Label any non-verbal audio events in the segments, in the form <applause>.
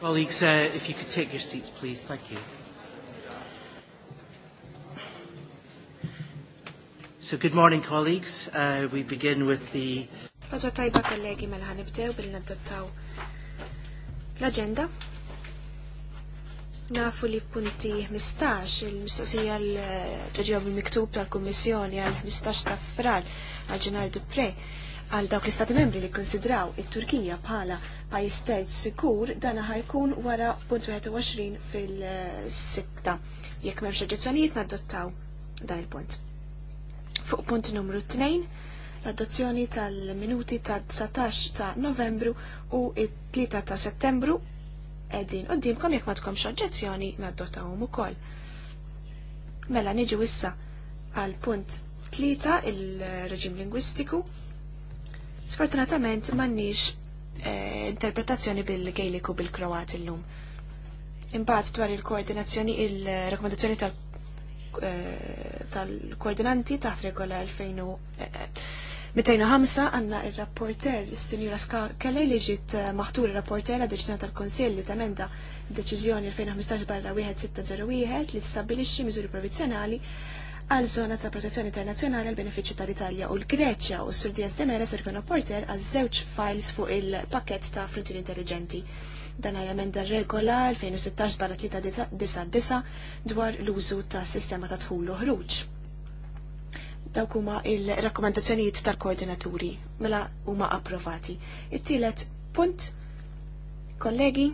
Colleagues, uh, if you could take your seats, please. Thank you. So good morning, colleagues. Uh, we begin with the... Għadwa tajba kollegi mela ħanibdew billi nadottaw l-agenda. Nafu li punti 15, il-mistoqsija l-ġeġiba bil-miktub tal-Kommissjoni għal-15 ta' fral għal-ġenar Dupre għal dawk l-istati membri li konsidraw it-Turkija bħala pajis terz sikur dan ħajkun wara punt 21 fil-6 jekk m'hemmx oġġezzjonijiet nadottaw dan il-punt. Fuq punt numru 2 l-adozzjoni tal-minuti ta' 19 ta' novembru u 3 ta' settembru edin dimkom jekk ma tkomx oġġezzjoni u ukoll. Mela niġu issa għal punt 3 il-reġim lingwistiku Sfortunatament m'għandniex eh, interpretazzjoni bil-Gaelic u bil-Kroat illum. Imbagħad dwar il-koordinazzjoni il-rakkomandazzjoni tal eh, tal-koordinanti taħt regola 2205 għanna il-rapporter, il-Sinjura Ska li ġiet eh, maħtur il-rapporter għad tal-Konsil li tamenda deċizjoni 2015 barra 1601 li stabilixxi miżuri provizjonali għal zona ta' protezzjoni internazzjonali għal benefiċċju tal-Italja u l-Greċja u s-sur Diaz de Mera sur porter għal żewġ files fuq il-pakket ta' frontier intelligenti. Dan għaj emenda regola 2016 barra 399 dwar l-użu ta' sistema ta' tħul u Dawk huma il-rakkomandazzjonijiet tal-koordinaturi mela huma approvati. It-tielet punt kollegi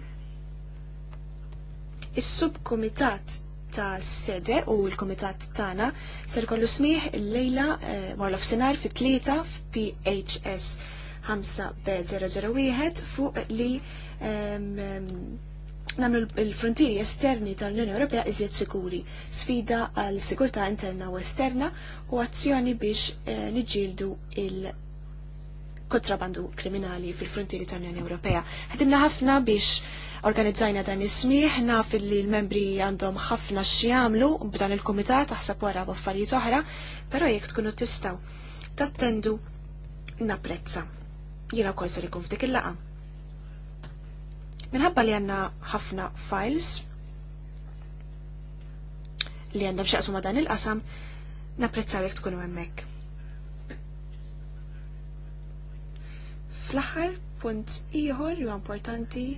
is-subkumitat ta' sede u l-komitat tana ser kollu smih il-lejla eh, warlof sinar fit-tlieta f'PHS 5001 fuq li namlu l-frontieri esterni tal-Unjoni Ewropea iżjed sikuri, sfida għal sigurtà interna u esterna u azzjoni biex eh, niġġieldu il- kontrabandu kriminali fil-frontieri tal-Unjoni Ewropea. Ħedimna ħafna biex organizzajna dan ismiħ, naf li l-membri għandhom ħafna x'jamlu b'dan il-kumitat taħseb wara b'affarijiet oħra, però jekk tkunu tistaw tattendu napprezza. Jiena wkoll ser ikun f'dik il-laqa. Minħabba li għandna ħafna files li għandhom xaqsu ma dan il-qasam, napprezzaw jekk tkunu hemmhekk. Fl-aħħar punt ieħor ju importanti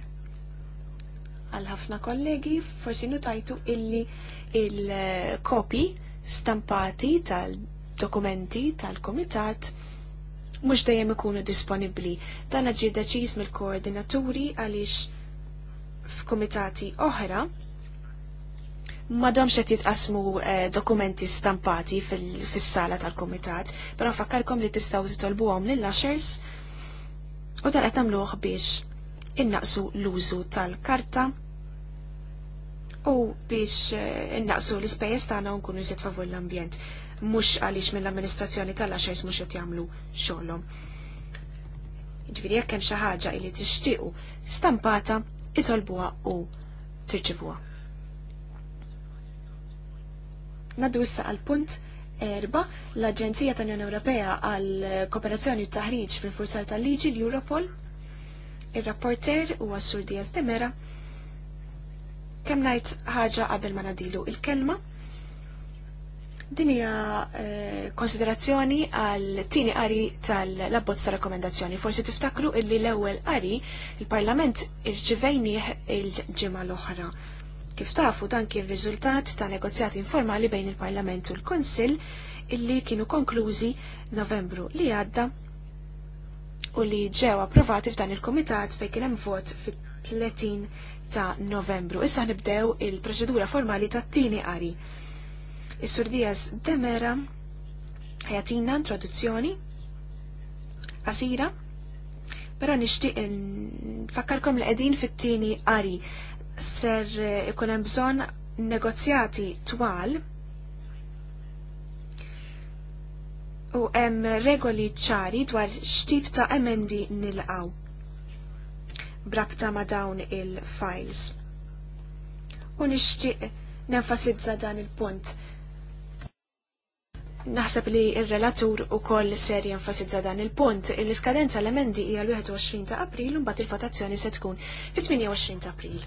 għal ħafna kollegi, forsi tajtu illi il-kopi stampati tal-dokumenti tal-komitat mhux dejjem ikunu disponibbli. Dan ġie deċiż mill-koordinaturi għaliex f'kumitati oħra domx qed jitqasmu eh, dokumenti stampati fis-sala tal-kumitat, però nfakkarkom li tistgħu titolbuhom lil lashers u tal qed nagħmluh biex innaqsu l-użu tal-karta u biex eh, innaqsu l-ispejjeż tagħna nkunu iżjed favur l-ambjent mhux għaliex mill-amministrazzjoni tal-għaxejs mhux qed jagħmlu xogħolhom. Ġifieri jekk hemm xi ħaġa li tixtiequ stampata, itolbuha u tirċivuha. Naddu issa għal punt erba l-Aġenzija tal-Unjoni Ewropea għal Kooperazzjoni u Taħriġ fil-Forzar tal-Liġi l-Europol Il-rapporter u għassur Diaz Demera kem najt ħaġa qabel ma nadilu il-kelma. Din hija eh, konsiderazzjoni għal tini qari tal-abbozz ta' rekomendazzjoni. Forsi tiftakru illi l-ewwel qari il-Parlament irċivejnieh il-ġimgħa l-oħra. Kif tafu dan kien riżultat ta' negozjati informali bejn il-Parlament u l-Konsill illi kienu konklużi Novembru li għadda u li ġew approvati f'dan il-komitat fejn kien hemm vot fit-30 ta' Novembru. Issa nibdew il-proċedura formali ta' tini qari. Is-Sur Diaz Demera ħajatina introduzzjoni qasira, però nixtieq nfakkarkom li qegħdin fit-tieni qari ser ikun hemm bżonn negozjati twal u hemm regoli ċari dwar x'tip ta' emendi nilqaw brabta ma' dawn il-files. U nixtieq nenfasizza dan il-punt. Naħseb li il-relatur u koll ser jenfasizza dan il-punt. Il-iskadenza l-emendi hija l-21 ta' april u mbagħad il-votazzjoni se tkun fit-28 ta' april.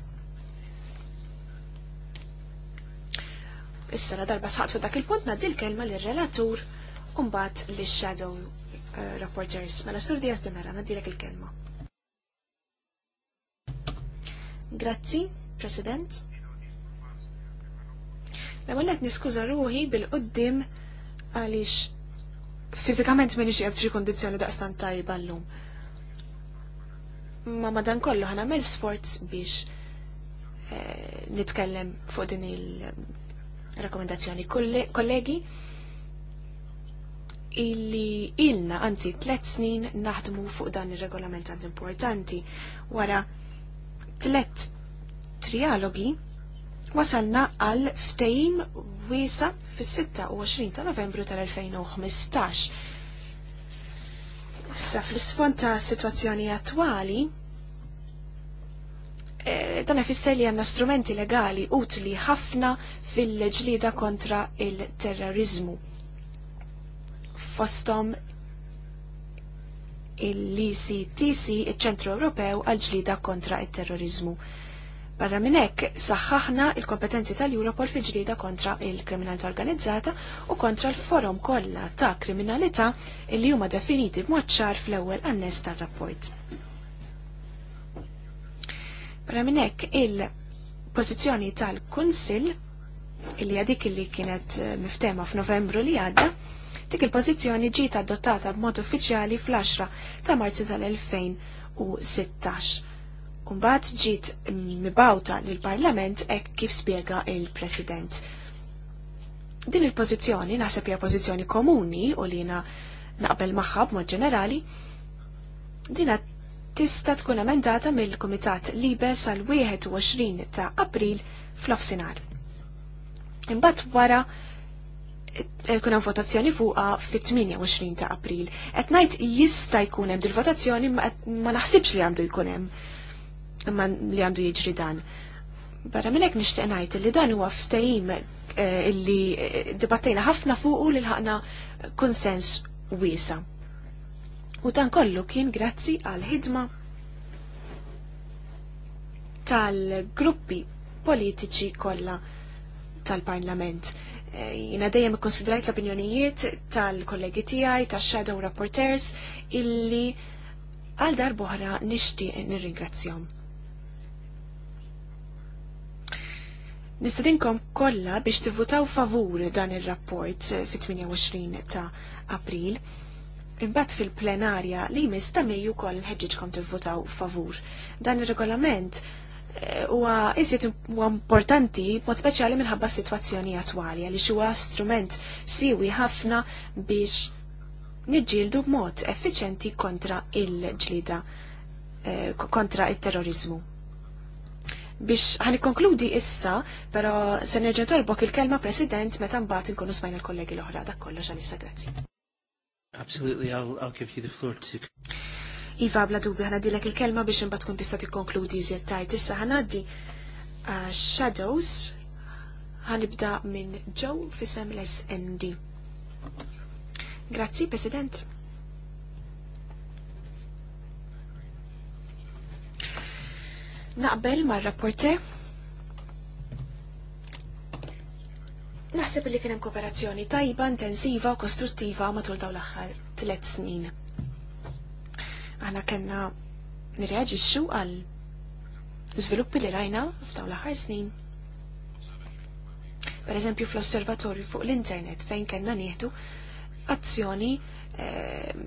Issa la darba saqtu dak il-punt nagħdi l-kelma lir-relatur umbat li shadow eh, rapporters. Mela sur Diaz de Mera, nadilek il-kelma. Grazzi, President. L-għallet niskuza ruħi bil-qoddim għalix fizikament minix xieqt f'xi kondizjoni daqstan tajba l-lum. Ma madan kollu ħana mel sforz biex eh, nitkellem fuq din il-rekomendazzjoni eh, kollegi illi ilna anzi tlet snin naħdmu fuq dan ir-regolament tant importanti. Wara tlet trialogi wasalna għal ftehim wiesa fis-26 ta' Novembru tal-2015. Issa fl-isfond ta' situazzjoni attwali eh, dan ifisser li għandna strumenti legali utli ħafna fil-ġlida kontra il-terrorizmu fostom il ictc il-ċentru Ewropew għal-ġlida kontra il-terrorizmu. Barra minnek, saħħaħna il-kompetenzi tal-Europol fil-ġlida kontra il-kriminalità organizzata u kontra l-forum kollha ta' kriminalità li huma definiti b'mod ċar fl-ewwel annes tar-rapport. Barra minnek, il-pożizzjoni tal-Kunsill illi għadik illi kienet eh, miftema f'Novembru li għadda, Dik il-pożizzjoni ġiet adottata b'mod uffiċjali fl-10 ta' Marzu tal-2016. Umbat ġiet mibawta lill-Parlament hekk kif spjega il-President. Din il-pożizzjoni naħseb hija pożizzjoni komuni u li naqbel magħha b'mod ġenerali, din tista' tkun emendata mill-Kumitat Libe sal-21 ta' April fl-ofsinhar. Imbagħad wara Eh, kuna hemm votazzjoni fuqha fit-28 ta' April. Qed ngħid jista' jkun hemm dil-votazzjoni ma naħsibx li għandu jkun hemm li għandu jiġri dan. Barra minn hekk nixtieq ngħid li dan huwa ftehim eh, illi eh, dibattejna ħafna fuq u li ħaqna konsens wiesa. U dan kollu kien grazzi għal ħidma tal-gruppi politiċi kollha tal-Parlament jina dejjem ikkonsidrajt l-opinjonijiet tal-kollegi tiegħi tax-shadow rapporters illi għal darbohra nixtieq nirringrazzjom. Nistedinkom kollha biex tivvutaw favur dan ir-rapport fit-28 ta' April. Imbagħad fil-plenarja li jmiss ta' Mejju wkoll ħeġġiġkom tivvutaw favur. Dan ir-regolament Eh, huwa iżjed huwa importanti mod speċjali minħabba s-sitwazzjoni attwali għaliex huwa strument siwi ħafna biex niġġieldu b'mod effiċenti kontra il-ġlida eh, kontra il-terrorizmu. Biex ħani konkludi issa, pero se nerġa' torbok il-kelma President meta mbagħad inkunu smajna l-kollegi l-oħra dak kollox għalissa grazzi. Absolutely, I'll, I'll give you the floor to... Iva, bla dubi, ħana dilek il-kelma biex imbat kun tista tikkonkludi iżjed tajt. Issa ħanaddi Shadows, ħanibda minn Joe fisem l-SND. Grazzi, President. Naqbel mar rapporte Naħseb li kienem kooperazzjoni tajba, intensiva u kostruttiva matul daw l-axħar tliet snin. Aħna kena nirreġixxu għal żviluppi li rajna f'dawn l-aħħar snin. Per eżempju fl-osservatorju fuq l-internet fejn kena nieħdu azzjoni ehm,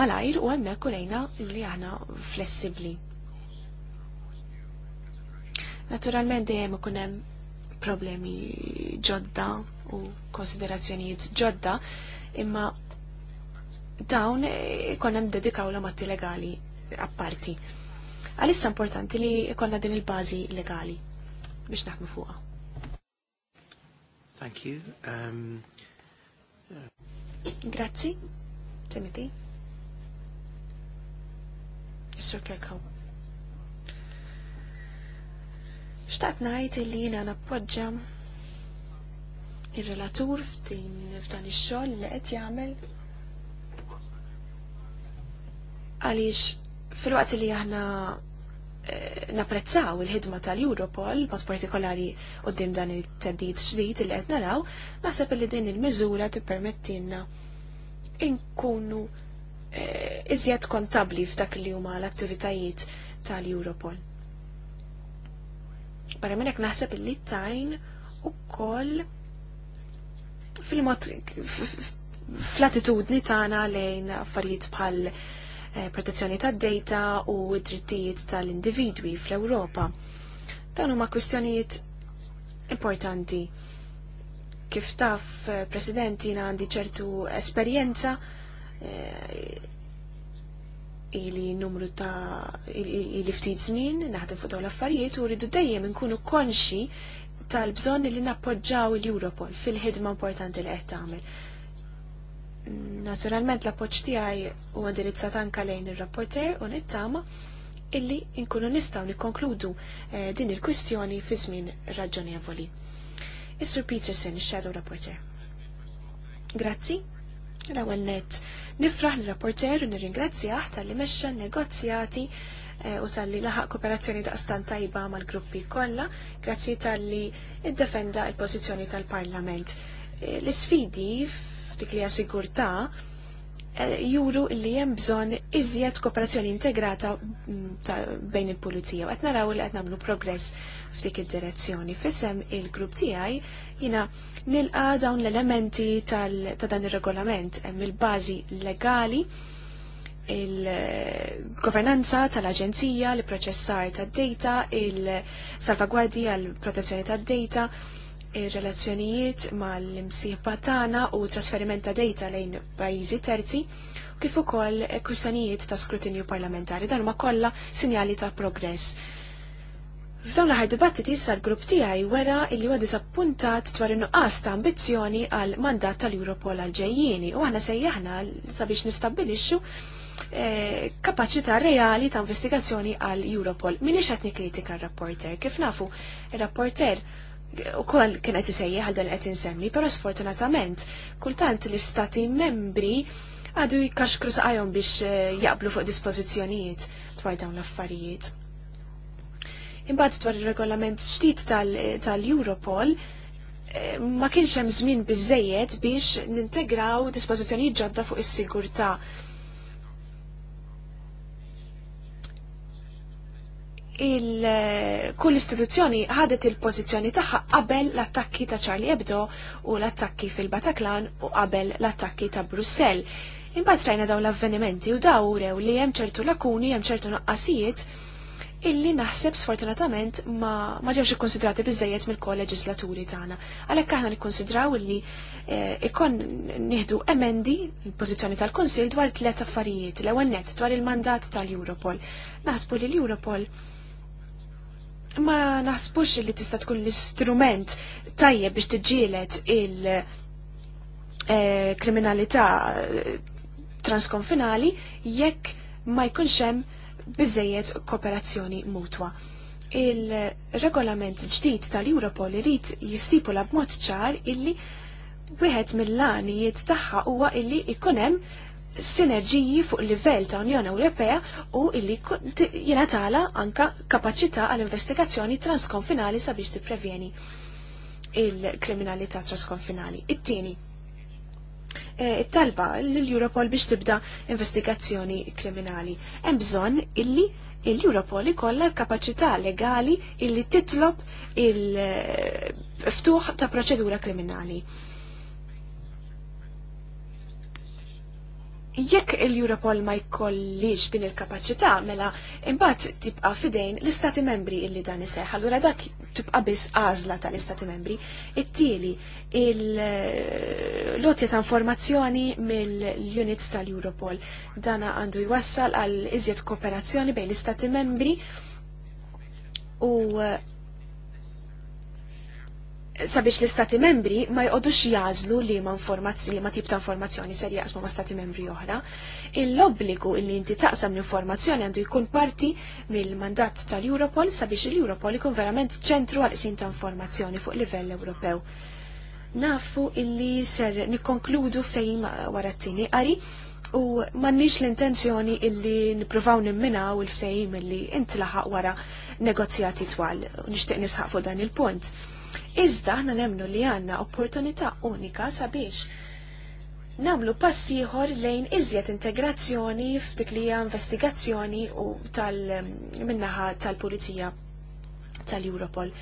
malajr u hemmhekk urejna li aħna flessibbli. Naturalment dejjem ikun hemm problemi ġodda u konsiderazzjonijiet ġodda, imma dawn konnem dedikaw la matti legali apparti. Għalissa importanti li konna din il-bazi legali biex naħmu fuqa. Thank you. Um, uh... Grazzi, Timothy. Sir Kirkhope. Xtaqt najt li jina nappoġġa il-relatur f'din f'dan ix-xogħol li qed jagħmel għaliex fil-waqt li aħna eh, napprezzaw il-ħidma tal-Europol, mod partikolari dim dan il-teddid ġdid il qed naraw, naħseb li din il-miżura tippermettilna inkunu eh, iżjed kontabli f'dak li huma l-attivitajiet tal-Europol. Barra minn hekk naħseb li tajn ukoll fil-mod fl-attitudni tagħna lejn affarijiet bħal Eh, protezzjoni tad-data u d-drittijiet tal-individwi fl-Ewropa. Dan huma kwistjonijiet importanti. Kif taf, eh, President, jina għandi ċertu esperjenza eh, ili numru ta' ili ftit żmien naħdem fuq dawn l-affarijiet u rridu dejjem inkunu konxi tal-bżonn li nappoġġaw l-Europol fil-ħidma importanti li qed tagħmel. Naturalment l-appoċ tiegħi huwa għandirizzat anka lejn ir-rapporter u nittama illi nkunu nistgħu nikkonkludu eh, din il-kwistjoni fi żmien raġonevoli. is Peterson, il shadow Rapporter. Grazzi. L-ewwel net nifraħ l-rapporter u nirringrazzjaħ tal-li mexxa negozjati eh, u tal-li laħaq kooperazzjoni daqstan tajba mal-gruppi kollha, grazzi tal-li id-defenda il-pożizzjoni tal-Parlament. Eh, l-isfidi dik li sigurtà eh, juru li hemm bżonn iżjed kooperazzjoni integrata mm, bejn il-pulizija u qed naraw li qed nagħmlu progress f'dik id-direzzjoni. Fisem il-grupp tiegħi jina nilqa dawn l-elementi ta' dan ir-regolament hemm il-bażi legali il-governanza tal-aġenzija, l-proċessar tad-data, il-salvagwardja l protezzjoni tad-data, ir-relazzjonijiet mal-imsieba tagħna u trasferimenta ta' data lejn pajjiżi terzi u kif ukoll kwistjonijiet ta' skrutinju parlamentari dan ma kollha sinjali ta' progress. F'dawn l-aħħar dibattiti issa l-grupp tiegħi wera li huwa diżappuntat dwar in ta' ambizzjoni għal mandat tal-Europol għal ġejjieni u aħna sejjaħna sabiex nistabbilixxu E, eh, kapacità reali ta' investigazzjoni għal Europol. Min qed nikkritika r-rapporter, kif nafu, r-rapporter u koll kienet isejja għal dan qed insemmi, però sfortunatament kultant l-istati membri għadu jikkaxkru saqajhom biex eh, jaqblu fuq dispożizzjonijiet dwar dawn l-affarijiet. Imbagħad dwar ir-regolament ġdid tal-Europol eh, ma kienx hemm żmien biżejjed biex nintegraw dispożizzjonijiet ġodda fuq is-sigurtà kull istituzzjoni ħadet il-pożizzjoni tagħha qabel l-attakki ta' Charlie Hebdo u l-attakki fil-Bataklan u qabel l-attakki ta' Brussell. Imbagħad rajna dawn l-avvenimenti u daw rew li hemm ċertu lakuni, hemm ċertu naqqasijiet illi naħseb sfortunatament ma, ma ġewx ikkonsidrati biżejjed mill-kolleġislaturi tagħna. Għalhekk aħna nikkonsidraw illi eh, ikon nieħdu emendi il-pożizzjoni tal-Konsil dwar tliet affarijiet l-ewwel nett dwar il-mandat tal-Europol. Naħsbu li l-Europol ma naħsbux li tista' tkun l-istrument tajjeb biex tiġġielet il-kriminalità eh, eh, transkonfinali jekk ma jkunx hemm biżejjed kooperazzjoni mutwa. Il-regolament ġdid tal-Europol irid jistipula b'mod ċar illi wieħed mill-lanijiet tagħha huwa illi ikun hemm sinerġiji fuq livell ta' Unjoni Ewropea u illi tala anka kapacità għall-investigazzjoni transkonfinali sabiex tipprevjeni il-kriminalità transkonfinali. It-tieni, e, it-talba l-Europol biex tibda investigazzjoni kriminali. Hemm bżonn illi l-Europol ikollha l-kapaċità legali illi titlob il-ftuħ ta' proċedura kriminali jekk il-Europol ma jkollix din il-kapacità, mela imbagħad tibqa' fidejn l-Istati Membri illi dan iseħħ. Allura dak tibqa' biss għażla tal-Istati Membri. It-tieli il-lotja ta' informazzjoni mill-units tal-Europol. Dana għandu jwassal għal iżjed kooperazzjoni bejn l-Istati Membri u sabiex l-istati membri ma jqodux jazlu li ma informazzjoni, ma tip ta' informazzjoni ser jaqsmu ma stati membri oħra. Il-obbligu li inti taqsam l-informazzjoni għandu jkun parti mill-mandat tal-Europol sabiex l-Europol ikun verament ċentru għal ta' informazzjoni fuq livell Ewropew. Nafu illi ser nikkonkludu ftejim wara t-tini qari u mannix l-intenzjoni illi nippruvaw nimminaw il-ftejim illi intlaħaq wara negozjati twal. nixtieq nisħaq fuq dan il-punt Iżda aħna nemnu li għandna opportunità unika sabiex namlu passiħor lejn iżjed integrazzjoni f'dik li investigazzjoni u tal-minnaħa um, tal-Pulizija tal-Europol.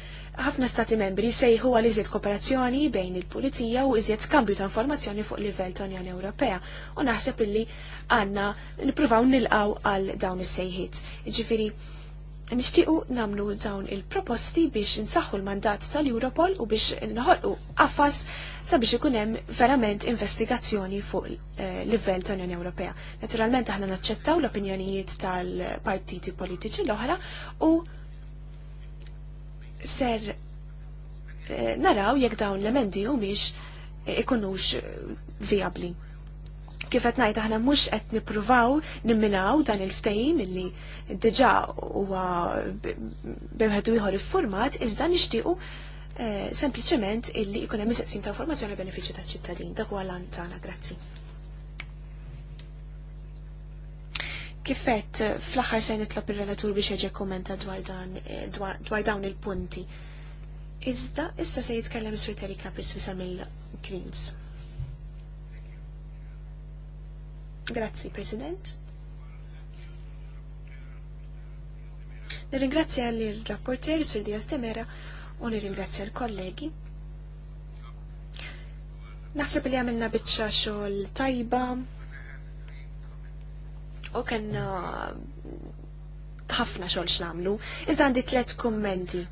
Ħafna stati membri sejħu għal iżjed kooperazzjoni bejn il-Pulizija u iżjed skambju ta' informazzjoni fuq livell ta' Unjoni Ewropea u naħseb illi għanna nipruvaw nilqaw għal dawn is-sejħiet. Jġifieri nixtiequ namlu dawn il-proposti biex insaħħu l-mandat tal-Europol u biex nħolqu qafas sabiex ikun hemm verament investigazzjoni fuq eh, livell ta' Unjoni Ewropea. Naturalment aħna naċċettaw l-opinjonijiet tal-partiti politiċi l-oħra u ser eh, naraw jekk dawn l-emendi u biex eh, ikunux viabli. Kif qed ngħid aħna mhux qed nippruvaw nimminaw dan il-ftehim illi diġà huwa bimħedu ieħor iffurmat iżda nixtiequ eh, sempliċement illi jkun hemm iseqsim ta' informazzjoni benefiċċju taċ-ċittadin. Dak huwa lan tagħna, grazzi. Kifet fl-aħħar se nitlob ir-relatur biex jeġi kummenta eh, dwar dawn il-punti. Iżda issa se jitkellem sur Terry Capris fisam mill-Greens. Grazzi, President. Nirringrazzja l-rapporter Sir Diaz Temera u nirringrazzja l-kollegi. Naħseb li għamilna bitċa xogħol tajba u kellna ħafna xogħol x'namlu. Iżda għandi tliet kummenti.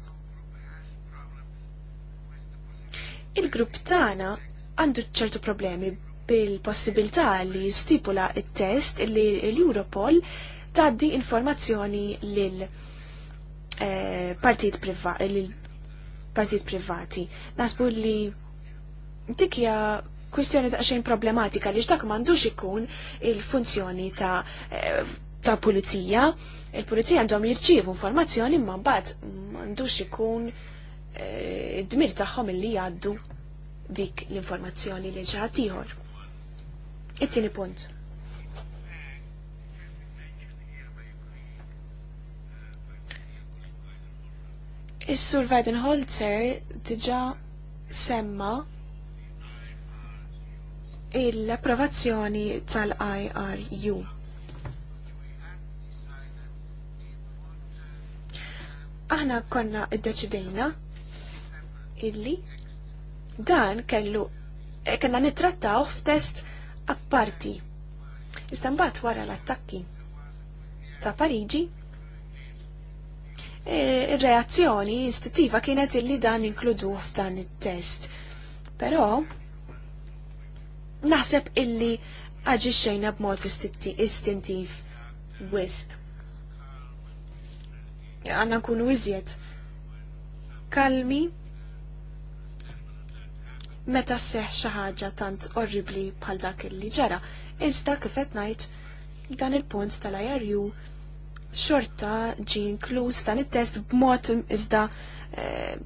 Il-grupp tagħna għandu ċertu problemi bil-possibilità li stipula il-test li l-Europol taddi informazzjoni lil eh, partit partit privati. Nasbu li dikja kwistjoni ta' xejn problematika li x'dak m'għandux ikun il-funzjoni ta' eh, ta' pulizija. Il-pulizija għandhom jirċievu informazzjoni imma mbagħad m'għandux ikun eh, id-dmir tagħhom li jgħaddu dik l-informazzjoni li ġaħat ieħor. It-tieni punt. Is-Sur Weidenholzer diġa semma l-approvazzjoni tal-IRU. Aħna konna id-deċidejna illi dan kellu eh, kena nittrattaw f'test apparti. Iżda mbagħad wara l-attakki ta' Pariġi, e, ir-reazzjoni istittiva kienet illi dan inkluduh f'dan it-test. Però naħseb illi aġixxejna b'mod istintiv wisq. Għanna nkunu iżjed kalmi meta seħ xi ħaġa tant orribli bħal dak li ġara. Iżda kif qed ngħid dan il-punt tal-IRU xorta ġi inkluż dan it-test b'mod iżda eh,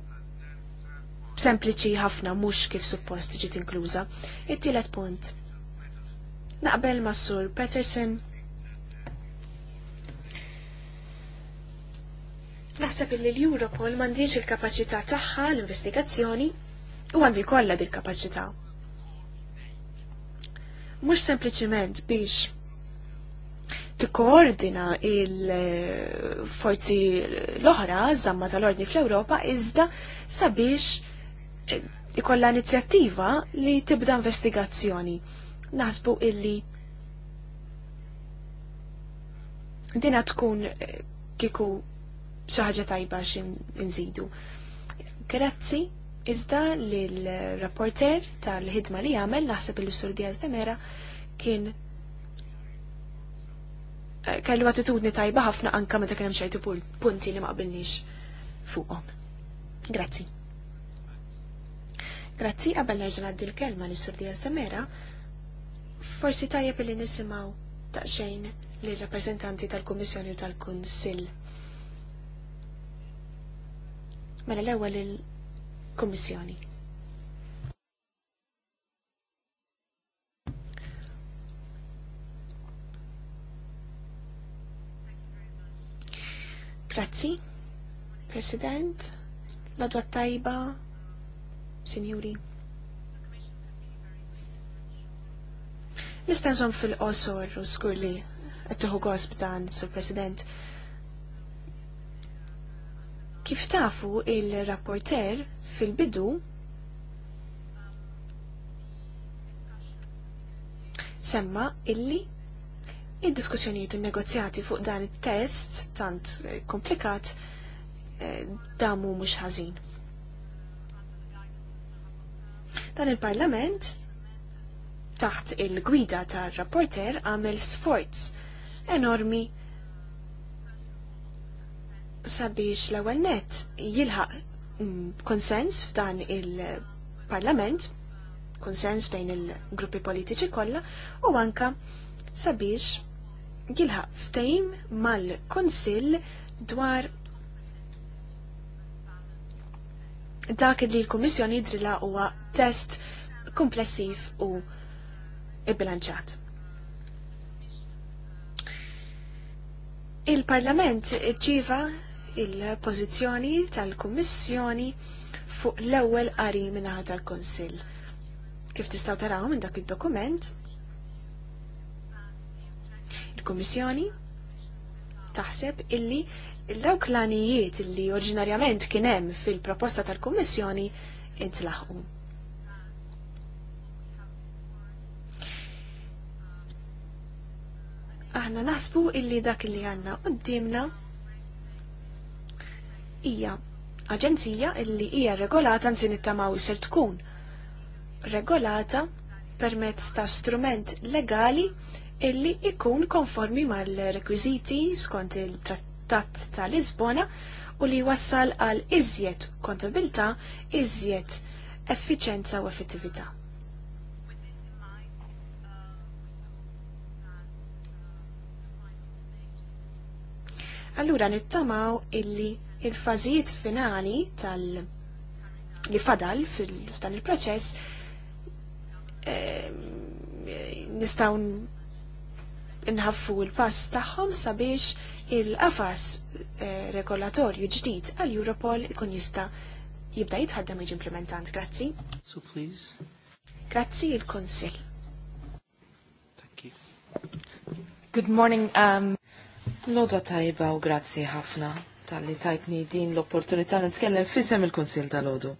sempliċi ħafna mhux kif suppost ġiet inkluża. It-tielet punt. Naqbel mas-sur Peterson Naħseb li l-Europol mandiġ il-kapacità tagħha l-investigazzjoni u għandu jkollha dik kapaċità. Mhux sempliċiment biex tikkoordina il-forzi l-oħra żamma tal-ordni fl-Ewropa iżda sabiex eh, ikolla inizjattiva li tibda investigazzjoni. Nasbu illi dina tkun eh, kiku xaħġa tajba xin nżidu. Grazzi, Iżda li l-rapporter tal-ħidma li għamel naħseb il sur Diaz Demera kien eh, kellu attitudni tajba ħafna anka meta ta' hemm ċertu punti li ma qabilniex fuqhom. Grazzi. Grazzi qabel nerġa' għaddi l-kelma lis sur Diaz Demera, forsi tajjeb li nisimgħu taqxejn lill-rappreżentanti tal-Kummissjoni u tal-Kunsill. Mela l-ewwel Kommissjoni. Grazzi, President, la tua tajba, Signori. Nistanżom fil-qosor u skur li għattuħu għosb dan, Sur President. Kif tafu il-rapporter fil-bidu semma illi il-diskussjonijiet u negozjati fuq dan il-test tant eh, komplikat eh, damu mux ħażin. Dan il-parlament taħt il-gwida tar rapporter għamel sforz enormi sabiex l-ewwel net jilħaq mm, konsens f'dan il-Parlament, konsens bejn il-gruppi politiċi kollha u anka sabiex jilħaq ftehim mal-Konsill dwar dak li l-Kummissjoni drila huwa test komplessiv u bilanċat. Il-Parlament ġiva il-pożizzjoni tal-Kummissjoni fuq l-ewwel qari mingħata tal-Kunsill. Kif tistgħu taraw minn dak id-dokument, il-Kummissjoni taħseb illi il-dawk l-anijiet illi oriġinarjament kien hemm fil-proposta tal-Kummissjoni intlaħqu. aħna nasbu illi dak illi għanna qoddimna hija aġenzija illi hija regolata nżin it-tamaw isir tkun regolata permezz ta' strument legali illi ikun konformi mal-rekwiziti skont il-Trattat ta' Lisbona u li wassal għal iżjed kontabilta, iżjed effiċenza u effettività. Allura nittamaw illi il-fażijiet finali tal- li fadal f'dan il-proċess ehm, nistgħu nħaffu il-pass tagħhom sabiex il-qafas eh, regolatorju ġdid għal Europol ikun jista' jibda jitħaddem jiġi implementant. Grazzi. So please. Grazzi il-Konsil. Thank you. Good morning. Um... Lodwa tajba u grazzi ħafna tal-li tajtni din l-opportunità li nitkellem fisem il-Kunsil tal-Odu.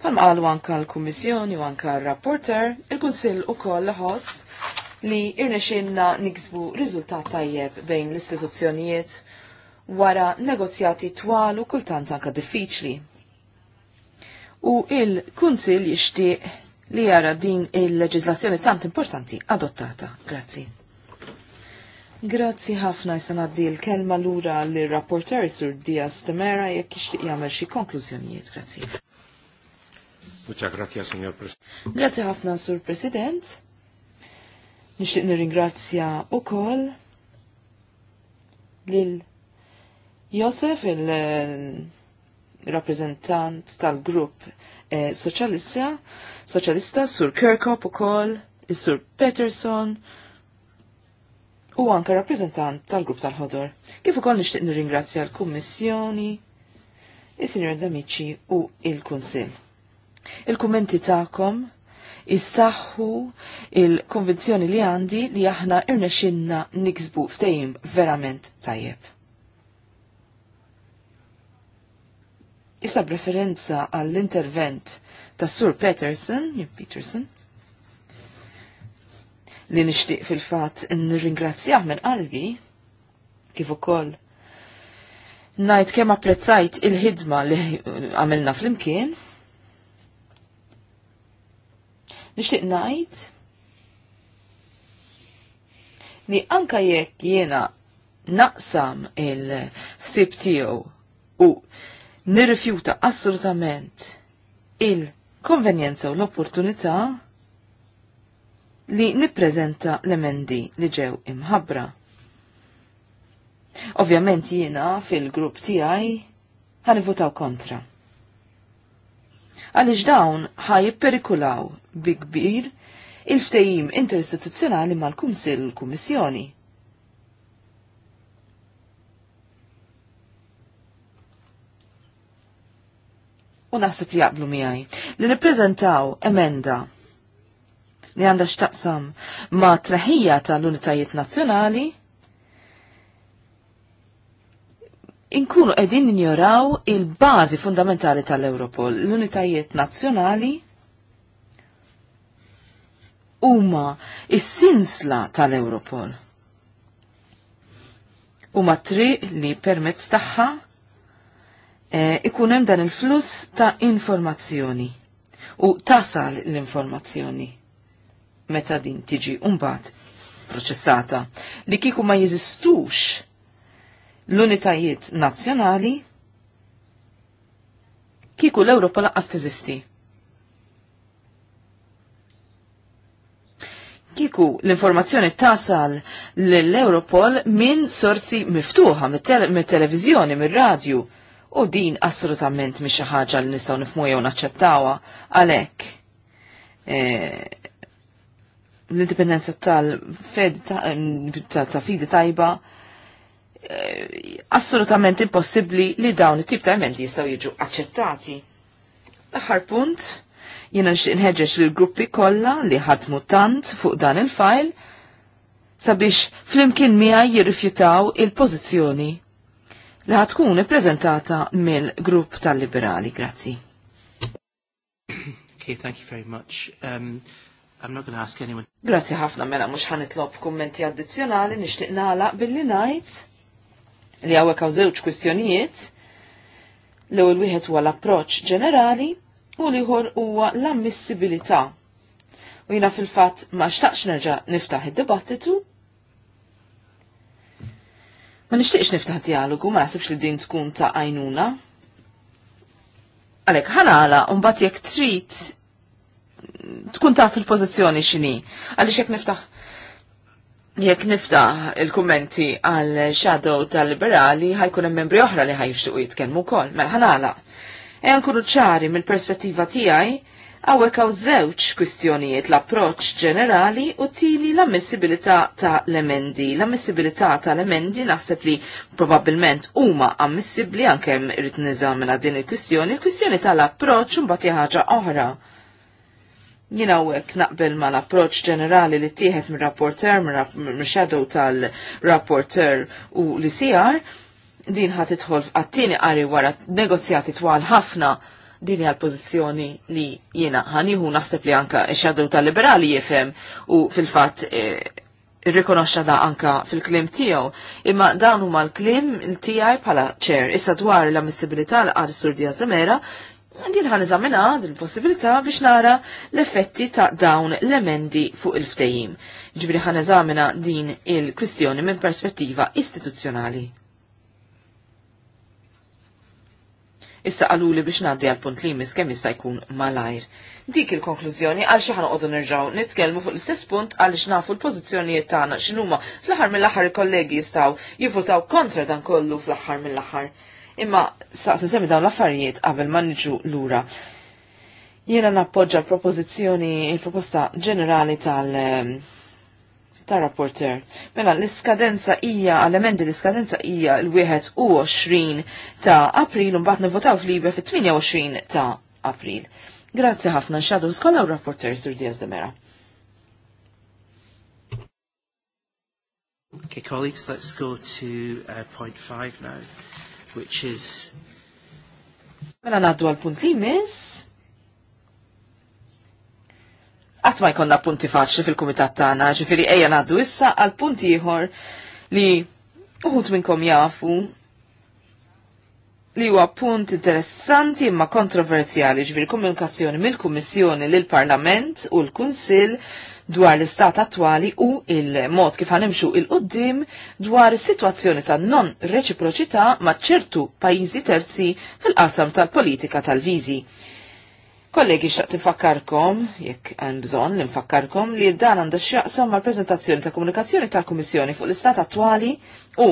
Palma għalu anka l-Kummissjoni u anka l-Rapporter, il konsil u koll ħoss li irnexinna niksbu riżultat tajjeb bejn l-istituzzjonijiet wara negozjati twal u kultant anka diffiċli. U il-Kunsil jixtieq li jara din il-leġislazzjoni tant importanti adottata. Grazzi. Grazzi ħafna jsan għaddi l-kelma l-ura l-rapporter sur Diaz Temera jekk ixtiq jagħmel xi konklużjonijiet. Grazzi. Muċa grazzi, Signor President. Grazzi ħafna, Sur President. Nixtieq nirringrazzja ukoll lil Josef il-rappreżentant eh, tal-grupp eh, soċjalista, soċjalista Sur Kirkop ukoll, is-Sur Peterson, u anke rappresentant tal-grupp tal-ħodor. Kif ukoll nixtieq nirringrazzja l-Kummissjoni, is-Sinjor Damici u il-Kunsill. Il-kummenti tagħkom issaħħu il-konvenzjoni li għandi li aħna irnexxinna niksbu ftehim verament tajjeb. Issa b'referenza għall-intervent ta' Sur Peterson, Peterson, li nixtieq fil-fatt nirringrazzjah minn qalbi kif ukoll najt kemm apprezzajt il-ħidma li għamilna fl-imkien. Nixtieq najt li anka jekk jiena naqsam il-ħsib tiegħu u nirrifjuta assolutament il-konvenjenza u l-opportunità li nippreżenta l-emendi li ġew imħabbra. Ovvjament jiena fil-grupp tiegħi votaw kontra. Għaliex dawn ħaj perikulaw bi kbir il-ftejim interistituzzjonali mal-Kunsill Kummissjoni. U naħseb li jaqblu miegħi li nippreżentaw emenda li għandha x'taqsam ma' traħija tal-unitajiet nazzjonali inkunu qegħdin ninjoraw il-bażi fundamentali tal-Europol, l-unitajiet nazzjonali huma is-sinsla tal-Europol. Huma triq li permezz tagħha e, ikun hemm dan il-fluss ta' informazzjoni u tasal l-informazzjoni meta din tiġi umbat proċessata. Li kiku ma jeżistux l-unitajiet nazzjonali kiku l europa laqqas teżisti. kiku l-informazzjoni tasal l-Europol minn sorsi miftuħa, mit-televizjoni, mir-radju. U din assolutament mi xi ħaġa li nistgħu nifmu jew naċċettawha għalhekk. Eh, l-indipendenza tal-fed ta' fidi tajba eh, assolutament impossibli li dawn it-tip ta' emendi jistaw jiġu accettati. L-aħħar punt, jena nħeġġeġ li l-gruppi kollha li ħadmu tant fuq dan il-fajl sabiex fl-imkien miegħi jirrifjutaw il-pożizzjoni li ħatkun ippreżentata mill-grupp tal-liberali. Grazzi. Okay, thank you very much. Um, I'm not going to ask anyone. Grazzi ħafna mela mhux ħanitlob kummenti addizzjonali nixtieq nagħlaq billi ngħid li hawnhekk hawn żewġ kwistjonijiet. L-ewwel wieħed huwa l-approċċ ġenerali u l-ieħor huwa l-ammissibilità. U jiena fil-fatt ma xtaqx nerġa' niftaħ id-dibattitu Ma nixtieqx niftaħ dialogu, ma naħsibx li din tkun ta' għajnuna. Għalek, ħanala, bat jek trit tkun taf il-pozizjoni xini. Għalix jek niftaħ Jek niftaħ il-kummenti għal shadow tal-liberali ħajkun hemm membri oħra li ħajxtuq jitkellmu wkoll, mela ħanala. Ejja nkunu ċari mill-perspettiva tiegħi hawnhekk hawn żewġ kwistjonijiet l-approċċ ġenerali u tili l-ammissibilità ta' l-emendi. L-ammissibilità ta' l-emendi naħseb li probabbilment huma ammissibbli anke rrid niżamina din il-kwistjoni, il-kwistjoni tal-approċċ mbagħad ħaġa oħra Jina għek naqbel ma l-approċ ġenerali li tieħed mir rapporter mir shadow tal-rapporter u li sijar, din ħat idħol għattini qari wara negozjati twal ħafna din għal l-pożizzjoni li jina ħaniħu naħseb li anka x-xadow tal-liberali jifem u fil-fatt irrikonoxxa e, da anka fil-klim tiegħu. Imma dan huma l-klim tiegħi bħala ċer. Issa dwar l-ammissibilità l qar Sur Diaz de Għandin ħan eżamina il-possibilità biex nara l-effetti ta' dawn l-emendi fuq il-ftejim. Ġibri ħan eżamina din il-kwistjoni minn perspettiva istituzzjonali. Issa għaluli biex naddi għal-punt li mis kemm jista' jkun malajr dik il-konklużjoni għal xi ħanoqogħdu nerġgħu nitkellmu fuq l-istess punt għaliex nafu l-pożizzjonijiet tagħna x'inhuma fl-aħħar mill-aħħar il-kollegi jistgħu jivvutaw kontra dan kollu fl-aħħar mill-aħħar. Imma saqs nsemmi dawn l-affarijiet qabel ma niġu lura. Jiena nappoġġa l-propożizzjoni il-proposta ġenerali tal- ehm, ta' rapporter. Mela l-iskadenza hija għal-emendi l-iskadenza hija l-21 ta' April u mbagħad nivvotaw f'Libe fit-28 ta' April. Grazzi ħafna xadu skola u rapporter Sur Diaz de Mera. Okay, colleagues, let's go to uh, point five now which is... Mela naddu għal-punt li mis. ma jkonna punti faċli fil-komitat tagħna, ġifiri ejja naddu issa għal-punt ieħor li uħut minnkom jafu li huwa punt interessanti imma kontroversjali ġbir komunikazzjoni mill-Kummissjoni lil parlament u l-Kunsill dwar l-istat attwali u il-mod kif għanimxu il-qoddim dwar is-sitwazzjoni ta' non reċiproċità ma' ċertu pajjiżi terzi fil-qasam tal-politika tal-viżi. Kollegi xtaqt tifakkarkom, jekk għan bżon li nfakkarkom li dan għandha x'jaqsam mal prezentazzjoni ta' komunikazzjoni ta' Kummissjoni fuq l-istat attwali u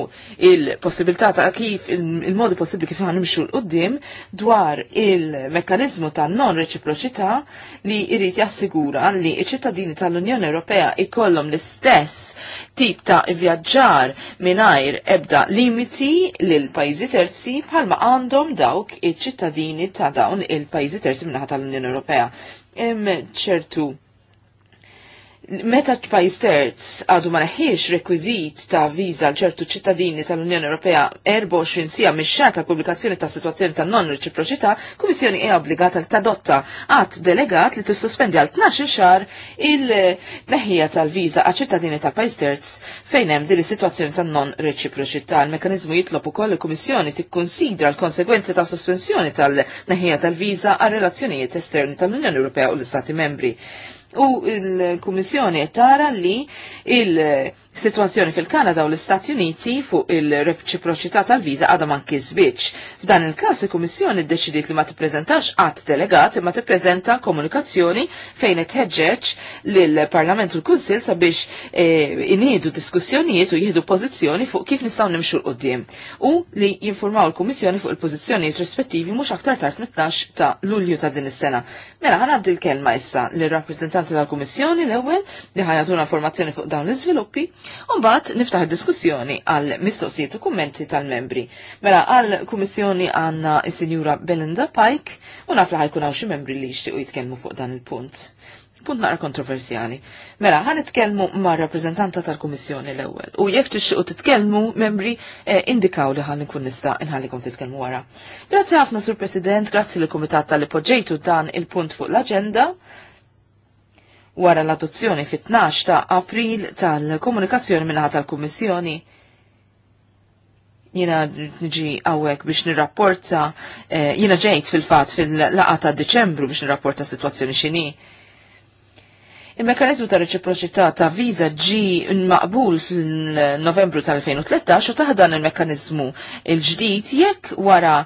il-possibilità ta' kif il-modi possibbli kif għan nimxu l-qoddim dwar il mekanizmu ta' non reċiproċità li jrid jassigura li iċ-ċittadini tal-Unjoni Ewropea ikollhom l-istess tip ta' vjaġġar mingħajr ebda limiti l pajjiżi terzi bħalma għandhom dawk iċ-ċittadini ta' dawn il-pajjiżi terzi minnaħa tal l unjoni Ewropea. Hemm ċertu meta pajis terz għadu ma neħiex rekwizit ta' viza għal ċertu ċittadini tal-Unjoni Ewropea 24 sija mix ta' tal-pubblikazzjoni ta' situazzjoni ta' non reċiproċità, komissjoni hija obbligata li tadotta għat delegat li tissospendi għal 12 xar il-neħija tal-viża għal ċittadini ta' pajis terz fejn hemm din is-sitwazzjoni ta' non reċiproċità. il mekanizmu jitlob ukoll il-Kummissjoni tikkonsidra l-konsegwenzi ta' sospensjoni tal-neħija tal-viża għal relazzjonijiet esterni tal-Unjoni Ewropea u l-Istati Membri u l-Kummissjoni tara li il- Situazzjoni fil-Kanada u l-Istati Uniti fuq il-reċiproċità tal-viża għadha ma nkisbitx. F'dan il-każ il-Kummissjoni ddeċidiet li ma tippreżentax qatt delegat imma tippreżenta komunikazzjoni fejn itħeġġeġ lill-Parlament u l-Kunsill sabiex eh, inhiedu diskussjonijiet u jieħdu pożizzjoni fuq kif nistgħu nimxu l qudiem u li jinformaw il-Kummissjoni fuq il-pożizzjonijiet rispettivi mhux aktar tard mit-12 ta' Lulju ta' din is-sena. Mela ħanaddi l-kelma issa lir-rappreżentanti tal-Kummissjoni l-ewwel li ħajatuna informazzjoni fuq dawn l-iżviluppi Umbat niftaħ diskussjoni għal mistoqsijiet u kummenti tal-membri. Mela għal kummissjoni għanna il-Sinjura Belinda Pike u naf li ħajkun xi membri li jixtiequ jitkellmu fuq dan il-punt. Punt naqra kontroversjali. Mela, ħan itkellmu ma' rappreżentanta tal-Kummissjoni l-ewwel. U jekk tixtiequ titkellmu membri eh, indikaw li ħan nkun nista' inħallikom titkellmu wara. Grazzi ħafna Sur President, grazzi lill kumitat tal-li dan il-punt fuq l-aġenda wara l-adozzjoni fit-12 ta' april tal-komunikazzjoni minnaħa tal-Kummissjoni jina nġi għawek biex nirrapporta, eh, jina ġejt fil-fat fil-laqa ta' Deċembru biex nirrapporta situazzjoni xini. Il-mekanizmu ta' reċiproċità ta' viza ġi maqbul fil-Novembru tal-2013 u taħdan il-mekanizmu il-ġdid jekk wara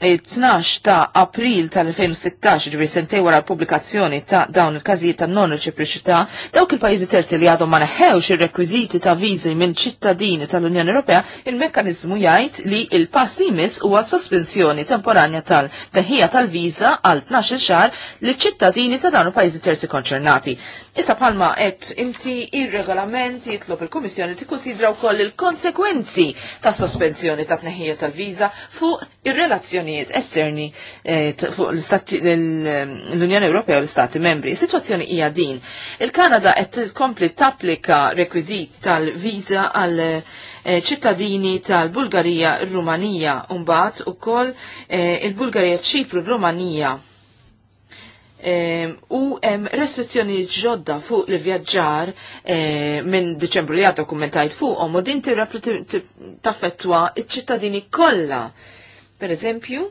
12 ta' april tal-2016, ġivri sentej wara l-publikazzjoni ta' dawn il-kazijiet ta' non reċiproċità, dawk il-pajizi terzi li għadhom ma neħewx ir-rekwiżiti ta' viżi minn ċittadini tal-Unjoni Ewropea, il-mekkaniżmu jgħid li il-pass li jmiss huwa sospensjoni temporanja tal-teħija tal-viża għal 12 xahar li ċittadini ta' dawn il-pajizi terzi konċernati. Issa palma et inti il-regolament jitlob il-Komissjoni konsidraw wkoll il-konsekwenzi ta' sospensjoni ta' tneħħija tal-viża fuq ir-relazzjonijiet esterni eh, fuq l-Unjoni Ewropea u l-Stati membri. Situazzjoni hija din. Il-Kanada qed tkompli tapplika rekwiżit tal-viża għal eh, ċittadini tal-Bulgarija, Rumanija, u mbagħad ukoll eh, il-Bulgarija, Ċipru, Rumanija u hemm restrizzjoni ġodda fuq li vjaġġar eh, minn Diċembru li għadha kummentajt fuqhom u din taffettwa iċ-ċittadini kollha. Per eżempju,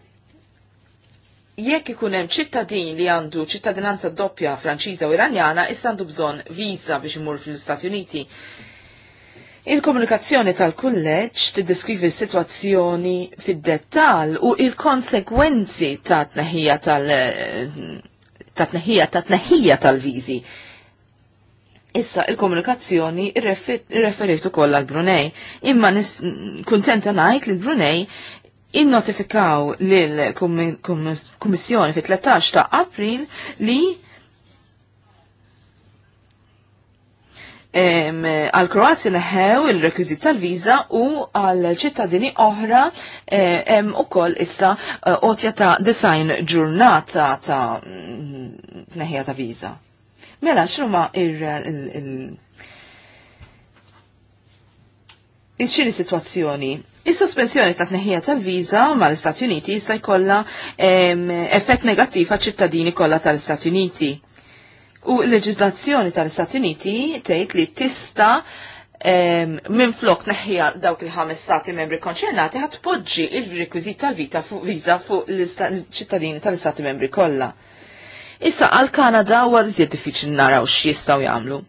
jekk ikun hemm ċittadin li għandu ċittadinanza doppja Franċiża u Iranjana, issa għandu bżonn viża biex imur fl-Istati Uniti. Il-komunikazzjoni tal-kulleġġ tiddeskrivi s-sitwazzjoni fid-dettall u il-konsekwenzi ta' tneħħija tal- ta' tneħija ta' tneħħija tal-viżi. Issa il-komunikazzjoni irreferitu koll għal Brunei, imma kuntenta ngħid li Brunei innotifikaw lill-Kummissjoni fit-13 ta' April li għal Kroazja neħew il-rekwizit tal-viza u għal ċittadini oħra hemm eh, ukoll issa qotja eh, ta' design ġurnata ta' neħja ta' viza. Mela x'huma il- Iċċini situazzjoni. Is-sospensjoni ta' tneħħija tal-viża mal-Istati Uniti jista' jkollha effett negattiv għal ċittadini kollha tal-Istati Uniti U l-leġizlazzjoni tal-Istati Uniti tgħid li tista' minn flok neħja dawk il-ħames stati membri konċernati ħat poġġi il rekwiżit tal-vita fuq viża fuq l-ċittadini tal-istati membri kollha. Issa għal Kanada huwa iżjed diffiċli naraw x'jistgħu jagħmlu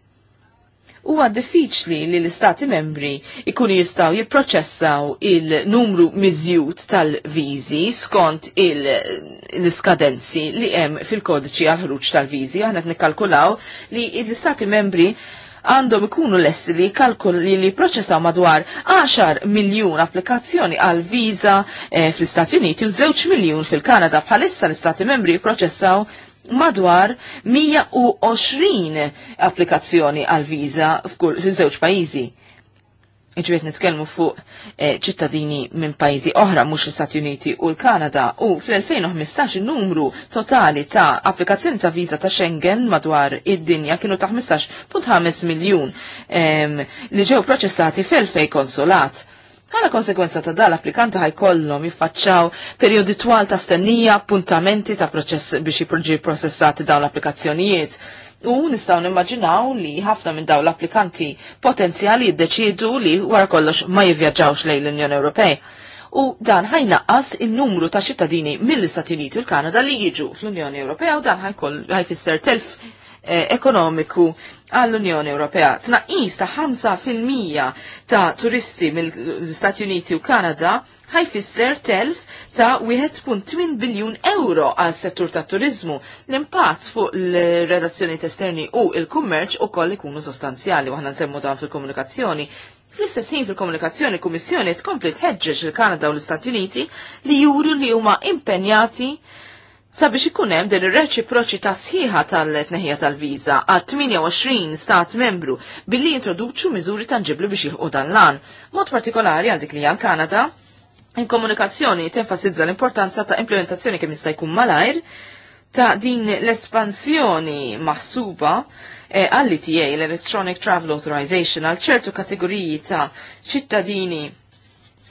huwa diffiċli li l-istati membri ikunu jistaw jipproċessaw il-numru mizjut tal-viżi skont il-skadenzi li hemm fil-kodiċi għal ħruġ tal vizi Aħna nikkalkulaw li l-istati membri għandhom ikunu lesti li kalkuli li proċessaw madwar 10 miljun applikazzjoni għal viza eh, fl-Istati Uniti u 2 miljun fil-Kanada bħalissa l-Istati membri proċessaw madwar 120 applikazzjoni għal viża f'kull żewġ pajjiżi. Iġbiet nitkellmu fuq eh, ċittadini minn pajjiżi oħra mhux l-Istati Uniti u l-Kanada u fl-2015 numru totali ta' applikazzjoni ta' viża ta' Schengen madwar id-dinja kienu ta' 15.5 miljun e, li ġew proċessati fel fej konsulat Bħala konsekwenza ta' dal applikanti ħajkollhom jiffaċċaw perjodi twal ta' stennija, puntamenti ta' proċess biex jiġi processati dawn l-applikazzjonijiet. U nistgħu nimmaġinaw li ħafna minn dawn l-applikanti potenzjali jiddeċiedu li wara kollox ma jivvjaġġawx lejn l-Unjoni Ewropej. U dan ħajnaqqas in-numru ta' ċittadini mill-Istati Uniti u l-Kanada li jiġu fl-Unjoni Ewropea u dan ħajfisser telf Eh, ekonomiku għall-Unjoni Ewropea. Tnaqqis ta' 5% ta' turisti mill-Stati Uniti u Kanada ħajfisser telf ta' 1.8 biljun euro għal settur ta' turizmu. L-impatt fuq l-redazzjoni t'esterni u il-kummerċ u koll ikunu sostanzjali, waħna nsemmu dan fil-komunikazzjoni. Fl-istess ħin fil-komunikazzjoni, kummissjoni tkompli tħeġġeġ il-Kanada u l-Istati Uniti li juru li huma impenjati sabiex ikun hemm din ir-reċiproċità sħiħa tal-tneħija tal-viża għal 28 stat membru billi introduċu miżuri tanġiblu biex jilħqu dan lan. Mod partikolari għal dik li għal Kanada, in-komunikazzjoni tenfasizza l-importanza ta' implementazzjoni kemm jista' jkun malajr ta' din l-espansjoni maħsuba eh, għall-ETA, l-Electronic Travel Authorization, għal ċertu kategoriji ta' ċittadini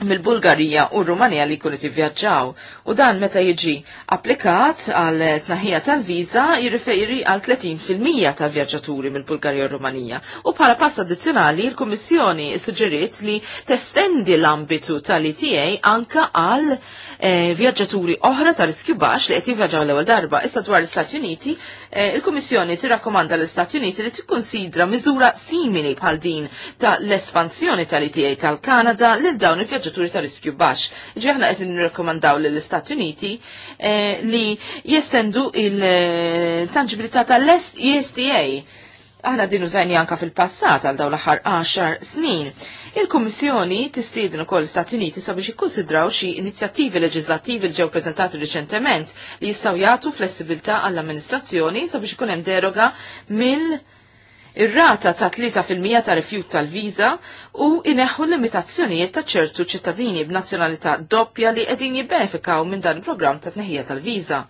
mill-Bulgarija u Rumanija li jkunu tivvjaġġaw u dan meta jiġi applikat għal tnaħija tal-viża jirriferi għal 30% tal-vjaġġaturi mill-Bulgarija u Rumanija. U bħala pass addizzjonali il-Kummissjoni suġġeriet li testendi l-ambitu tal-ITA anka għal eh, vjaġġaturi oħra ta' riskju baxx li qed jivvjaġġaw l-ewwel darba. Issa dwar l-Istati Uniti, eh, il-Kummissjoni tirrakkomanda l-Istati Uniti li t-konsidra miżura simili bħal din ta' l-espansjoni tal-ITA tal-Kanada lil dawn il-vjaġġaturi viaggiaturi ta' riskju baxx. Ġi aħna qed nirrekomandaw lill-Istati Uniti eh, li jestendu il tangibilità tal-ESTA. Aħna din użajni anka fil-passat għal dawn l-aħħar 10 snin. Il-Kummissjoni tistieden ukoll l istati Uniti sabiex ikkonsidraw xi inizjattivi leġislattivi li ġew preżentati riċentement li jistgħu jagħtu flessibilità għall-amministrazzjoni sabiex ikun hemm deroga mill ir-rata ta' 3% ta' rifjut tal-viża u ineħħu limitazzjonijiet ta' ċertu ċittadini b'nazzjonalità doppja li qegħdin jibbenefikaw minn dan il-programm ta' tneħħija tal-viża.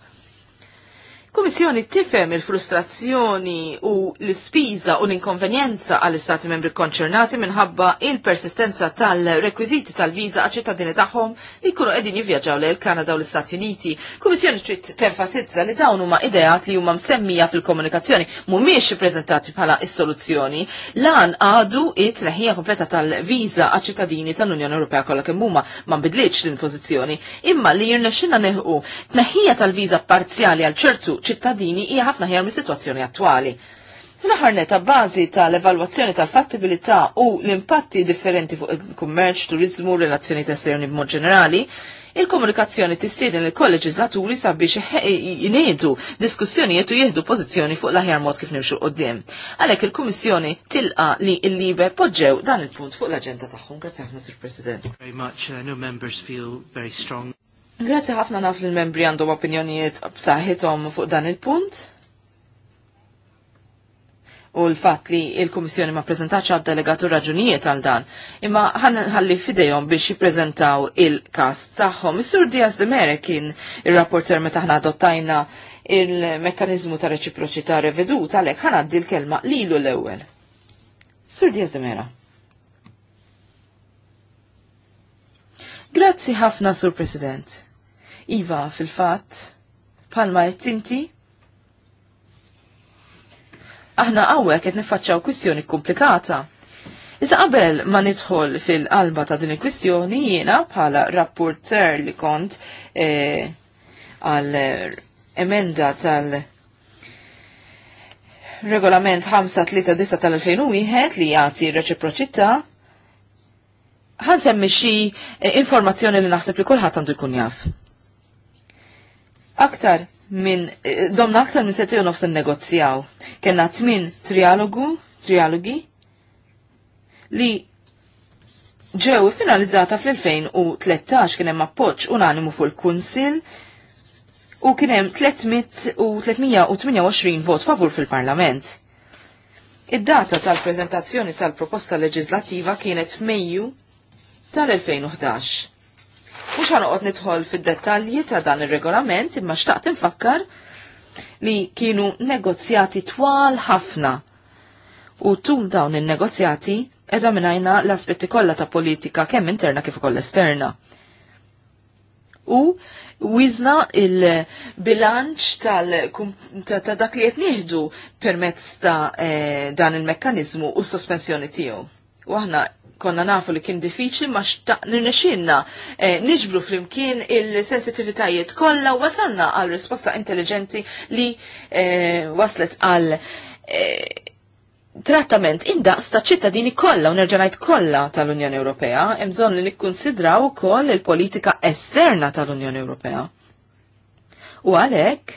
Kummissjoni tifhem il-frustrazzjoni u l-ispiża u l-inkonvenjenza għall istati membri konċernati minħabba il-persistenza tal-rekwiżiti tal-viża għal ċittadini tagħhom li jkunu qegħdin jivvjaġġaw lejn Kanada u l-Istati Uniti. Kummissjoni trid tenfasizza li dawn huma ideat li huma msemmija fil-komunikazzjoni mhumiex ippreżentati bħala is-soluzzjoni lan għadu it-tneħħija kompleta tal-viża għal ċittadini tal-Unjoni Ewropea kollha kemm huma ma nbidlitx l-pożizzjoni imma li jirnexxinna neħu tneħħija tal-viża parzjali għal ċertu ċittadini hija ħafna ħjar mis-sitwazzjoni attwali. Naħarneta bażi tal-evalwazzjoni tal-fattibilità u l-impatti differenti fuq il-kummerċ, turizmu, relazzjoni esterni b'mod ġenerali, il-komunikazzjoni tistieden il-kolleġislaturi sabiex jinedu diskussjonijiet u jieħdu pożizzjoni fuq l-aħjar mod kif nimxu qoddim. Għalhekk il-Kummissjoni tilqa li l-libe poġġew dan il-punt fuq l-aġenda tagħhom. Grazzi ħafna, Sir President. Very much, uh, members feel very strong. Grazzi ħafna naf li l-membri għandhom opinjonijiet b'saħħithom fuq dan il-punt. U l-fatt li il-Kummissjoni ma preżentax għad delegatu raġunijiet għal dan, imma ħalli fidejhom biex jippreżentaw il-kas tagħhom. Is-Sur Diaz de Mere kien ir-rapporter meta aħna adottajna il-mekkanizmu ta' reċiproċità revedut għalhekk għaddi l-kelma lilu l-ewwel. Sur Diaz de Mera. Grazzi ħafna, Sur President. Iva fil-fat, palma inti? aħna għawek qed niffaċċaw kwistjoni komplikata. Iżda qabel ma nidħol fil-qalba ta' din il-kwistjoni jiena bħala rapporter li kont e, għal eh, emenda tal- regolament 539 tal-2001 li jagħti reċiproċità ħan semmi xi e, informazzjoni li naħseb li kulħadd għandu jkun jaf aktar minn, domna aktar minn sette nofs negozzjaw Kenna tmin trialogu, trialogi, li ġew finalizzata fl-2013 kien hemm appoġġ unanimu fuq il-Kunsil u kien hemm 328 vot favur fil-Parlament. Id-data tal-preżentazzjoni tal-proposta leġislativa kienet f'Mejju tal-2011. Mux ħanoqot nidħol fil-dettalji ta' dan il-regolament imma xtaqt infakkar li kienu negozjati twal ħafna. U tul dawn il-negozjati eżaminajna l-aspetti kollha ta' politika kemm interna kif ukoll esterna. U wizna il-bilanċ tal ta, ta' dak li qed nieħdu permezz ta' eh, dan il-mekkaniżmu u s-sospensjoni tiegħu. U aħna konna nafu li kien diffiċli ma nirnexinna eh, niġbru flimkien il-sensitivitajiet kollha wasalna għal risposta intelligenti li eh, waslet għal eh, trattament indaqs sta ċittadini kollha u nerġanajt kollha tal-Unjoni Ewropea, hemm bżonn li nikkonsidraw ukoll il-politika esterna tal-Unjoni Ewropea. U għalhekk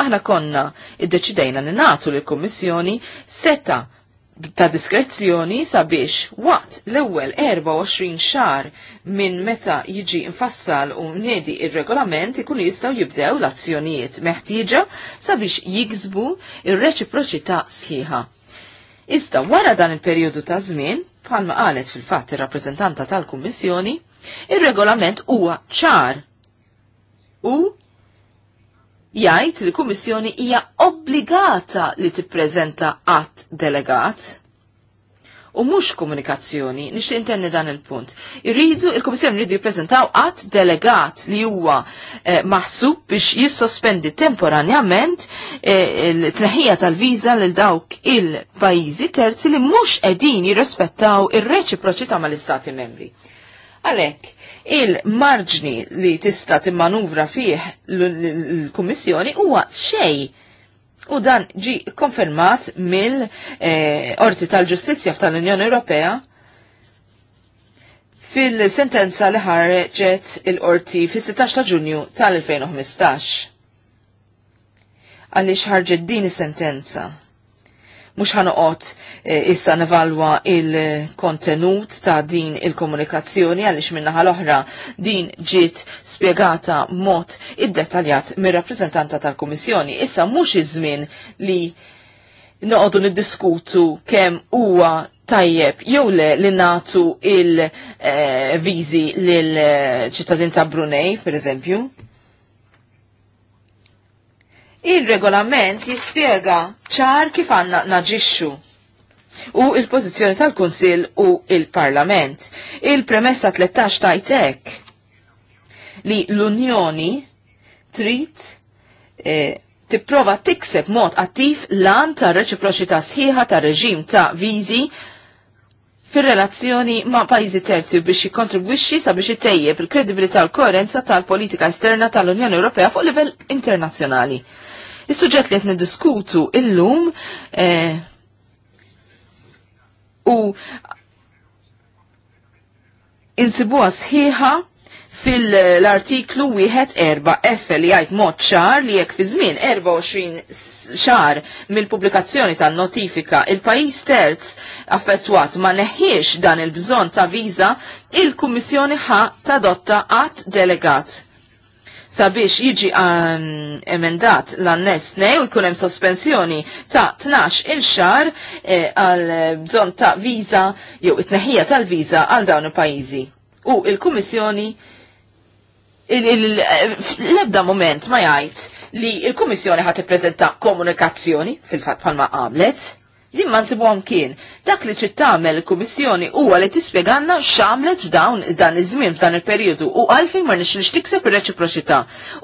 aħna konna iddeċidejna li nagħtu lill-Kummissjoni seta' ta' diskrezzjoni sabiex waqt l-ewwel 24 xar minn meta jiġi infassal u nedi ir-regolament ikun jistgħu jibdew l-azzjonijiet meħtieġa sabiex jiksbu ir-reċiproċità sħiħa. Iżda wara dan il-perjodu ta' żmien, bħalma qalet fil-fatt ir-rappreżentanta tal-Kummissjoni, ir-regolament huwa ċar u jgħid li kummissjoni hija obbligata li tippreżenta att delegat u mhux komunikazzjoni, nixtieq intenni dan il-punt. Irridu il-Kummissjoni rridu jippreżentaw att delegat li huwa eh, maħsub biex jissospendi temporanjament eh, il-tneħħija tal-viża lil dawk il-pajjiżi terzi li mhux qegħdin jirrispettaw ir-reċiproċità mal-Istati membri. Għalhekk, il-marġni li tista' timmanuvra fih l-Kummissjoni huwa xej. U dan ġi konfermat mill-Orti eh, tal-Ġustizzja tal-Unjoni Ewropea fil-sentenza li ħarġet il-qorti fis 16 ta' ġunju tal-2015. Għaliex ħarġet din is-sentenza? Mux ħanoqot eh, issa nevalwa il-kontenut ta' din il-komunikazzjoni għalix minna l-oħra din ġiet spiegata mot id-detaljat mir-rappreżentanta tal-Komissjoni. Issa mhux iż-żmien li noqogħdu niddiskutu kemm huwa tajjeb jew le li natu il-viżi eh, lil eh, ċittadin ta' Brunei, per eżempju. Il-regolament jispiega ċar kif għanna naġixxu u il-pozizjoni tal-Kunsil u il-Parlament. Il-premessa 13 tajtek li l-Unjoni trid eh, tipprova tikseb mod attiv lan ta' reċiproċità sħiħa ta' reġim ta' viżi fir-relazzjoni ma' pajjiżi terzi biex jikkontribwixxi sabiex itejjeb il-kredibilità u l-koerenza tal-politika esterna tal-Unjoni Ewropea fuq livell internazzjonali. Is-suġġett li qed niddiskutu illum eh, u insibuha sħiħa fil-artiklu wieħed erba' F li jgħid mod ċar li jekk fi żmien 24 xar mill-pubblikazzjoni tan-notifika il-pajjiż terz affettwat ma neħħiex dan il-bżonn ta' viża, il-Kummissjoni ħa tadotta għat delegat sabiex jiġi um, emendat l-annes nej u jkun hemm sospensjoni ta' 12 il xar eh, għal e, eh, bżon ta' viza jew it-neħija tal-viza għal dawn il-pajjiżi. U il-Kummissjoni eh, l-ebda moment ma jgħid li il-Kummissjoni ħat ippreżenta komunikazzjoni fil-fatt bħalma għamlet li ma nsibuhom kien. Dak li ċit tagħmel il-Kummissjoni huwa li spieganna x'għamlet f'dawn dan iż-żmien f'dan il periodu u għalfejn ma nix tikseb ir-reċiproċità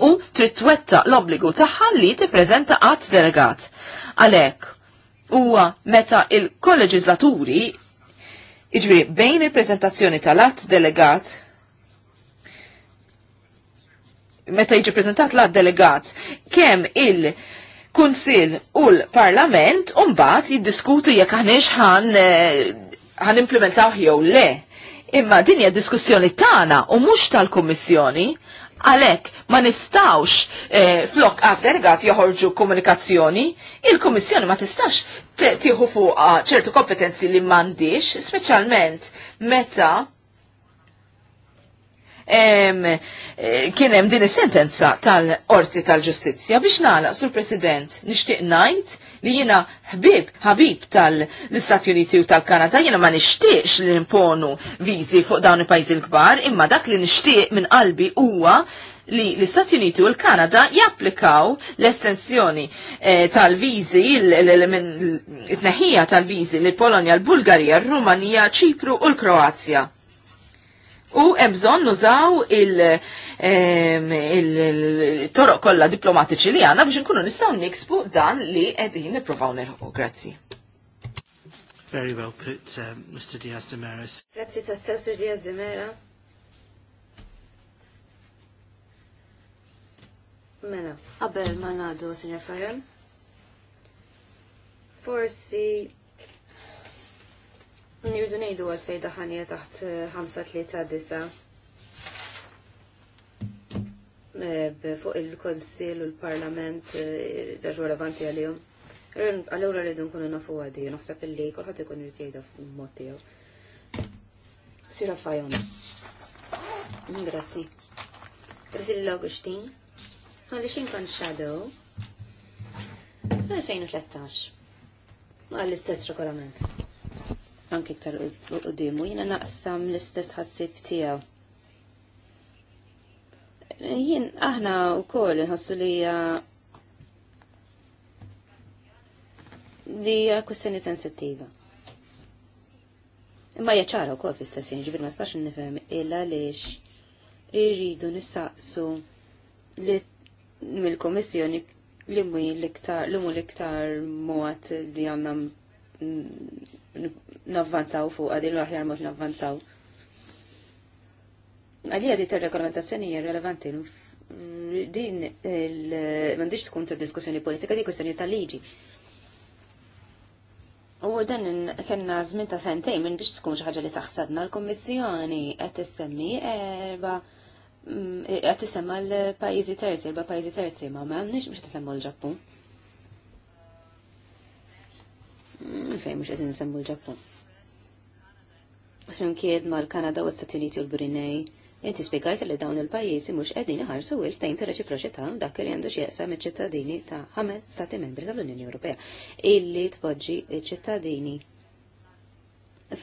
u trid twetta l-obbligu tagħha li tippreżenta qatt delegat. Għalhekk huwa meta il-kolleġislaturi iġri bejn il-prezentazzjoni tal-att delegat meta jiġi prezentat att delegat kemm il kunsil u l-parlament umbat jiddiskutu jekk aħniex għan għan eh, implementaw jew le. Imma din hija diskussjoni tagħna u mhux tal-Kummissjoni għalek ma nistawx eh, flok għad delegat joħorġu komunikazzjoni, il kommissjoni ma tistax tieħu fuq ċertu kompetenzi li mandiġ, specialment meta Eh, kien hemm din is-sentenza tal-Qorti tal-Ġustizzja biex nagħlaq sur President nixtieq ngħid li jiena ħbib ħabib tal-Istati Uniti u tal-Kanada jiena ma nixtieqx li nimponu viżi fuq dawn il-pajjiżi l-kbar imma dak li nixtieq minn qalbi huwa li l-Istati Uniti u l-Kanada japplikaw l-estensjoni eh, tal-vizi, it-neħija tal-vizi l-Polonja, l-Bulgarija, l-Rumanija, ċipru u l-Kroazja. U ebżon nużaw il-toroq kollha diplomatiċi li għandna biex nkunu nistgħu nixbu dan li qegħdin nippruvaw nilħu. Grazzi. Very well put, um, Mr. Diaz de Grazzi ta' Sir Diaz de Mera. Mela, għabel ma ngħadu, Sr. Fajan. Forsi Nirdu nejdu għal għalfej daħanija taħt 5-3 eh, eh, fuq il-Konsil u l-Parlament għal-avanti eh, għal-jum. għal Għallura rridu nkunu nafu għadi, nafsab illi kolħat ikun rritjeda f motti għu. Sira fajon. Grazzi. Grazzi l-Augustin. Għalli xin kan Shadow. 2013. Għall-istess regolament anki ktar qudiem u jiena naqsam l-istess ħassib tiegħu jien aħna u kol nħossu li li kustjoni sensittiva. Imma hija u wkoll fl-istess jien, ġibir ma stax nifhem illa lix irridu nissaqsu li mill-komissjoni li mu l-iktar li mu l-iktar mod li għandna navvanzaw fuq għadil l-aħjar mux navvanzaw. Għalija di rekomendazzjoni hija relevanti. Din mandiġ tkun sa' diskussjoni politika, di kwestjoni ta' liġi. U dan kena żmien ta' sentejn mandiġ tkun xi ħaġa li taħsadna l-Kommissjoni qed tissemmi erba' qed l-pajjiżi terzi, erba' pajizi terzi, ma m'għandniex biex tisemmu l-Ġappun. Fejn mhux qed semmu l-Ġappun flimkien mal-Kanada u Stati Uniti u l-Brunei. Inti spiegajt li dawn il-pajjiżi mhux qegħdin iħarsu il tejn fir reċiproċità dak li għandu x'jeqsam iċ-ċittadini ta' ħames stati membri tal-Unjoni Ewropea illi tpoġġi ċ-ċittadini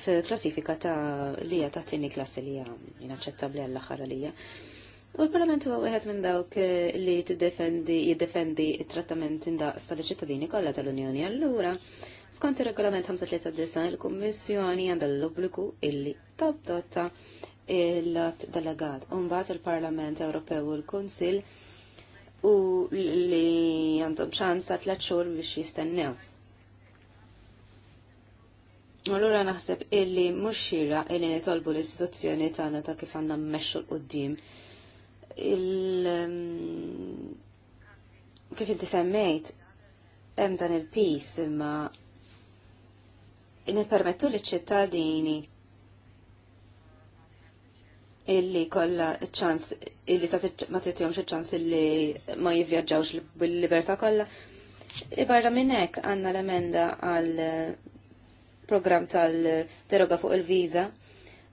f'klassifika ta' Lija hija ta' tieni klassi li hija inaċċettabbli għall-aħħar għalija. U l-Parlament huwa wieħed minn dawk eh, li tiddefendi jiddefendi t-trattament indaqs tal-ċittadini kollha tal-Unjoni. Allura, skont ir-regolament 53 il-Kummissjoni għandha l-obbligu illi tabdotta il-att delegat. U mbagħad il-Parlament Ewropew u l-Kunsill u li għandhom ċans ta' tliet xhur biex jistennew. Allura naħseb illi mhux xira illi nitolbu l-istituzzjoni tagħna ta' kif għandna mmexxu l-qudiem il- mm, kif inti semmejt, hemm dan il-pis imma nippermettu liċ ċittadini illi ċ ċans illi ta' ma titjomx ċans illi ma jivvjaġġawx bil-libertà kollha. E barra minn hekk għandna l-emenda għal eh, program tal-deroga fuq il-viża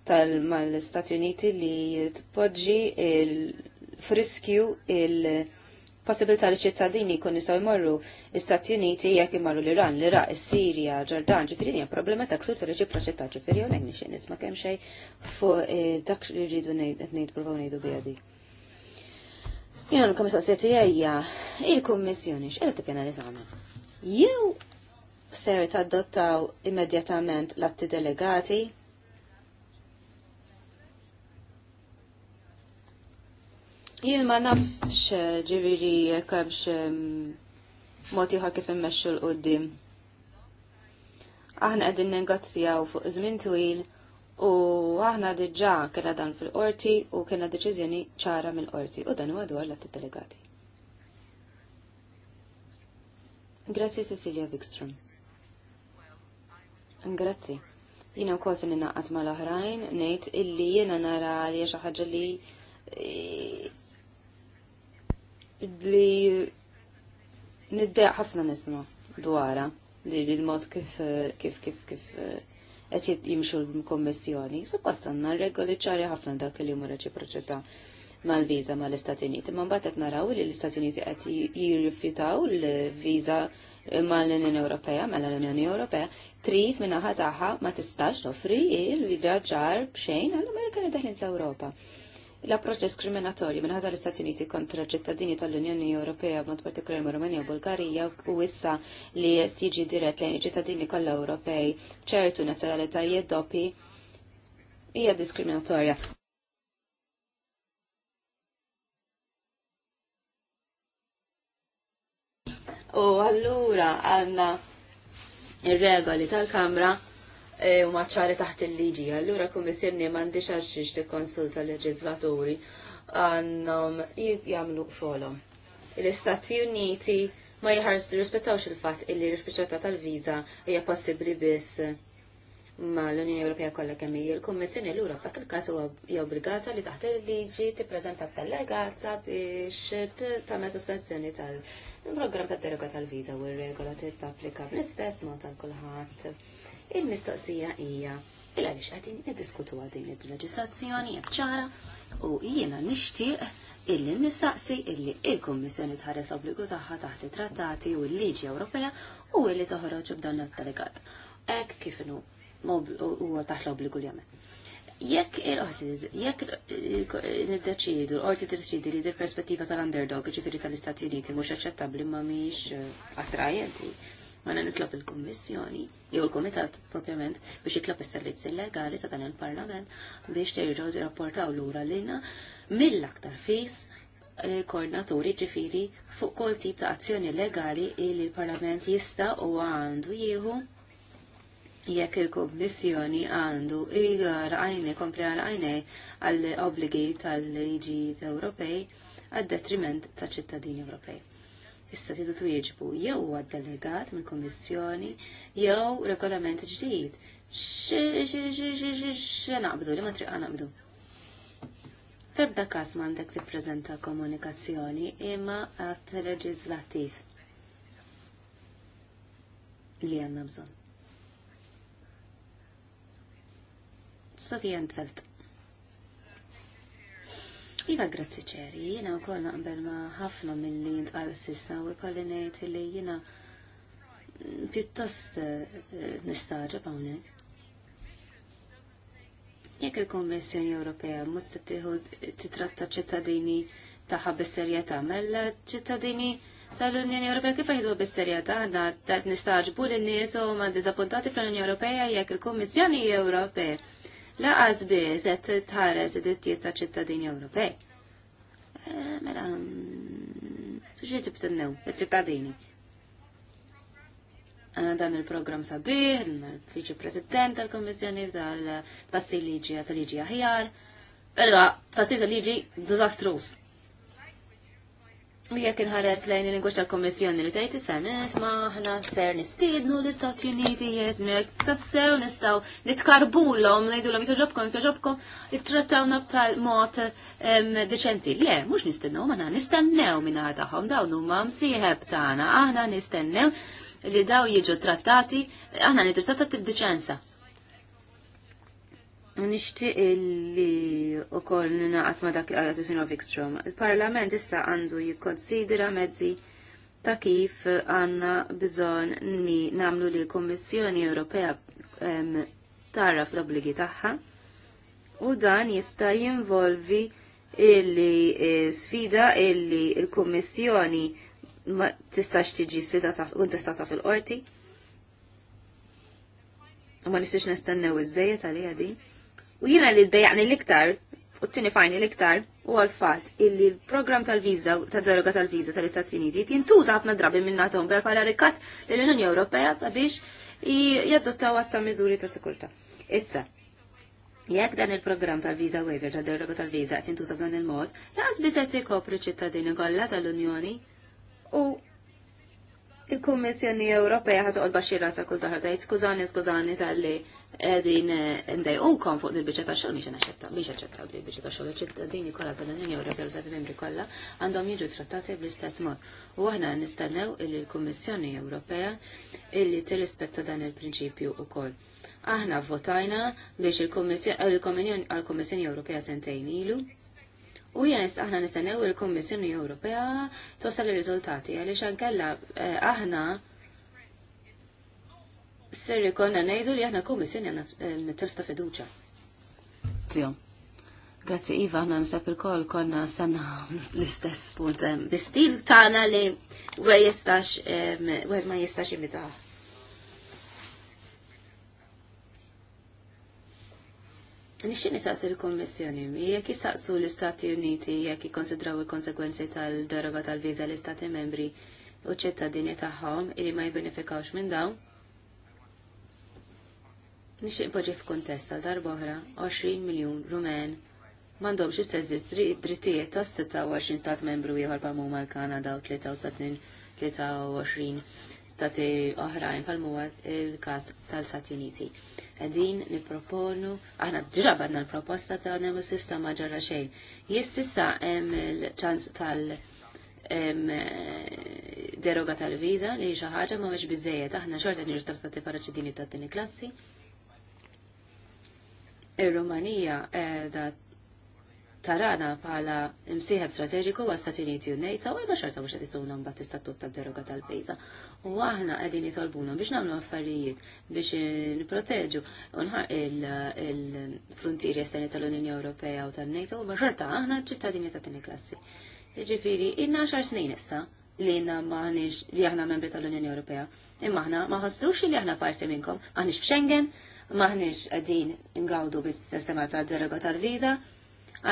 tal-mal-Stati Uniti li tpoġġi il- friskju il-possibilità li ċittadini kun jistgħu jmorru l-Istati Uniti jekk imorru l-Iran, l-Iraq, is-Sirja, ġordan, ġifieri hija problema ta' ksur tal-reċiproċità ġifieri hawnhekk nixtieq ma kemm xejn fuq eh, dak li rridu ngħid qed nippruvaw ngħidu biha dik. Jena l-komissar tiegħija il-Kummissjoni x'qed tippjana li tagħmel. Jew ser tadottaw immedjatament l-atti delegati Jien ma nafx ġiviri kabx moti ħar kif immexxu l-qoddim. Aħna qegħdin ningazzjaw fuq żmien twil u aħna diġà kena dan fil-qorti u kena deċiżjoni ċara mill-qorti u dan huwa dwar l-atti delegati. Grazzi Cecilia Wikström. Grazzi. Jina wkoll se ninaqgħad mal-oħrajn ngħid illi jiena nara li xi ħaġa li eh, li niddeq ħafna nisma dwara li l-mod kif kif kif kif eh, qed jimxu l-kommissjoni. Suppost għandna regoli ċari ħafna dak li huma reċiproċità mal-viża mal-Istati Uniti. Ma mbagħad qed naraw li l-Istati Uniti qed jirrifjutaw l-viża mal-Unjoni Ewropea, mela l-Unjoni Ewropea, trid minnaħa aħħa ma tistax toffri il ċar b'xejn għall-Amerikani daħlin fl-Ewropa l-approċ diskriminatorju minħata l-Istati Uniti kontra ċittadini tal-Unjoni Ewropea mod partikolari Rumanija u Bulgarija u issa li tiġi dirett lejn ċittadini kollha Ewropej ċertu nazzjonalitajiet doppi hija diskriminatorja. U allura għanna ir-regoli tal-Kamra E, u maċċari taħt il-liġi. Allura kummissjoni m'għandix għax tikkonsulta l-leġislaturi għandhom jagħmlu xogħolhom. L-Istati Uniti ma jħarsu rispettawx il-fatt illi rispettata tal-viża hija possibbli biss ma l-Unjoni Ewropea kollha kemm hija l-Kummissjoni lura f'dak il-każ hija obbligata li taħt il-liġi tippreżenta b'tallegata biex tagħmel sospensjoni tal-programm tad-deroga tal-viża u r-regola tapplika bl-istess mod tal kulħadd Il-mistoqsija hija il għaliex qegħdin niddiskutu għal din il-leġislazzjoni hekk ċara u jiena nixtieq illi nistaqsi illi il-Kummissjoni tħares obbligu tagħha taħt it-trattati u l-liġi Ewropea u illi toħroġ b'dan l-delegat. Hekk kif inhu huwa taħt l-obbligu li jagħmel jekk il jekk niddeċidu, l-qorti li d-perspettiva tal-underdog, ġifiri tal-Istati Uniti, mux aċċettabli ma miex eh, attrajenti, għana nitlob il-Kommissjoni, jew il-Komitat propjament, biex jitlob is-servizzi legali ta' dan il-Parlament biex terġgħu jirrapportaw lura lilna mill-aktar fis eh, koordinaturi ġifiri fuq kol tip ta' azzjoni legali li l-Parlament jista' u għandu jieħu jekk il-Kommissjoni għandu igar għajni kompli għal għajnej għall obligi tal-liġi Ewropej għad detriment ta' ċittadini Ewropej issa tidu twieġbu jew huwa delegat mill-Kummissjoni jew regolament ġdid. naqbdu li ma triqa naqbdu. F'ebda każ m'għandek tippreżenta komunikazzjoni imma għat leġislattiv li għandna bżonn. Sofija tfelt. Iva grazzi ċeri, jina u koll naqbel ma ħafna mill-li jintqal sissa u kolli nejt li jina mm, pjuttost eh, nistaġa pawnek. Jekk il-Konvenzjoni Ewropea mhux se titratta ċittadini taħħa b-serjeta, mella ċittadini tal-Unjoni Ewropea kif jieħdu bis-serjetà għandna qed nistaġbu l nies u ma d-dizappuntati fl-Unjoni Ewropea jekk il-Kummissjoni Ewropea laqas biss qed tħares ta' ċittadini Ewropej. Eh, mela, mm, xie b'tennew, ċittadini Għana dan il-program sabiħ, l fiċi President tal komissjoni tal-Tfassil Liġi għat-Liġi Aħjar. Għalba, tfassil tal-Liġi dizastrus. Jekk inħares lejn il-lingwa tal-Kommissjoni li tgħid ifhem eh, ma aħna ser nistiednu l-Istati Uniti nek tassew nistgħu nitkarbulhom ngħidulhom jekk ġobkom jekk ġobkom ittrattawna b'tal-mod deċenti. Le, mhux nistennew aħna nistennew minn tagħhom dawn huma msieħeb tagħna, aħna nistennew li daw jiġu trattati, aħna nittrattati diċenza. Nishtiq li u koll naqat ma dak għalat Sinov Vikstrom. Il-parlament issa għandu jikonsidira mezzi ta' kif għanna bżon ni namlu li Kommissjoni Ewropea tara fl-obligi tagħha u dan jista' jinvolvi illi e, sfida illi il-Kommissjoni ma tistax tiġi sfida ta' kontestata fil-qorti. ma nistax nistennew iż-żejjed għalija din. U jina li d dajani l-iktar, u t-tini fajni l-iktar, u għal-fat illi l-program tal-viza, tal-deroga tal-viza tal-Istati Uniti, jintuża ħafna drabi minn natom per pala rikat l-Unjoni Ewropea sabiex jadottaw għatta miżuri ta' sikurta. Issa, Jekk dan il-programm tal viza Waiver ta' deroga tal-Visa qed jintuża b'dan il-mod, laqas biset ikopri ċittadini kollha tal-Unjoni u il-Kummissjoni Ewropea ħad toqgħod baxxi sa kull darba skużani skużani tal-li din eh, kon fuq dil-biċċa ta' xogħol miex naċċetta, miex aċċettaw dil bicċa ta' xogħol iċ-ċittadini kollha tal-Unjoni Ewropea u Stati Membri kollha għandhom jiġu trattati bl-istess mod. U aħna nistennew il l-Kummissjoni Ewropea illi tirrispetta dan il-prinċipju ukoll. Aħna votajna biex il-Kummissjoni eh, Ewropea sentejn ilu U jena aħna nistennew il-Kommissjoni Ewropea tosal ir-riżultati għaliex ankella eh, aħna Sirri konna ngħidu li aħna kummissjoni għandna eh, telf ta' fiduċa. Tjom. Grazzi Iva, għanna nsab il-kol konna sanna <laughs> l-istess punt. Bistil tana li għu jistax, għu ma jistax imita. Nixxin nistaqsi l-Kommissjoni, jekk jistaqsu l-Istati Uniti, jekk jikonsidraw il-konsekwenzi tal-deroga tal-viza l-Istati membri u ċittadini tagħhom li ma jibbenefikawx minn dawn, Nixiq poġi f'kuntest għal darba oħra 20 miljun Rumen m'għandhomx istess drittijiet ta' 26 stat membru ieħor bħal huma l-Kanada u 23 stati oħrajn bħal huwa il-każ tal-Stati Uniti. Qegħdin nipproponu, aħna diġà badna l-proposta ta' s sistema ġara xejn. Jississa hemm il-ċans tal- deroga tal-viza li xi ħaġa ma mhux biżejjed aħna xorta nirġu trattati bħala ċittadini ta' tieni klassi Ir-Rumanija edha tarana bħala imsieħeb strateġiku għas Stati Uniti u NATO, għajna xorta mhux qed jituna mbatt istatut tal-deroga tal-pejza. U għahna qegħdin jitolbuna biex namlu affarijiet biex nipproteġu il-frontieri esterni tal-Unjoni Ewropea u tal-NATO, ma xorta għahna ċittadini ta' tini klassi. Jiġifieri inna xar snin issa li inna maħnix li aħna membri tal-Unjoni Ewropea, imma aħna maħastux li aħna parti minnkom, għanix f'Schengen, maħniġ għedin ingawdu bis-sistema ta' deroga tal-viza,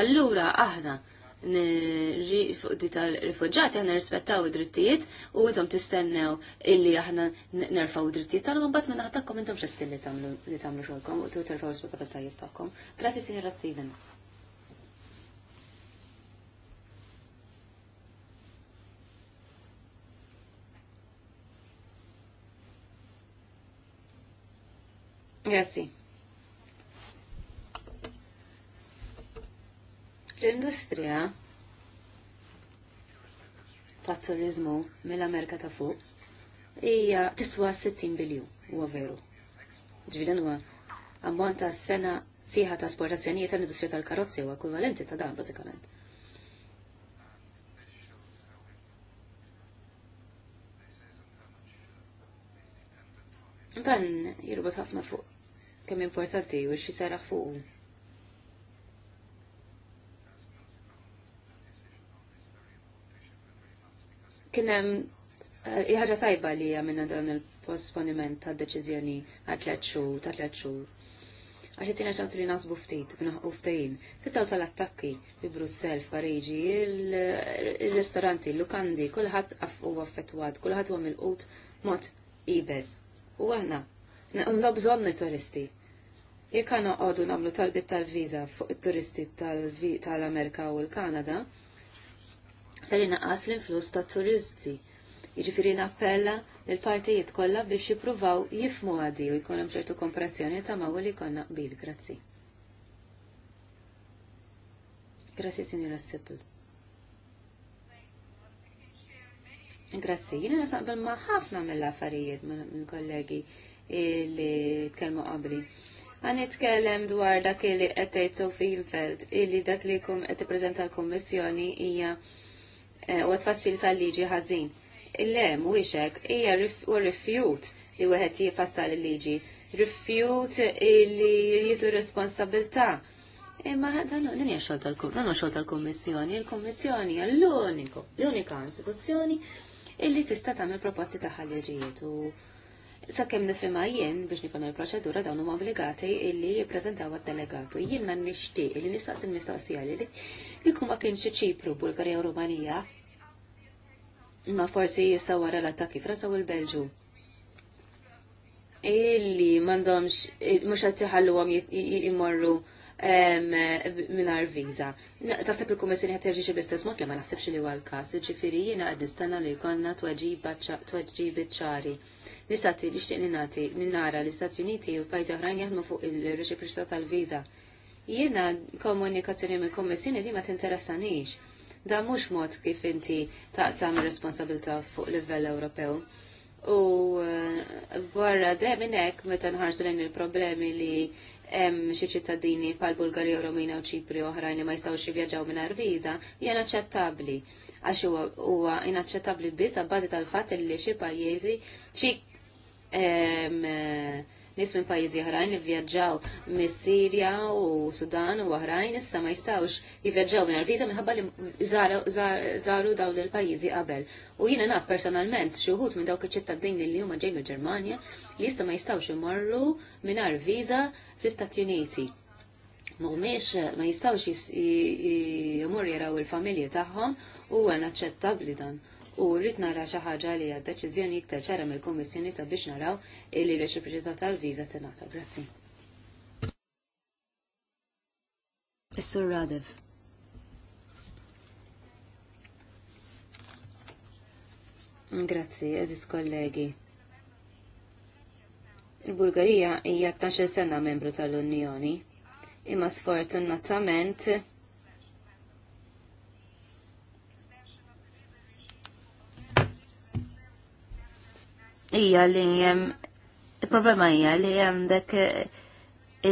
allura aħna fuq di tal-rifugġati għanna rispettaw id-drittijiet u għidhom tistennew illi aħna nerfaw id-drittijiet tal bat minna ħatakom intom xestin li tagħmlu xolkom u terfaw responsabiltajiet tagħkom. Grazie, Sinjora Stevens. Grazie. L-industrija ta' turizmu mill-Amerika ta' fuq hija tiswa 60 biljun huwa veru. Ġvidan huwa ammont ta' sena sieħa ta' sportazzjonijiet tal-industrija tal-karozzi huwa ekwivalenti ta' dan bażikament. Dan jirbot ħafna fuq kemm importanti u xi saraħ fuq. Kien hemm eh, ħaġa tajba li għamilna dan il-posponiment ta' deċiżjoni għal tliet xhur ta' tliet xhur. Għax tina ċans li nasbu ftit, u ftejn. Fittaw tal-attakki fi Brussel, Pariġi, il-ristoranti, il-lukandi, kulħadd huwa affettwat, kulħadd huwa mill mod ibes u għana. Naqumna bżonni turisti. Jekk għana għodu namlu talbit tal-viza fuq il-turisti tal-Amerika u l-Kanada, sali naqas l-influss ta' turisti. Jiġifieri nappella l-partijiet kollha biex jippruvaw jifmu għadi u jkun hemm ċertu kompressjoni ta' mawl li jkollna qbil, grazzi. Grazzi, signora Sippel. Grazzi, jina nasaqbel ma ħafna mill-affarijiet minn kollegi li tkellmu qabli. Għan nitkellem dwar dak li qed Sofi Infeld illi dak li kum qed prezenta l-Kummissjoni hija eh, u tfassil tal-liġi ħażin. Ille, mhuwiex ija u rifjut li wieħed jifassal il-liġi, rifjut li jitu responsabilta. Imma dan hija xogħol tal-Kummissjoni, il-Kummissjoni hija l-unika, l-unika istituzzjoni illi tista' tagħmel proposti ta' ħallijiet u sakemm nifhimha jien biex nifhem il-proċedura dawn huma obbligati illi jippreżentaw għad-delegatu. ma nixtieq li nistaqsi l-mistoqsija li jkun ma kienx iċipru Bulgarija u Rumanija ma forsi jissa wara l-attakki Franza u l-Belġu. Illi mandomx, mux għattiħallu għam jimmorru minar viza. Tasab il komissjoni ħat terġiġi bl-istess mod li ma naħsibx li huwa l-każ, ġifieri jiena qed li jkollna tweġġib ċari. L-istati li xtieq nagħti nara l-Istati Uniti u pajzi oħrajn jaħdmu fuq il-reċiproċità tal-viża. Jiena komunikazzjoni mill komissjoni di ma tinteressanix. Da mhux mod kif inti taqsam ir-responsabilità fuq livell Ewropew. U barra eh, de minnek meta nħarsu lejn il-problemi li hemm xi ċittadini pal Bulgarija u Romina u Ċipri oħrajn li ma jistgħux jivvjaġġaw mingħajr viża hija inaċċettabbli għax huwa inaċċettabbli biss abbażi tal-fatt li xi pajjiżi xi nies minn pajjiżi oħrajn li vjaġġaw mis-Sirja u Sudan u oħrajn issa ma jistgħux jivvjaġġaw mingħajr viża minħabba li żaru dawn il-pajjiżi qabel. U jiena naf personalment xi wħud minn dawk iċ-ċittadini li huma ġejn mill-Ġermanja li issa ma jistgħux imorru mingħajr viża fl-Istati Uniti. Mumiex ma jistawx jimur jaraw il-familji tagħhom u naċċettabbli dan. U rrid nara xi ħaġa li għad deċiżjoni iktar ċara mill-Kummissjoni sabiex naraw illi reċiproċità tal-viża tingħata. Grazzi. Issur Radev. Grazzi, eżis kollegi. Il-Bulgarija hija 12 sena membru tal-Unjoni, imma sfortunatament hija li hemm il-problema hija li hemm dak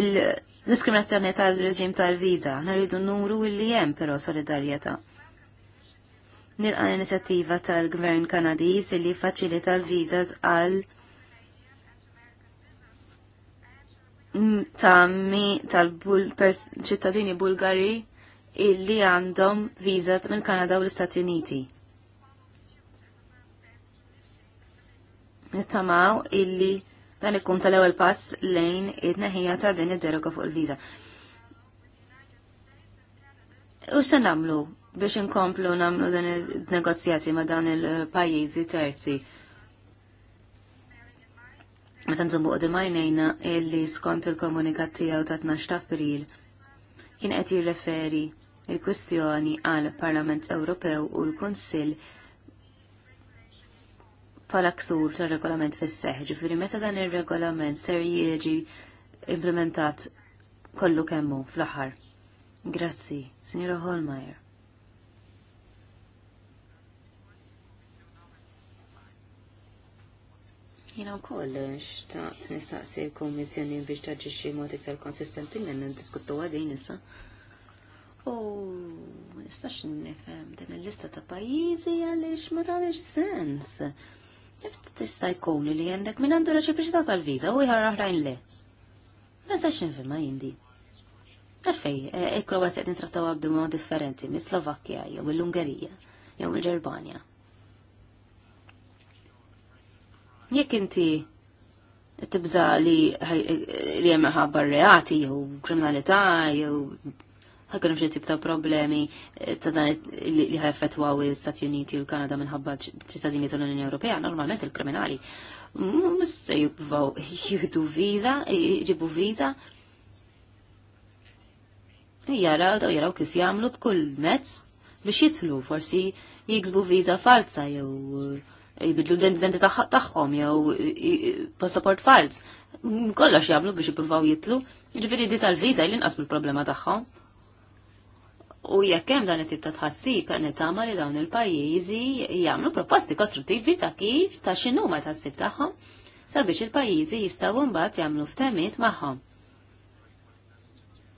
il-diskriminazzjoni tal-reġim tal-viża. Naridu nuru li hemm però solidarjetà nilqa l-inizjattiva tal-Gvern Kanadiż li faċilita l-viżas għal tammi tal-ċittadini -bul bulgari illi għandhom viza mill kanada u l-Istati Uniti. Nittamaw illi dan ikkun tal-ewel pass lejn id-neħija ta' din id-deroga fuq il-viza. U xan namlu biex inkomplu namlu dan il-negozjati ma' dan il-pajjiżi terzi? Meta nżommu għajnejna illi skont il-komunikat tiegħu ta' 12 ta' April kien qed jirreferi il-kwistjoni għal Parlament Ewropew u l-Kunsill bħala ksur tar-regolament fis-seħħ. Ġifieri meta dan ir-regolament ser jiġi implementat kollu kemmu fl-aħħar. Grazzi, Sinjora Holmeyer. Jina u koll, xtaqt nistaqsi l-Komissjoni biex taġi xie mod iktar konsistenti l n diskuttu għadin issa. U nistax n nifem din l lista ta' pajizi għalix ma tamiex sens. t-istaj jkun li għandek minn għandu raċi biex ta' tal viza u jħar oħrajn le. Ma nistax nifhem jindi. Għarfej, il-Kroazja e, e, n-trattaw għabdu ma' differenti mis-Slovakkja jew l-Ungerija jew l ġerbanja Jekk inti tibza li li jemma ħabbar reati jew kriminalità jew ħakun xi tip ta' problemi eh, ta' dan li ħaffetwaw l-Stati Uniti u l-Kanada minħabba ċittadini tal-Unjoni Ewropea, normalment il-kriminali mhux se jibvaw <laughs> jieħdu viża, jġibu viża. Jaraw daw jaraw kif jagħmlu b'kull mezz biex jitlu forsi jiksbu viża falsa jew jibidlu l-identità tagħhom jew passaport fals. Kollox jagħmlu biex jippruvaw jitlu, jiġifieri di tal-viża l-inqas mill-problema tagħhom. U jekk hemm dan it-tip ta' tħassib qed nitama li dawn il-pajjiżi jagħmlu proposti kostruttivi ta' kif ta' x'inhuma tħassib tagħhom sabiex il-pajjiżi jistgħu mbagħad jagħmlu ftehmiet magħhom.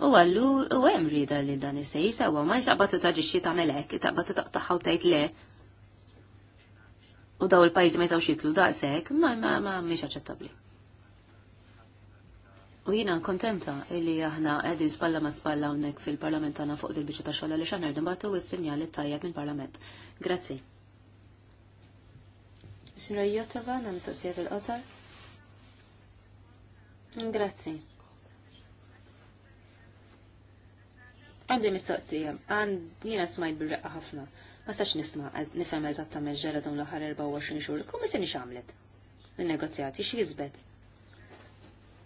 U għallu, u għem rida li dan jisej, u ma nxaqbatu taġi xie ta' melek, taqbatu taqtaħaw tajt le, u daw il-pajzi ma jistgħux jitlu daqshekk ma ma ma mhix aċċettabbli. U jina kontenta illi aħna qegħdin spalla ma spalla hawnhekk fil-Parlament tagħna fuq il-biċċa ta' xogħol xan aħna batu u s-sinjali tajjeb mill-Parlament. Grazzi. Xinu Jotova, nam mistoqsija il qosar Grazzi. Għandi mistoqsija, għand jina smajt bil-reqqa ħafna. Ma sax nisma, nifem eżattament ġela dawn l-ħar 24 xhur, kummissjoni xamlet? Il-negozjati x'jizbet?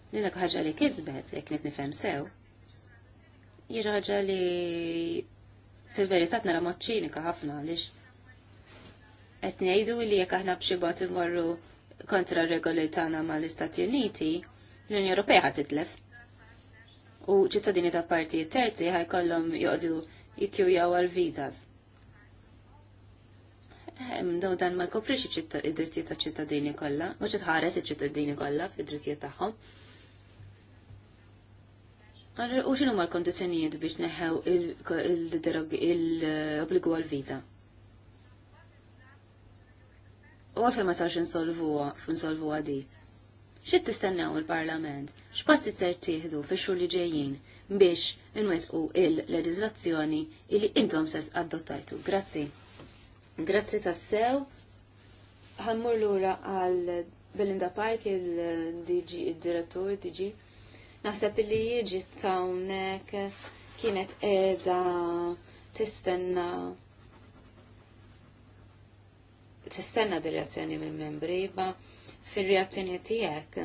L-inek ħaġa li kizbet, jekk nit nifhem sew, jiġi ħagġa li fil veritat nara mod ċinika ħafna għaliex qed ngħidu li jekk aħna b'xi bot imorru kontra r-regoli tagħna mal-Istati Uniti, l-Unjoni Ewropea titlef u ċittadini ta' partijiet terzi ħajkollhom joqdu jaw għal vizas. Ehm, daw dan ma kopri id-drittijiet ta' ċittadini kolla, mhux itħares iċ-ċittadini kollha fid-drittijiet tagħhom. U xinu ma l-kondizjonijiet biex neħew il-obbligu għal-viza? U għafe ma sarx insolvuwa, funsolvuwa di. Xi tistennew il-Parlament? X'passi ser tieħdu fix-xhur li ġejjin biex inwettqu il-leġiżlazzjoni li intom ses adottajtu. Grazzi. Grazzi tassew. Ħammur lura għal Belinda Pike il-DG il direttur DG. Naħseb li jiġi tawnek kienet qiegħda tistenna tistenna direzzjoni mill-membri, ba' fil-reazzjoni tijek.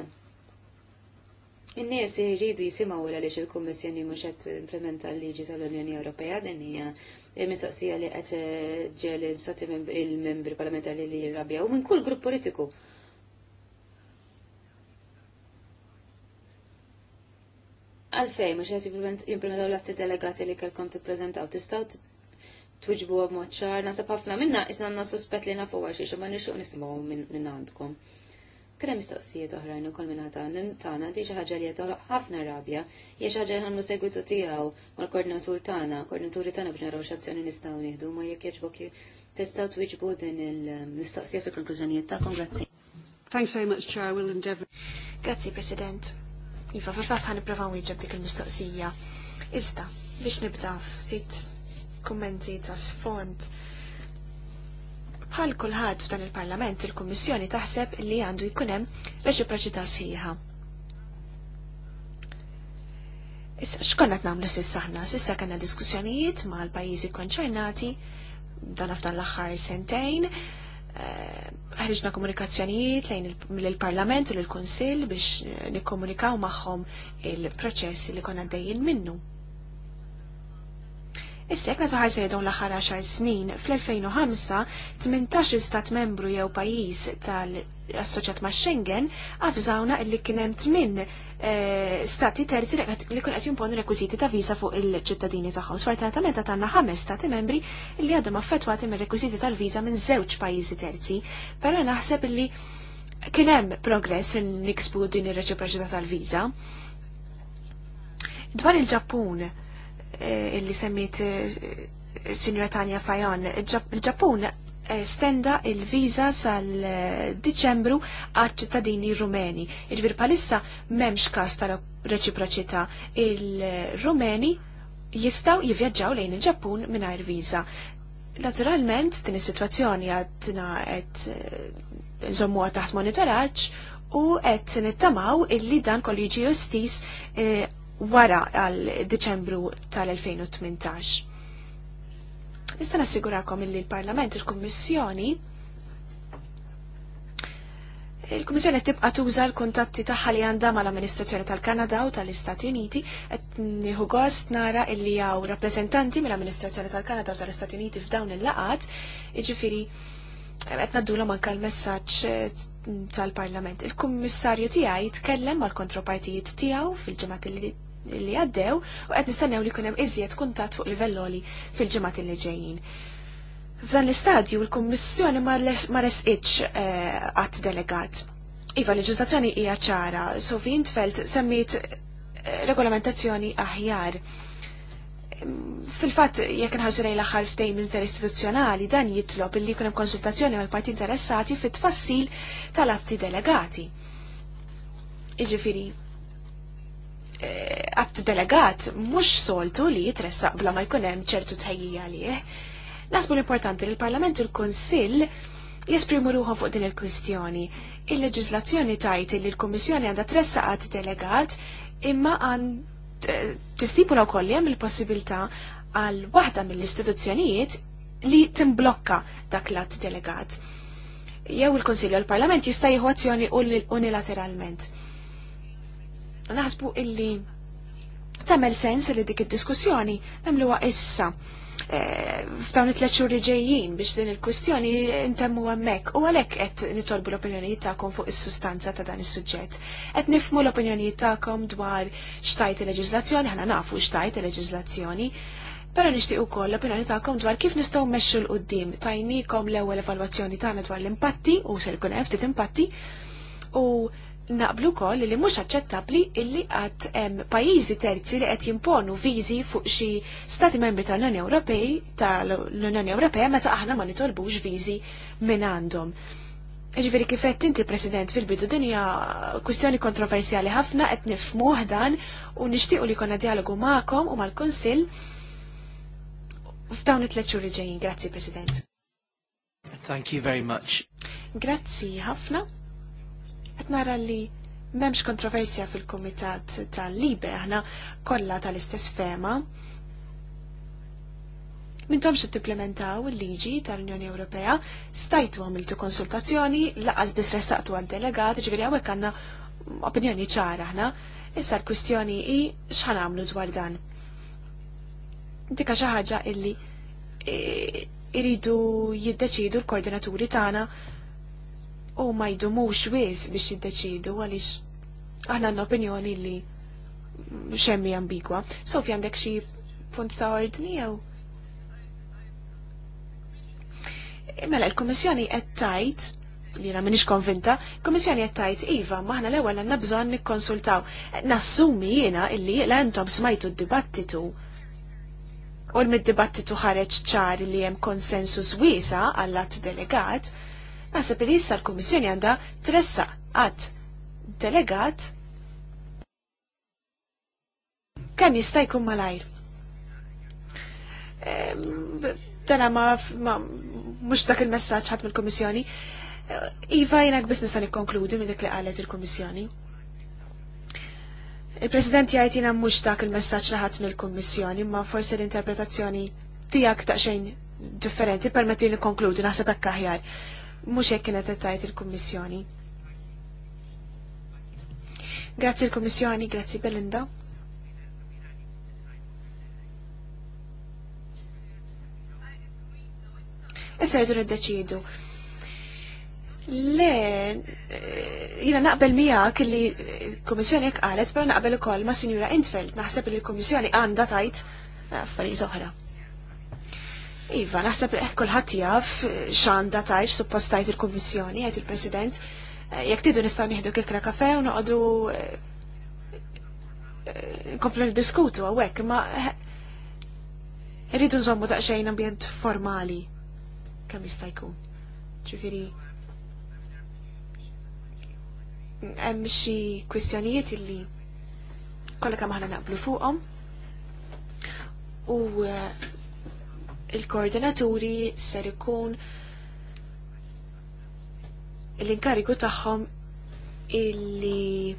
In-nies jridu jisimaw l għaliex il-Kummissjoni mhux qed implementa l-liġi tal-Unjoni Ewropea din hija mistoqsija li qed ġiel il-membri parlamentari li jirrabjaw minn kull grupp politiku. Għalfej, mux għet jimplementaw l-atti delegati li kelkom t-prezentaw, tistaw tuġbu għab moċċar, nasab ħafna minna, isna għanna suspet li nafu għaxi, xa ma nixuq nismaw minn għandkom kena mistaqsijiet mistoqsijiet oħrajn ukoll minn ħatan tana di xi ħaġa li qed ħafna rabja hija xi ħaġa li ħannu segwitu tijaw ma' l koordinatur tana, koordinaturi tana biex rawx x'azzjoni nistaw nihdu, ma jekk jogħġbok tistgħu twiġbu din il mistaqsijiet fi konklużjonijiet ta' kongrazzi. Thanks very much, Chair. I will endeavor. Grazie, President. Iva, fil-fat ħan iprofa wieġeb dik il-mistoqsija. Ista, biex nibda ftit kommenti ta' sfond Bħal kulħadd f'dan il-Parlament, il-Kummissjoni taħseb li għandu jkun hemm reċiproċità sħiħa. Issa x'konna qed nagħmlu s'issa aħna? S'issa kellna diskussjonijiet mal-pajjiżi konċernati dan f'dan l-aħħar sentejn, eh, ħriġna komunikazzjonijiet lejn il-Parlament u l-Kunsill biex nikkomunikaw magħhom il-proċess li konna dejjin minnu. Issek meta ħajsa jedon l-aħħar 10 snin, fl-2005, 18 stat membru jew pajjiż tal-assoċjat ma' Schengen għafżawna li kien hemm tmien eh, stati terzi li kun qed jimponu rekwiżiti ta' viża fuq il-ċittadini tagħhom. Sfortunatament għandna ħames stati membri li għadhom affettwati mir-rekwiżiti tal-viża minn żewġ pajjiżi terzi. Però naħseb li kien hemm progress fil niksbu din ir-reċiproċità tal-viża. Dwar il-Ġappun, Eh, illi semmit eh, Sinjora Tania Fajon, il-Ġappun eh, stenda il-viza sal-Diċembru għad ċittadini rumeni. Il-vir palissa memx kas tal-reċiproċità il-Rumeni jistaw jivjaġġaw lejn il-Ġappun minnajr viza. Naturalment, din is-sitwazzjoni għadna qed nżommuha taħt monitoraċ u qed nittamaw illi dan kollu jiġi justis wara għal Deċembru tal-2018. Nista' nassigurakom illi l-Parlament, il-Kummissjoni, Il-Kummissjoni qed tibqa' tuża l-kuntatti tagħha li għandha mal-Amministrazzjoni tal-Kanada u tal-Istati Uniti qed nieħu gost nara illi hawn rappreżentanti mill-Amministrazzjoni tal-Kanada u tal-Istati Uniti f'dawn il-laqat, jiġifieri qed naddulhom anke l-messaġġ eh, tal-Parlament. Il-Kummissarju tiegħi jitkellem mal-kontropartijiet tiegħu fil-ġimgħat li li għaddew u qed nistennew li kunem iżjed kuntat fuq livelloli fil-ġimgħat li ġejjin. F'dan l-istadju l-Kummissjoni ma resqitx għat eh, delegat. Iva leġislazzjoni hija ċara, Sofi Intfeld semmit eh, regolamentazzjoni aħjar fil-fat jekk nħarsu lejn l-aħħar interistituzzjonali dan jitlob illi jkun hemm konsultazzjoni mal-parti interessati fit-tfassil tal-atti delegati. Iġifiri, għatt eh, delegat mux soltu li jitressaq bla ma jkunem ċertu tħejjija liħ. Nasbu l-importanti li l-Parlament u l-Konsil jesprimu ruħu fuq din il-kwistjoni. Il-leġizlazzjoni tajt li l komissjoni għanda tressaqat delegat imma għand eh, tistipula wkoll hemm il-possibilità għal waħda mill-istituzzjonijiet li timblokka dak l-att delegat. Jew il-Konsilju l-Parlament jista' jieħu azzjoni unilateralment. Naħsbu illi tamel sens li dik id-diskussjoni nagħmluha issa eh, f'dawn it-tliet xhur li ġejjin biex din il-kwistjoni intemmu hemmhekk u għalhekk qed nitolbu l-opinjonijiet tagħkom fuq is-sustanza ta' dan is-suġġett. Qed nifmu l-opinjonijiet tagħkom dwar xtajt il-leġiżlazzjoni, ħana nafu xtajt il-leġiżlazzjoni, Pero nixtieq ukoll l-opinjoni tagħkom dwar kif nistgħu mmexxu l qudiem tajnikom l-ewwel evalwazzjoni tagħna dwar l-impatti u se jkun hemm ftit impatti u naqblu kol li mhux aċċettabbli illi għat hemm pajjiżi terzi li qed jimponu viżi fuq xi stati membri tal-Unjoni Ewropej tal-Unjoni Ewropea meta aħna ma nitolbux viżi minn għandhom. Ġifieri kif inti President fil-bidu dinja kwistjoni kontroversjali ħafna qed nifhmuh dan u nixtiequ li jkollna dialogu magħkom u mal-Kunsill f'dawn it-tliet xhur ġejjin. Grazzi President. Thank you very much. Grazzi ħafna nara li memx kontroversja fil-komitat tal-libe, aħna kollha tal-istess fema. Mintomx t-implementaw il-liġi tal-Unjoni Ewropea, stajtu għamiltu konsultazzjoni, laqas bis restaqtu għad-delegat, ġgħri għawek għanna opinjoni ċara aħna. Issa l-kwistjoni i xħan għamlu dwar dan. Dika xaħġa illi eh, iridu jiddeċidu l-koordinaturi tagħna u ma jdumux wiz biex jiddeċidu għalix aħna n opinjoni li xemmi ambigwa. Sofja għandek xie punt ta' ordni jew? Mela, il-Komissjoni qed tajt li jena minix konvinta, komissjoni tajt, Iva, maħna l-ewel għanna bżon nikkonsultaw. Nassumi jena illi l-entom smajtu d-dibattitu. U l-mid-dibattitu ħareċ ċar li jem konsensus wisa att delegat, Naħseb li issa l-Kummissjoni għandha tressa għat delegat kemm jista' jkun malajr. Dana ma mhux dak il-messaġġ ħadd mill-Kummissjoni. Eh, iva jenak biss nista' nikkonkludi minn dik li qalet il-Kummissjoni. Il-President jgħid jiena mhux dak il-messaġġ li ħadd mill-Kummissjoni, ma forsi l-interpretazzjoni tiegħek taqxejn differenti permetti li konkludi naħseb hekk mhux hekk kienet tajt il-Kummissjoni. Grazzi il kummissjoni grazie Belinda. Issa rridu niddeċiedu. Le, eh, jina naqbel miegħek li l-Kummissjoni jekk qalet, però naqbel ukoll ma' Sinjura Intfeld, naħseb li l-Kummissjoni għandha tajt affarijiet oħra. Iva, naħseb li eh, kullħat jaf eh, xanda tajx suppostajt il-Kommissjoni, għajt il-President, eh, jek tidu nistaw nieħdu kikra kafe u noqdu komplu diskutu għawek, ma rridu nżommu daqxejn ambjent formali kemm jista' jkun. hemm xi kwistjonijiet illi kollha kemm aħna naqblu fuqhom u il-koordinaturi ser ikun l-inkarigu tagħhom illi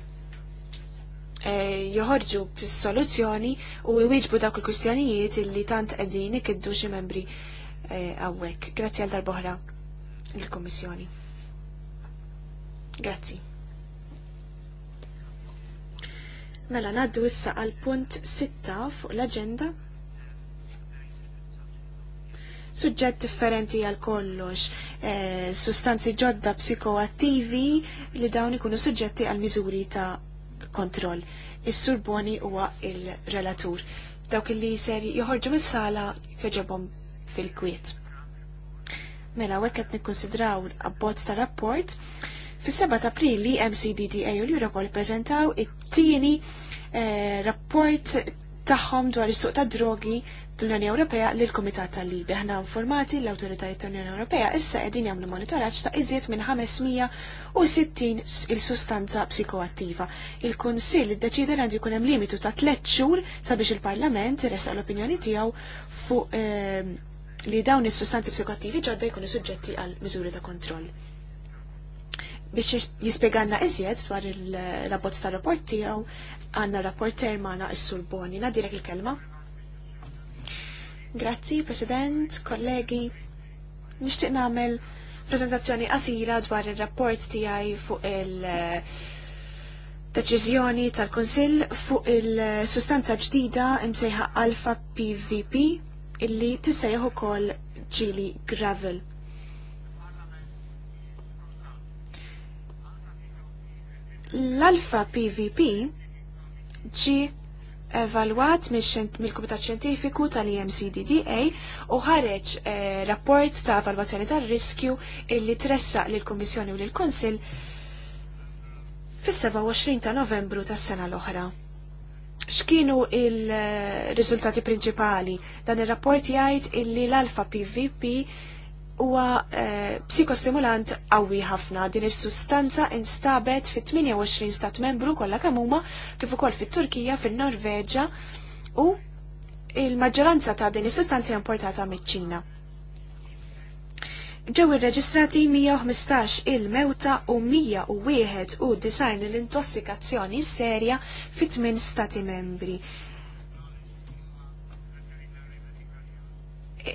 eh, joħorġu bis-soluzzjoni u jwieġbu dawk il-kustjonijiet illi tant qegħdin ikiddu xi membri eh, hawnhekk. Grazzi għal darbohra il-Kummissjoni. Grazzi. Mela ngħaddu issa għal punt 6 fuq l-aġenda suġġett differenti għal kollox, e, sustanzi ġodda psikoattivi li dawn ikunu suġġetti għal miżuri ta' kontroll. Is-Sur Boni huwa il-relatur. Dawk li seri joħorġu mis-sala joġobhom fil-kwiet. Mela, wekk qed nikkonsidraw abbozz ta' rapport, fis-7 Aprili MCDDA u l-Europol preżentaw it-tieni eh, rapport tagħhom dwar is-suq ta' drogi l-Unjoni Ewropea lill kumitat tal-Libi. Ħna informati l-Awtoritajiet tal-Unjoni Ewropea issa qegħdin jagħmlu monitoraġġ ta' iżjed minn 560 il-sustanza psikoattiva. Il-Kunsill iddeċida li għandu jkun hemm limitu ta' tliet xhur sabiex il-Parlament iresaq l-opinjoni tiegħu fuq ehm, li dawn is-sustanzi psikoattivi ġodda jkunu suġġetti għal miżuri ta' kontroll. Biex jispjegalna iżjed dwar il rabbozz tal-rapport tiegħu, għanna rapporter ma' sur Boni. Nadilek il-kelma. Grazzi, President, kollegi. Nixtieq nagħmel prezentazzjoni qasira dwar ir-rapport tiegħi fuq il- deċiżjoni tal kunsill fuq il-sustanza ġdida imsejħa Alfa PVP illi tissejħu ukoll ġili gravel. L-Alfa PVP ġi evalwat mill-Kumitat Xjentifiku tal-EMCDDA u ħareġ eh, rapport ta' evalwazzjoni tar-riskju illi tressaq lill kummissjoni u lill konsil fis-27 ta' Novembru tas-sena l-oħra. X'kienu il-riżultati eh, prinċipali? Dan ir-rapport jgħid illi l-alfa PVP huwa eh, psikostimulant qawwi ħafna din is-sustanza instabet fit-28 stat membru kollha kemm huma kif ukoll fit-Turkija, fin-Norveġġa u il-maġġoranza ta' din is-sustanza importata miċ-Ċina. Ġew irreġistrati 115 il-mewta u 101 u design l-intossikazzjoni serja fit tmien stati membri.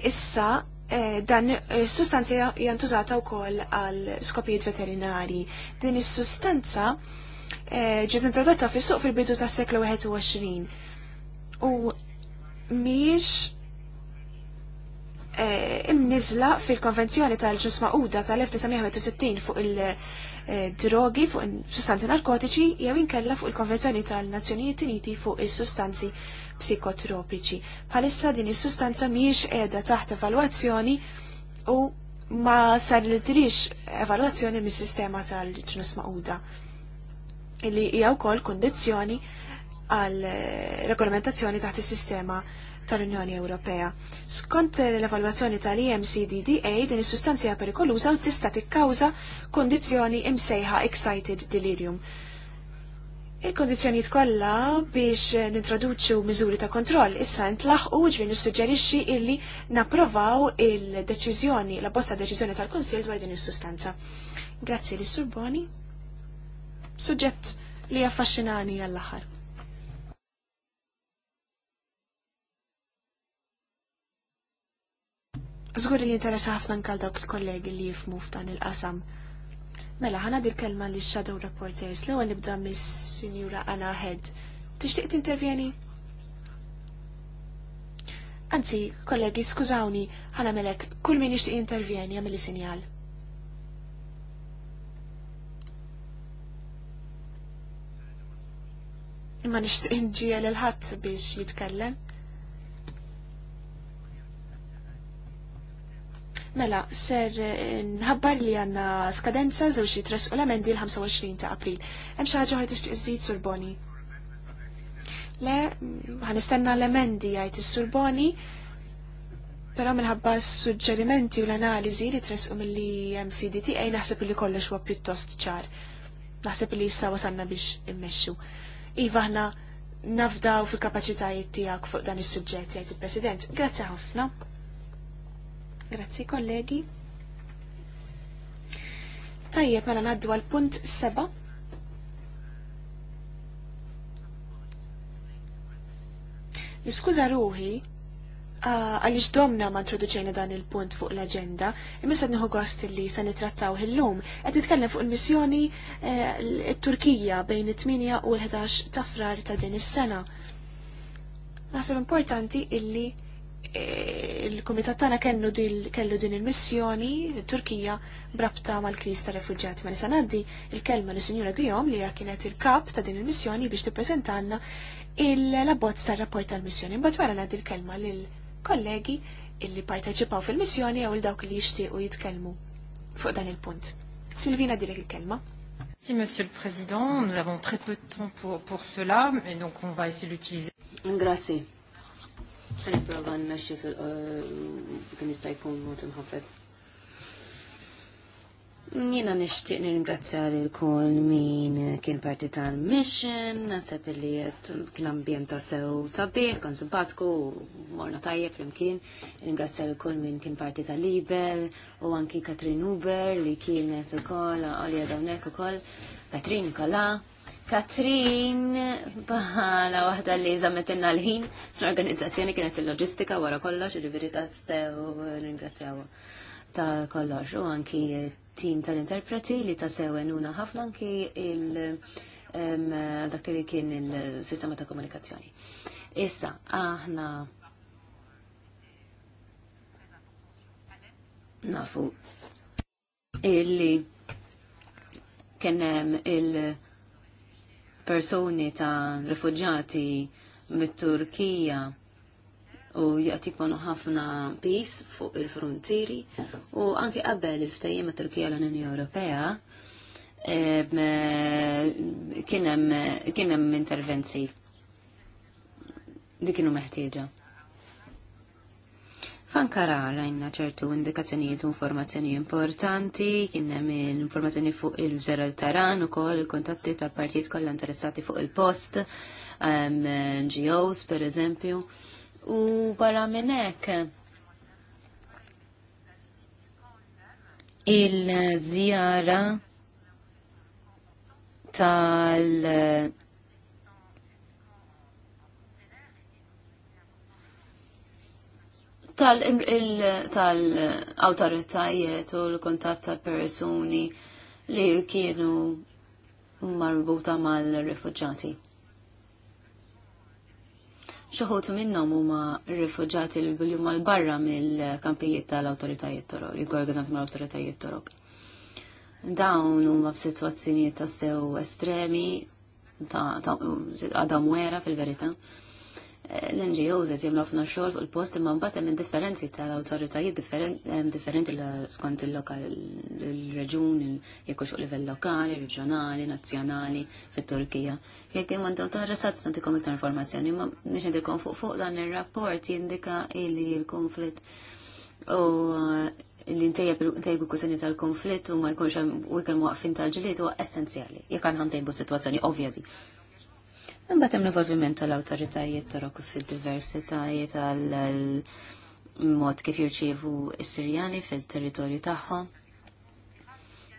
Issa Eh, dan eh, sustanza jantużata wkoll għal skopijiet veterinari. Din is-sustanza eh, ġiet introdotta fis-suq fil-bidu tas-seklu 21. U miex imnizla fil-konvenzjoni tal-ġus maquda tal-1961 fuq il-drogi, fuq il-sustanzi narkotiċi, jew inkella fuq il-konvenzjoni tal-Nazzjonijiet Uniti fuq il-sustanzi psikotropiċi. Bħalissa din is-sustanza mhijiex qiegħda taħt evalwazzjoni u ma sar li tirix evalwazzjoni mis-sistema tal-ġnus maquda illi hija wkoll kondizzjoni għal eh, regolamentazzjoni taħt is-sistema tal-Unjoni Ewropea. Skont eh, l-evalwazzjoni tal-EMCDDA din is-sustanzja perikoluża u tista' tikkawża kondizzjoni imsejħa excited delirium Il-kondizjoniet kollha biex nintroduċu miżuri ta' kontroll issa u ġbir nissuġġerixxi illi napprovaw il-deċiżjoni, la bozza deċiżjoni tal-Kunsill dwar din is-sustanza. Grazzi lis Surboni. Suġġett li affaxxinani għall-aħħar. Zgur li interessa ħafna nkal dawk il-kollegi li jifmu f'dan il-qasam. Mela, ħana dir kelma li shadow reporters l ewwel nibda mis sinjura Anna Head. Tixtieq tintervjeni? Anzi, kollegi, skużawni, ħana melek, kull min jixtieq intervjeni għamil sinjal. Imma nixtieq inġiel il-ħadd biex jitkellem. Mela, ser eh, nħabbar li għanna skadenza żewġ xi tres u l-emendi l-25 ta' April. Hemm xi ħaġa ħajt tixtieq Sur Surboni. Le, mm, ħanistenna l-emendi jgħid is-Surboni, però minħabba s-suġġerimenti u l-analiżi li tresqu mill-li MCDT għaj naħseb li kollox huwa pjuttost ċar. Naħseb li issa wasanna biex immexxu. Iva ħna nafdaw fil-kapacitajiet tiegħek fuq dan is-suġġett jgħid il-President. Grazzi ħafna. Grazzi kollegi. Tajjeb mela naddu għal punt seba' Niskuża ruħi, għaliex domna ma introduċejna dan il-punt fuq l-agenda, imma se nieħu gost li se nitrattaw illum qed nitkellem fuq il-missjoni t-Turkija e, bejn it-8 u l-11 ta' frar ta' din is-sena. Naħseb importanti illi il-komitat tagħna kellu din il-missjoni Turkija brabta mal-kriż ta' refuġjati. Ma nisa ngħaddi il-kelma li Sinjura Gijom li hija kienet il-kap ta' din il-missjoni biex tippreżentanna il-abbozz tar-rapport tal-missjoni. Mbagħad wara ngħaddi il-kelma lil kollegi illi parteċipaw fil-missjoni jew dawk li jixtiequ jitkellmu fuq dan il-punt. Silvina dilek il-kelma. Si, Monsieur le Président, nous avons très peu de temps pour, pour cela, mais donc on va essayer d'utiliser. Grazie. Għan prova nmexxi fil-kien eh, jista' jkun mod imħafef. nishtiq nirringrazzja l-kol min kien parti tal-mission, nasab li kien ambjem ta' sew sabiħ, kan simpatku, morna tajjeb flimkien. Ringrazzja l-kol min kien parti tal-Libel, u anki Katrin Uber li kienet u kol, għalja dawnek u kol, Katrin kolla, Katrin bħala waħda li zammetinna l-ħin fl-organizzazzjoni kienet il-loġistika wara kollox, ġiviri ta' sew ringrazzjaw ta' kollox u anki tim tal-interpreti li ta' sew ħafna anki il- dak li kien il-sistema ta' komunikazzjoni. Issa, aħna nafu illi Kenem il- persuni ta' rifugġati mit-Turkija u jgħatikonu ħafna pis fuq il frontiri u anki qabel il-ftajjima Turkija l-Unjoni Ewropea kienem intervenzi dikinu kienu meħtieġa. Fankara għajna ċertu indikazzjonijiet u informazzjoni importanti, kienem informazzjoni fuq il-żera taran u kol kontatti ta' partijiet kollha interessati fuq il-post, um, NGOs per eżempju. U barra minnek il-żjara tal- tal-autoritajiet u l-kontat tal persuni li kienu marbuta mal-rifugġati. Xoħotu minnom huma rifugġati li bilju mal-barra mill-kampijiet tal-autoritajiet torok, jgorganat mal-autoritajiet torok. Dawn huma f'sitwazzjonijiet ta' sew estremi ta' għadam fil-verita l-NGOs għet jimlu għafna xogħol fuq il-post imma mbagħad hemm differenzi tal-awtoritajiet differenti skont il-lokal il-reġun jekk fuq livell lokali, reġjonali, nazzjonali fit-Turkija. Jekk hemm għandhom interessat kom iktar informazzjoni, ma nix nidilkom fuq fuq dan ir-rapport jindika li l-konflitt u uh, li ntejbu kusini tal-konflitt u ma jkunx hemm u jkun waqfin tal-ġlied huwa essenzjali. Jekk għan tejbu sitwazzjoni ovvjadi. Imbagħad hemm l-involviment tal-awtoritajiet torok fid-diversitajiet għal-mod kif jirċievu s-Sirjani fil-territorju tagħhom.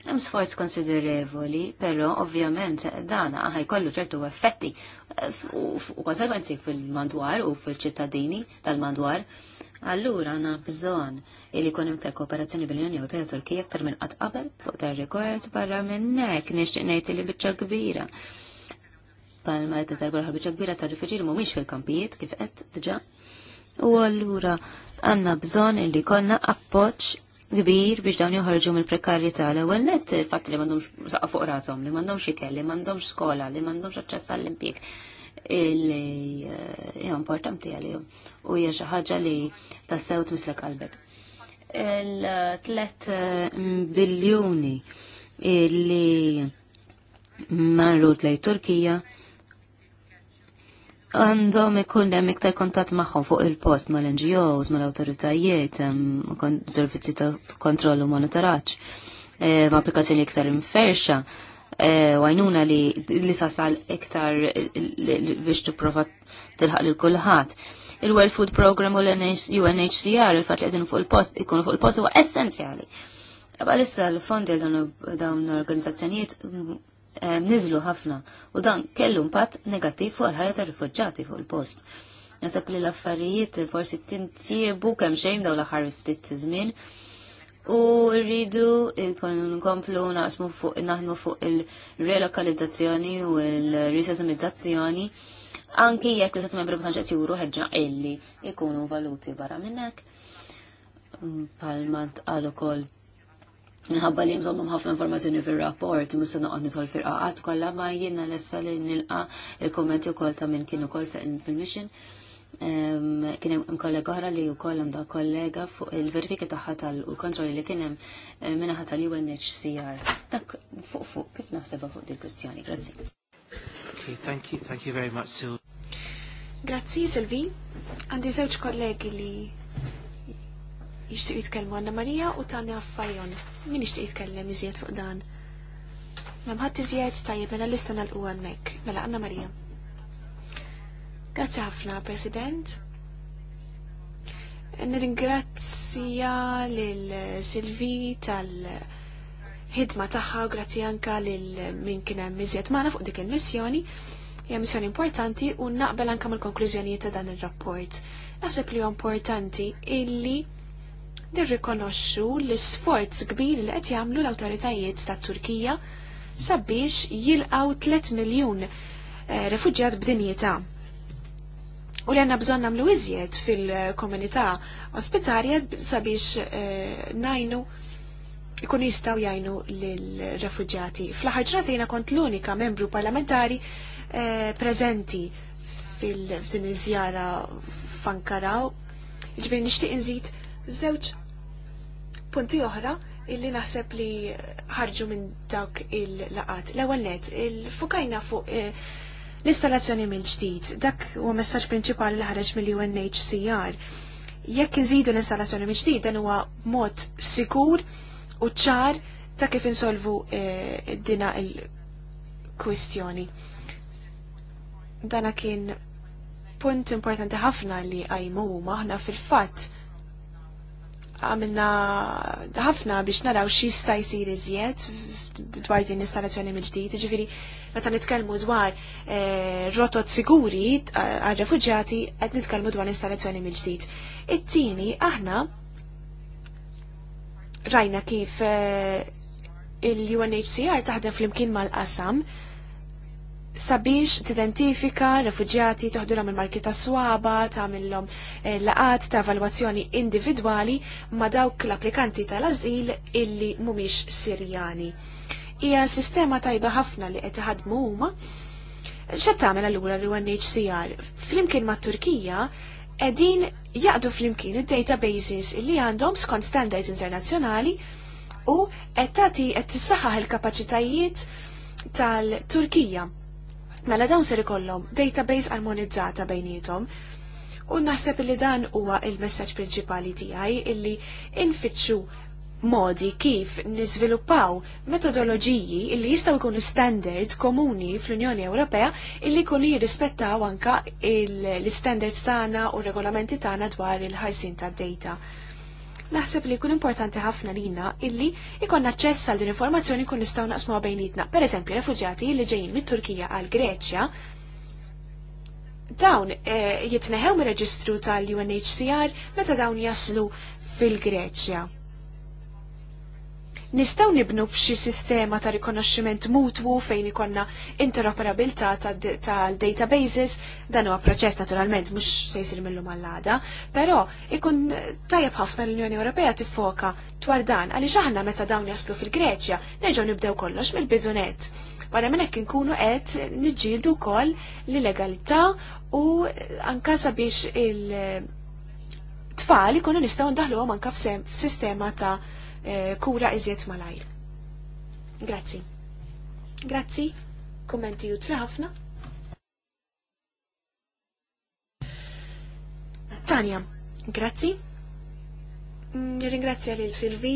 Hemm sforz konsiderevoli, però ovvjament dan kollu ċertu effetti u konsekwenzi fil-mandwar u fil-ċittadini tal-mandwar. Allura għandna bżonn li jkun iktar kooperazzjoni bil-Unjoni Ewropea Turkija aktar minn qatt qabel fuq tar-rekord barra minn hekk nixtieq ngħid li biċċa kbira palma qed tarbar ħabiċa kbira ta' rifuġi li mhumiex fil-kampijiet kif qed diġà. U allura għandna bżonn illi konna appoġġ kbir biex dawn joħorġu mill-prekarjetà l-ewwel net il-fatt li m'għandhomx saqqa fuq rashom, li m'għandhomx ikel, li m'għandhomx skola, li m'għandhomx aċċess għall impjek li eh, hija importanti għalihom u hija xi ħaġa li tassew tmislek qalbek. Il-tlet eh, biljuni li marrut lej Turkija għandhom ikun hemm iktar kontatt magħhom fuq il-post mal-NGOs, mal-awtoritajiet, servizzi ta' kontroll u monitoraġġ, ma' eh, applikazzjoni iktar imferxa, eh, għajnuna li li sasal iktar biex tipprova tilħaq lil kulħadd. Il-World Food Program u l-UNHCR il-fatt li qegħdin fuq il-post ikunu fuq il-post huwa essenzjali. Għabalissa issa l-fondi għal dawn l-organizzazzjonijiet Eh, nizlu ħafna u dan kellu impatt negattiv fuq il-ħajja tar-rifuġġati fuq il-post. Nasab li l-affarijiet forsi tintiebu kemm xejn daw l-aħħar ftit żmien u rridu nkomplu naqsmu fuq naħdmu fuq il-relokalizzazzjoni u l-risesmizzazzjoni anki jekk li settimem membru tanċet juru ħedġa illi ikunu valuti barra minnek. Palmant għal ukoll Nħabba li jimżommum ħafna informazzjoni fil-rapport, musa noqgħod nidħol fil-qaqat kollha ma l lessa li nilqa' il-kommenti wkoll ta' minn kien ukoll fil-mission. Kien hemm kollega oħra li u kollam da kollega fuq il-verifika tagħha tal-kontrolli li kien hemm minnaħa tal-UNHCR. Dak fuq fuq kif naħsebha fuq dil kwistjoni. Grazzi. Okay, thank you, thank you very much, Sylvie. Grazzi, Sylvie. Għandi żewġ kollegi li jixtieq jitkellmu Anna Marija u tani Fajon. Min jixtieq jitkellem iżjed fuq dan? Mem ħadd iżjed tajjeb mela lista nagħlqu hemmhekk. Mela Anna Marija. Grazzi ħafna, President. Nirringrazzja lil Silvi tal- ħidma tagħha u grazzi anka lil min kien hemm iżjed fuq dik il-missjoni. Hija missjoni importanti u naqbel anka mal-konklużjonijiet ta' dan ir-rapport. Naħseb li huwa importanti illi nirrikonoxxu l-isforz kbir li qed jagħmlu l-awtoritajiet tat-Turkija sabiex jilqaw 3 miljun eh, refuġjat b'dinjità. U li għanna bżon namlu iżjed fil-komunità ospitarja sabiex eh, najnu ikun jistaw jajnu l-refuġjati. Fl-ħar jiena kont l-unika membru parlamentari eh, prezenti fil-din iżjara f'Ankara. Ġbir jiġifieri nixtieq inżid żewġ punti oħra illi naħseb li ħarġu minn dak il-laqat. L-ewwel net, il-fukajna fuq eh, l-installazzjoni minn ġtid. dak huwa messaġġ prinċipali li ħareġ mill-UNHCR. Jekk iżidu l-installazzjoni mill ġdid dan huwa mod sikur u ċar ta' kif insolvu eh, dina il-kwistjoni. Dana kien punt importanti ħafna li għajmu maħna fil-fatt għamilna ħafna biex naraw xista jisir iżjed dwar din installazzjoni mġdijt, ġdid ġifiri, meta nitkellmu dwar eh, rotot siguri eh, għal refugġati qed nitkellmu dwar installazzjoni mill-ġdid. It-tieni aħna rajna kif eh, il-UNHCR taħdem flimkien mal-qasam sabiex t-identifika refugjati toħdulhom il-marki ta' swaba, millom eh, laqat ta' evalwazzjoni individwali ma' dawk l-applikanti tal-azil illi mhumiex Sirjani. Hija sistema tajba ħafna li qed iħadmu huma. X'qed tagħmel allura l-UNHCR? Flimkien mat-Turkija qegħdin jaqdu flimkien id-databases illi għandhom skont standards internazzjonali u qed tagħti qed tissaħħaħ il-kapaċitajiet tal-Turkija Mela dawn ser ikollhom database armonizzata bejnietom u naħseb li dan huwa il-messaġġ prinċipali tiegħi illi infittxu modi kif niżviluppaw metodoloġiji illi jistgħu jkunu standard komuni fl-Unjoni Ewropea illi jkunu jirrispettaw anka l-standards tagħna u regolamenti tagħna dwar il-ħarsin tad-data naħseb li jkun importanti ħafna lina illi ikon naċċess għal din informazzjoni kun nistgħu naqsmuha bejnietna. eżempju, refugjati li ġejjin mit-Turkija għal Greċja dawn eh, jitneħew mir-reġistru tal-UNHCR meta dawn jaslu fil-Greċja nistaw nibnu b'xi sistema ta' rikonoxximent mutwu fejn ikonna interoperabilità tal-databases, dan huwa proċess naturalment mhux se jsir millu għall-għada, però ikun tajjeb ħafna l-Unjoni Ewropea tiffoka dwar dan għaliex aħna meta dawn jaslu fil-Greċja nerġgħu nibdew kollox mill-bidunet. wara minn hekk inkunu qed niġġieldu wkoll l-legalità u anka sabiex il- tfal ikunu nistgħu ndaħluhom anke f'sistema ta' Eh, kura iżjed malajr. Grazzi. Grazzi, kummenti jutri ħafna. Tanja, grazzi. Mm, Ringrazzja lil Silvi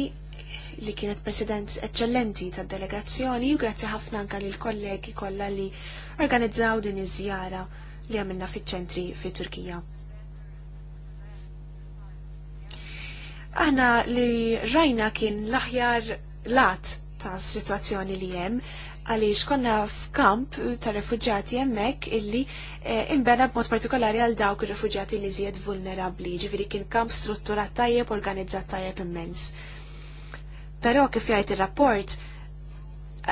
li kienet president eccellenti tad delegazzjoni u grazzi ħafna anka lil kollegi kollha li organizzaw din iż-żjara li għamilna fiċ-ċentri fit Turkija. Aħna li rajna kien l-aħjar lat ta' situazzjoni li jem, għaliex konna f'kamp ta' refugġati jemmek illi eh, imbena b'mod partikolari għal dawk ir-refugġati li zjed vulnerabli, ġifiri kien kamp strutturat tajjeb, organizzat tajjeb immens. Pero kif jgħid ir-rapport,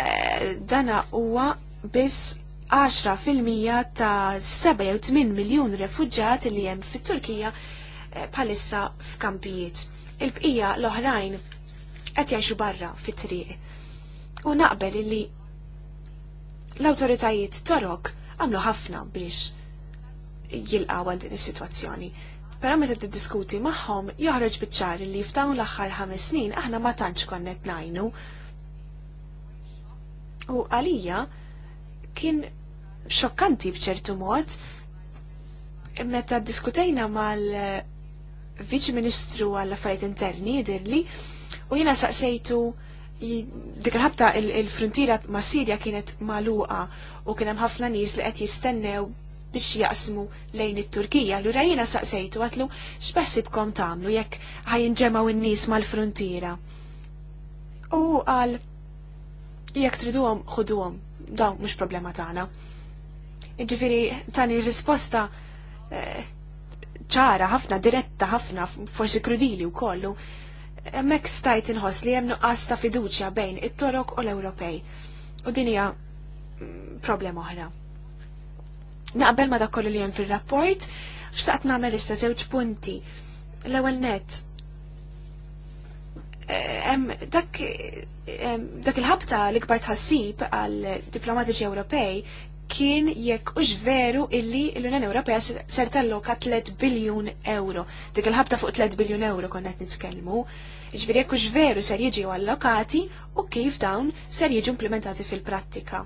eh, dana huwa biss 10% ta' 7 8 miljun refugġati li hemm fit-Turkija eh, bħalissa f'kampijiet il-bqija l-oħrajn qed jgħixu barra fit-triq. U naqbel li l-awtoritajiet torok għamlu ħafna biex jilqaw għal din is-sitwazzjoni. Però meta tiddiskuti magħhom joħroġ biċ li f'dawn l-aħħar ħames snin aħna ma tantx konnet najnu. U għalija kien xokkanti bċertu mod meta diskutejna mal viċ ministru għall affarijiet interni dirli u jiena saqsejtu dik il-ħabta il-frontiera ma' Sirja kienet maluqa u kien hemm ħafna nies li qed jistennew biex jaqsmu lejn it-Turkija. Lura jiena saqsejtu għatlu x'beħsibkom tagħmlu jekk ħajinġemgħu in-nies mal-frontiera. U għal jekk triduhom ħuduhom, dawn mhux problema tagħna. Ġifieri tani risposta eh, ċara ħafna, diretta ħafna, forsi krudili u kollu, emmek stajt inħoss li hemm għasta ta' fiduċja bejn it-torok u l-Ewropej. U din hija mm, problema oħra. Naqbel ma dak kollu li hemm fir-rapport, xtaqt nagħmel issa żewġ punti. L-ewwel net. Dak dak il-ħabta l-ikbar tħassib għal diplomatiċi Ewropej kien jekk ux veru illi l-Unjoni Ewropea ser talloka 3 biljun euro. Dik il-ħabta fuq 3 biljun euro konna qed nitkellmu. Ġifieri jekk ux veru ser jiġi allokati u kif dawn ser jiġu implementati fil-prattika.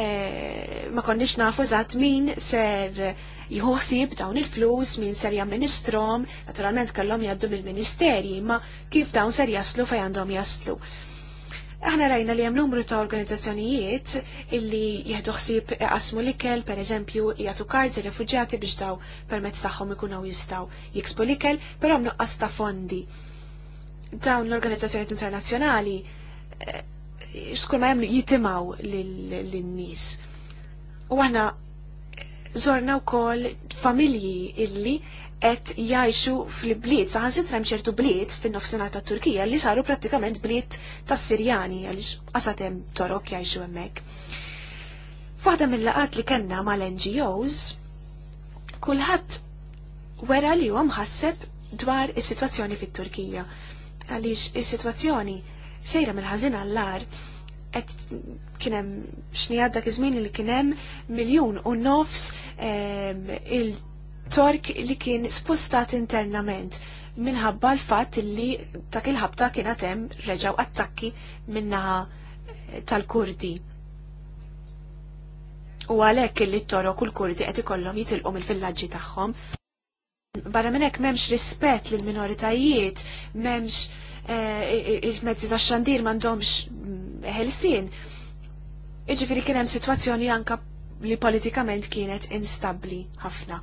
E, ma konniex nafu eżatt min ser jħossib dawn il-flus, min ser jamministrom, naturalment kellhom jgħaddu mill-ministerji, imma kif dawn ser jaslu fejn għandhom jaslu. jaslu Aħna rajna li hemm numru ta' organizzazzjonijiet illi jieħdu ħsieb iqasmu l-ikel, pereżempju jagħtu kards ir-refuġjati biex daw permezz tagħhom ikunu jistgħu jiksbu l-ikel, però nuqqas ta' fondi. Dawn l-organizzazzjonijiet internazzjonali eh, xkur ma jemlu jitimaw lin-nies. U aħna zorna wkoll familji illi qed jgħixu fil-bliet, saħansitra hemm ċertu bliet fin-nofsinhar tat-Turkija li saru prattikament bliet tas-Sirjani għaliex qasat hemm torok jgħixu hemmhekk. Waħda mill-laqat li kellna mal-NGOs, kulħadd wera li huwa mħasseb dwar is-sitwazzjoni fit-Turkija. Għaliex is-sitwazzjoni sejra mill-ħażin għall-ar qed kien hemm x'nijad dak iż-żmien li kien hemm miljun u nofs ehm, il tork li kien spustat internament minħabba l-fatt li ta' il-ħabta għatem hemm reġgħu attakki minna eh, tal-Kurdi. U għalhekk li t-toro kull kurdi qed ikollhom jitilqu mill-villaġġi tagħhom. Barra minn hekk m'hemmx rispett minoritajiet, m'hemmx eh, il-mezzi tax-xandir m'għandhomx mm, ħelsien. Iġifiri kien hemm sitwazzjoni anke li politikament kienet instabli ħafna.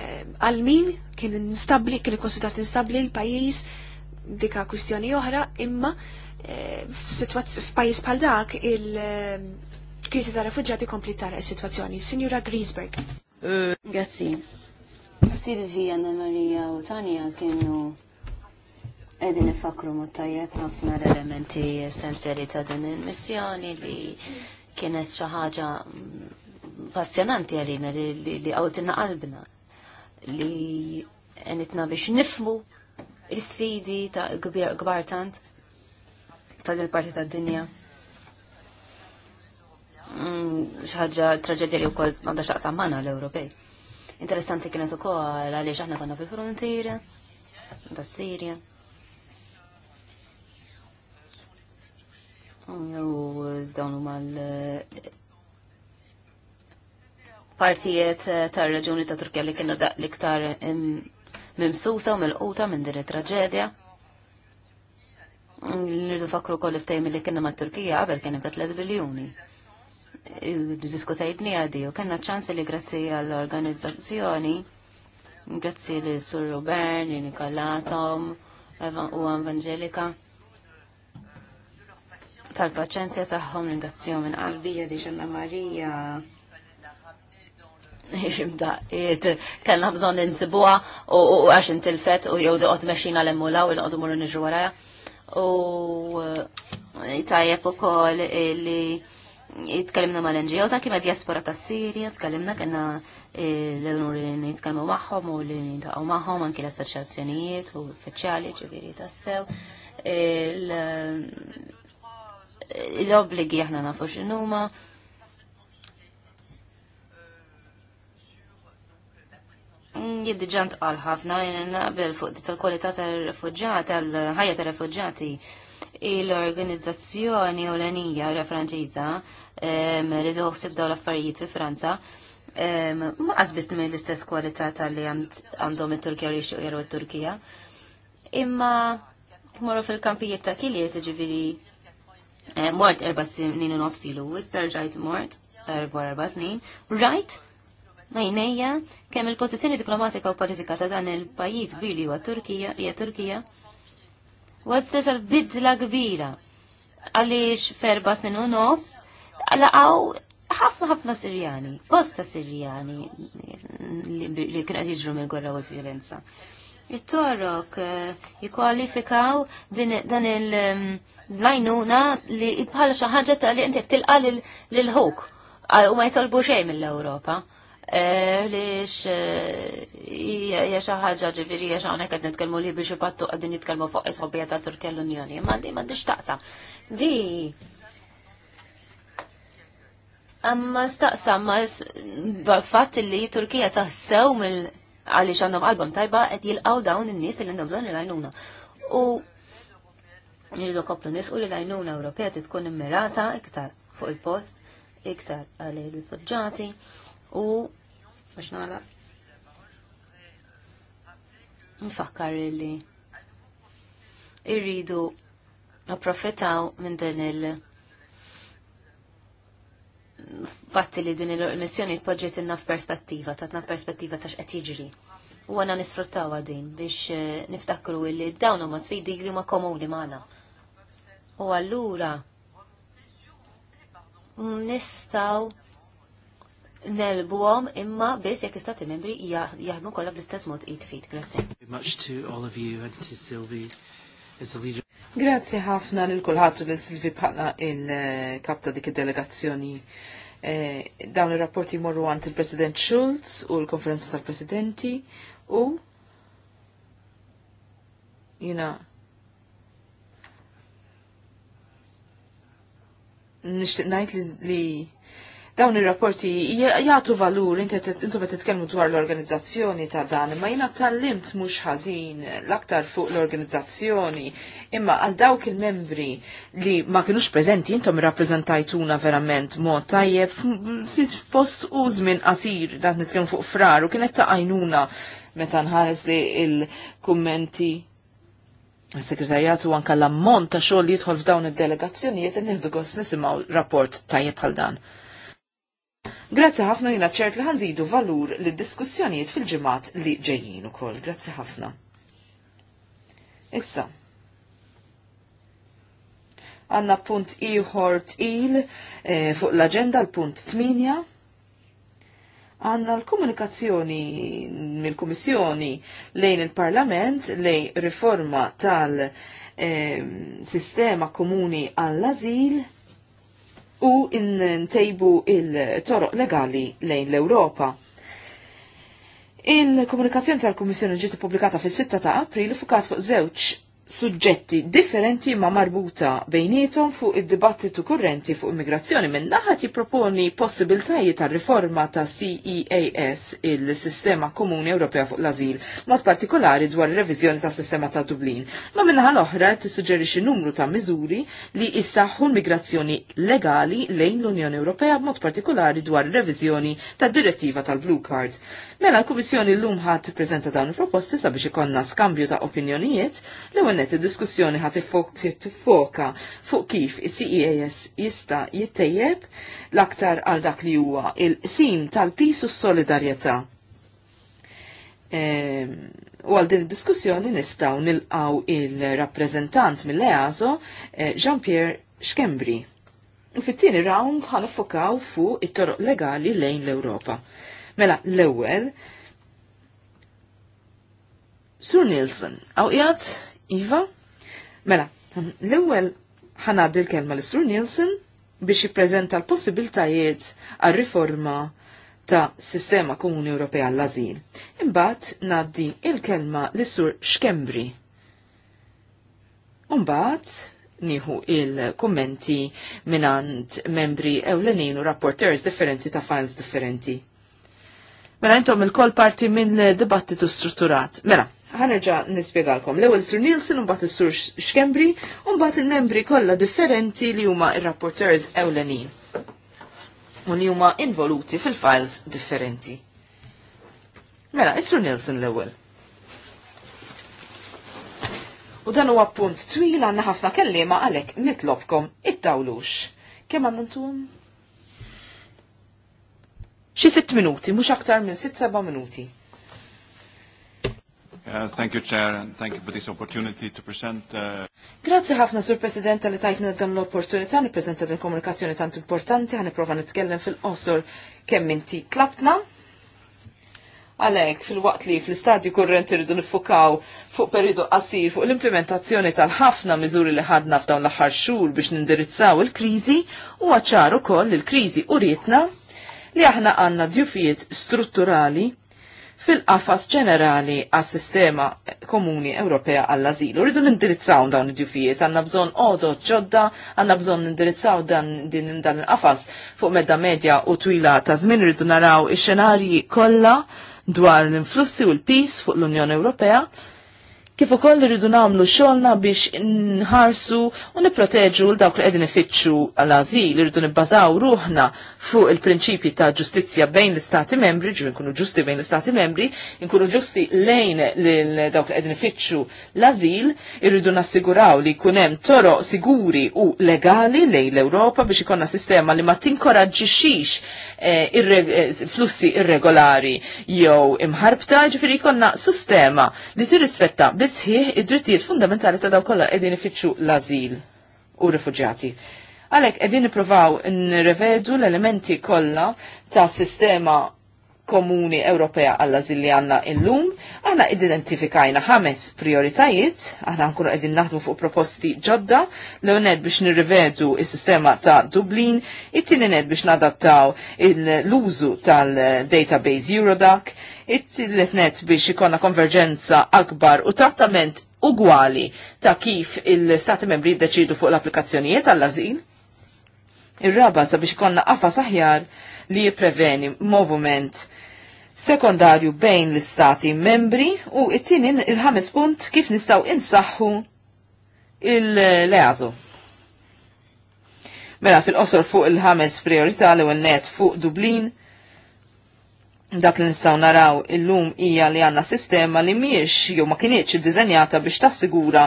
Eh, għal min kien instabli, kien konsidrat instabli l-pajis dika kwistjoni oħra, imma eh, f'pajis bħal dak il-krizi eh, ta' refugġati komplitar il sitwazzjoni Signora Griesberg. Grazzi. Silvi, Anna Marija u Tania kienu edin ifakru tajjeb ħafna l-elementi essenzjali ta' din il-missjoni li kienet xi ħaġa passjonanti għalina li għawtina qalbna li għenitna biex nifmu l-sfidi ta' gbar tant ta' din parti ta' dinja. Mm, ħaġa traġedja li wkoll m'għandax taqsam magħna l-Ewropej. Interessanti kienet ukoll għaliex aħna konna fil frontira tas Sirja. U dawnu huma partijiet eh, tar reġuni ta' Turkija li kienu daq liktar mimsusa u mil quta minn din it-traġedja. Nirdu fakru koll ftejmi li kienu ma' Turkija qabel kien ta' 3 biljuni. Diskutajbni għadi u kena ċans li grazzi għall-organizzazzjoni, grazzi li Sur Robern, Nikolatom, u Evangelika tal-paċenzja tagħhom ringrazzjom minn qalbi Marija ximda, kellna bżon ninsibuha u għax intilfet u jew għot meċina l-emmula u l-qogħdu mur nixru waraja. U eh, tajjeb ukoll li jitkellimna mal-NGOs, anki ma' diaspora ta' Sirja, tkellimna kena eh, l-onur li nitkellmu magħhom u li nintaqgħu magħhom anki l-assoċjazzjonijiet u uffiċjali ġifieri tassew. Eh, L-obbligi aħna nafu x'inhuma. Mm, jiddiġant qal ħafna naqbel fuq tal-kwalità tal refugġat tal-ħajja tal-refugġati, l-organizzazzjoni ewlenija franċiża li ħsib daw l-affarijiet fi Franza. Ma qasbis l-istess kwalità tal-li għandhom it-Turkija u jixtiequ jaru t-Turkija. Imma morru fil-kampijiet ta' kiliet ġifiri mort erba' snin u nofsilu, istarġajt mort erba' erba' snin, rajt Najnejja kemm il-pożizzjoni diplomatika u politika ta' dan il-pajjiż bili huwa Turkija hija Turkija wasset bidla kbira għaliex ferba snin u nofs laqgħu ħafna ħafna Sirjani, bosta Sirjani li kien qed jiġru mill-gwerra u l-vjolenza. Il-torok eh, jikwalifikaw dan il-lajnuna mm, li bħala xi ħaġa li inti tilqa l ħuk u ma jitolbu xejn mill-Ewropa għaliex eh, hija eh, ħagġa ġiviri, ġifieri għonek hawnhekk qed nitkellmu li biex ipattu qegħdin nitkellmu fuq esħobija ta' Turkija l-Unjoni. Ma' di ma' Di xtaqsa. Di. Amma xtaqsa, ma fatt li Turkija ta' sew mill għaliex għandhom album tajba qed jilqgħu dawn il-nis li għandhom bżonn il-għajnuna. U nirridu koplu nisqu li l-għajnuna Ewropea tkun immirata iktar fuq il-post, iktar għal il-rifugġati u biex Nfakkar li irridu approfittaw minn din il- fatti li din il-missjoni poġġet inna f'perspettiva, tatna perspettiva ta' x'qed jiġri. U għana nisfruttaw din biex eh, niftakru li dawn huma sfidi li huma komuni magħna. U allura nistaw nelbuhom imma biss jekk istati membri jaħdmu kollha bl-istess mod id fit. Grazzi. Grazie ħafna lil kulħadd u Silvi bħala il-kap ta' dik id-delegazzjoni. Eh, dawn ir-rapporti morru għand il-President Schulz u l-Konferenza tal-Presidenti u jina nishtiq najt li dawn ir-rapporti jagħtu valur inti intom qed titkellmu dwar l-organizzazzjoni ta' dan, imma jiena tallimt mhux ħażin l-aktar fuq l-organizzazzjoni, imma għal dawk il-membri li ma kinux preżenti intom irrappreżentajtuna verament mod tajjeb post u żmien qasir dak nitkellmu fuq fraru, u kienet ta' għajnuna meta nħares li il-kummenti Segretarjatu anka l-ammont ta' xogħol li jidħol f'dawn id-delegazzjonijiet nieħdu gost nisimgħu rapport tajjeb bħal dan. Grazzi ħafna jina ċert li ħanżidu valur li diskussjonijiet fil-ġimat li ġejjin ukoll. Grazzi ħafna. Issa. Għanna punt iħor t-il eh, fuq l-agenda l-punt 8 għanna l-komunikazzjoni mill-Kummissjoni lejn il-Parlament lejn riforma tal-sistema eh, komuni għall-azil u ntejbu il-toroq legali lejn l-Ewropa. Il-komunikazzjoni tal-Kummissjoni ġiet pubblikata fis-6 ta' April fukat fuq żewġ suġġetti differenti ma marbuta bejnietom fuq id-dibattitu kurrenti fuq immigrazzjoni minn naħat jipproponi possibiltajiet ta' riforma ta' CEAS il-Sistema Komuni Ewropea fuq l-Azil, mod partikolari dwar revizjoni ta' sistema ta' Dublin. Ma minn naħal oħra tissuġġerixi numru ta' miżuri li issaħħu l-migrazzjoni legali lejn l-Unjoni Ewropea mod partikolari dwar revizjoni ta' direttiva tal-Blue Card. Mela l-Kummissjoni l-lum ħat prezenta dawn il-proposti sabiex ikonna skambju ta' opinjonijiet li għennet il-diskussjoni ħat foka fuq kif il-CEAS jista jittejjeb l-aktar għal dak li huwa il-sim tal-pis u s-solidarjetà. Ehm, u għal din diskussjoni nistaw nilqaw il-rappresentant mill-EASO eh, Jean-Pierre Schembri. U fit-tieni round ħanifokaw fuq it-toroq legali lejn l-Ewropa. Mela, l-ewwel, Sur Nielsen, għaw jgħat, Iva? Mela, l-ewwel ħanaddi l-kelma l-Sur Nielsen biex jiprezenta l-possibiltajiet għal-riforma ta' Sistema Komuni Ewropea l-Azil. Imbagħad naddi il-kelma l-Sur Xkembri. Imbagħad nieħu il-kummenti minant membri ewlenin u rapporters differenti ta' files differenti. Mela intom il-kol parti minn dibattitu strutturat. Mela, ħanerġa nispiegalkom. L-ewel Sur Nielsen, un-bat il-Sur Xkembri, un-bat il-membri kolla differenti li huma il-rapporteurs ewlenin. Un li huma involuti fil-files differenti. Mela, il-Sur Nielsen l-ewel. U dan huwa punt twil għanna ħafna kellima għalek nitlobkom it-tawlux. Kemm għandhom xi sitt minuti, mhux aktar minn sitt seba' minuti. Uh, thank you, Chair, and thank you for this opportunity to present. Uh... Grazie ħafna, Sur President, li tajtna dan l-opportunità li prezenta din komunikazzjoni tant importanti, ħan iprofa nitkellem fil-qosor kemm inti tlabtna. Għalek, fil-waqt li fil-stadju kurrenti irridu nifukaw fuq periodu qasir fuq l-implementazzjoni tal-ħafna miżuri li ħadna f'dawn l-aħħar xhur biex nindirizzaw il-kriżi u għacċaru ukoll il-kriżi u rietna li aħna għanna djufijiet strutturali fil-qafas ġenerali għas sistema komuni Ewropea għall azilu Rridu nindirizzaw dawn id-djufijiet, għanna bżon odo ġodda, għanna bżon nindirizzaw dan din dan il-qafas fuq medda medja u twila ta' żmien rridu naraw ix-xenarji kollha dwar l-influssi u l-pis fuq l-Unjoni Ewropea Kif ukoll irridu nagħmlu xogħolna biex nħarsu u nipproteġu l dawk li qegħdin ifittxu għal ażil irridu nibbażaw ruħna fuq il-prinċipji ta' ġustizzja bejn l-istati membri, ġifieri nkunu ġusti bejn l-istati membri, nkunu ġusti lejn lil dawk li qegħdin ifittxu l-ażil, irridu nassiguraw li jkun hemm toroq siguri u legali lejn l-Ewropa biex ikonna sistema li ma tinkoraġġixx Eh, eh, flussi irregolari jew imħarbta ġifiri konna sistema li tirrispetta bisħiħ id-drittijiet fundamentali ta' daw kollha qegħdin ifittxu l-azil u rifugġati. Għalek, edin niprofaw nrevedu l-elementi kolla ta' sistema komuni Ewropea għall li għanna illum, għanna identifikajna ħames prioritajiet, għanna nkunu għedin naħdmu fuq proposti ġodda, l-għoned biex nirrivedu il-sistema ta' Dublin, it-tini ned biex nadattaw l-użu tal-database Eurodac, it-tillet biex ikonna konverġenza akbar u trattament ugwali ta' kif il-stati membri deċidu fuq l-applikazzjonijiet għall-azil. Ir-raba sabiex ikonna għafa saħjar li jippreveni moviment sekondarju bejn l-istati membri u it tinin il-ħames punt kif nistaw insaħħu il-leazu. Mela fil-qosor fuq il-ħames priorità li ewwel net fuq Dublin, dak li nistaw naraw illum hija li għanna sistema li miex jew ma kienieċ id-dizenjata biex tassigura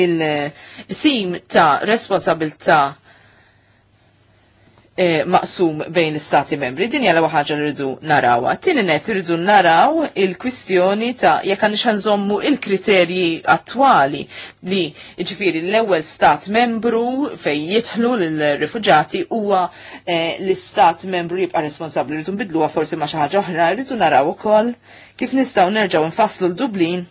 il-sim ta' responsabilta' E, maqsum bejn l-istati membri. Din jalla ħaġa li rridu narawa. Tini net rridu naraw il-kwistjoni ta' jekk għandix ħanżommu il-kriterji attwali li ġifiri l-ewwel stat membru fejn jidħlu l-rifuġati huwa e, l-istat membru jibqa' responsabbli rridu nbidluha forsi ma' xi ħaġa oħra, rridu naraw ukoll kif nistgħu nerġgħu nfasslu l-Dublin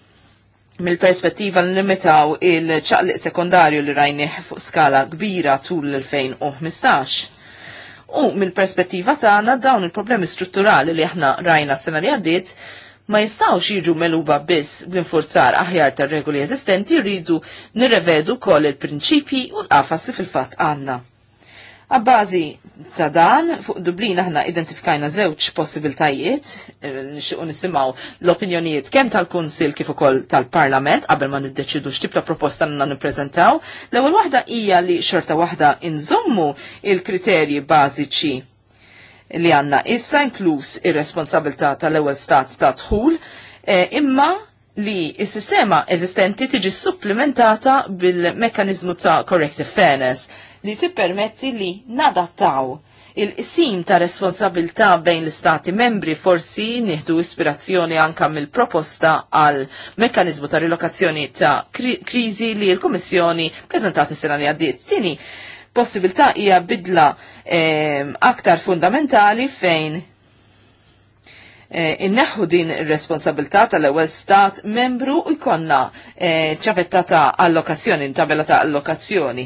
mill-perspettiva li nimitaw il-ċaqliq sekundarju li rajnieh fuq skala kbira tul l-2015 U mill-perspettiva tagħna dawn il-problemi strutturali li aħna rajna s-sena li għaddiet ma jistawx jiġu meluba biss b'infurzar aħjar tar regoli eżistenti rridu nirrevedu kol il-prinċipji u l-qafas li fil-fatt għanna. Għabbażi ta' dan, fuq Dublin aħna identifikajna żewġ possibiltajiet, eh, nxiequ nisimaw l-opinjonijiet kemm tal-Kunsil kif ukoll tal-Parlament qabel ma niddeċidu x'tibta proposta għandna nippreżentaw. L-ewwel waħda hija li xorta waħda inżommu il-kriterji bażiċi li għanna issa inkluż ir-responsabilità tal-ewwel stat ta' dħul, eh, imma li il-sistema eżistenti tiġi supplementata bil-mekanizmu ta' corrective fairness li tippermetti li nadattaw il-qsim ta' responsabilta bejn l-istati membri forsi nieħdu ispirazzjoni anka mill-proposta għal mekanizmu ta' rilokazzjoni ta' krizi li l-Kummissjoni preżentati sena li għaddiet. Tini, possibilità hija bidla eh, aktar fundamentali fejn Eh, inneħħu din ir-responsabilità tal-ewwel stat membru u jkollna eh, ċavetta ta' allokazzjoni, tabella ta' allokazzjoni.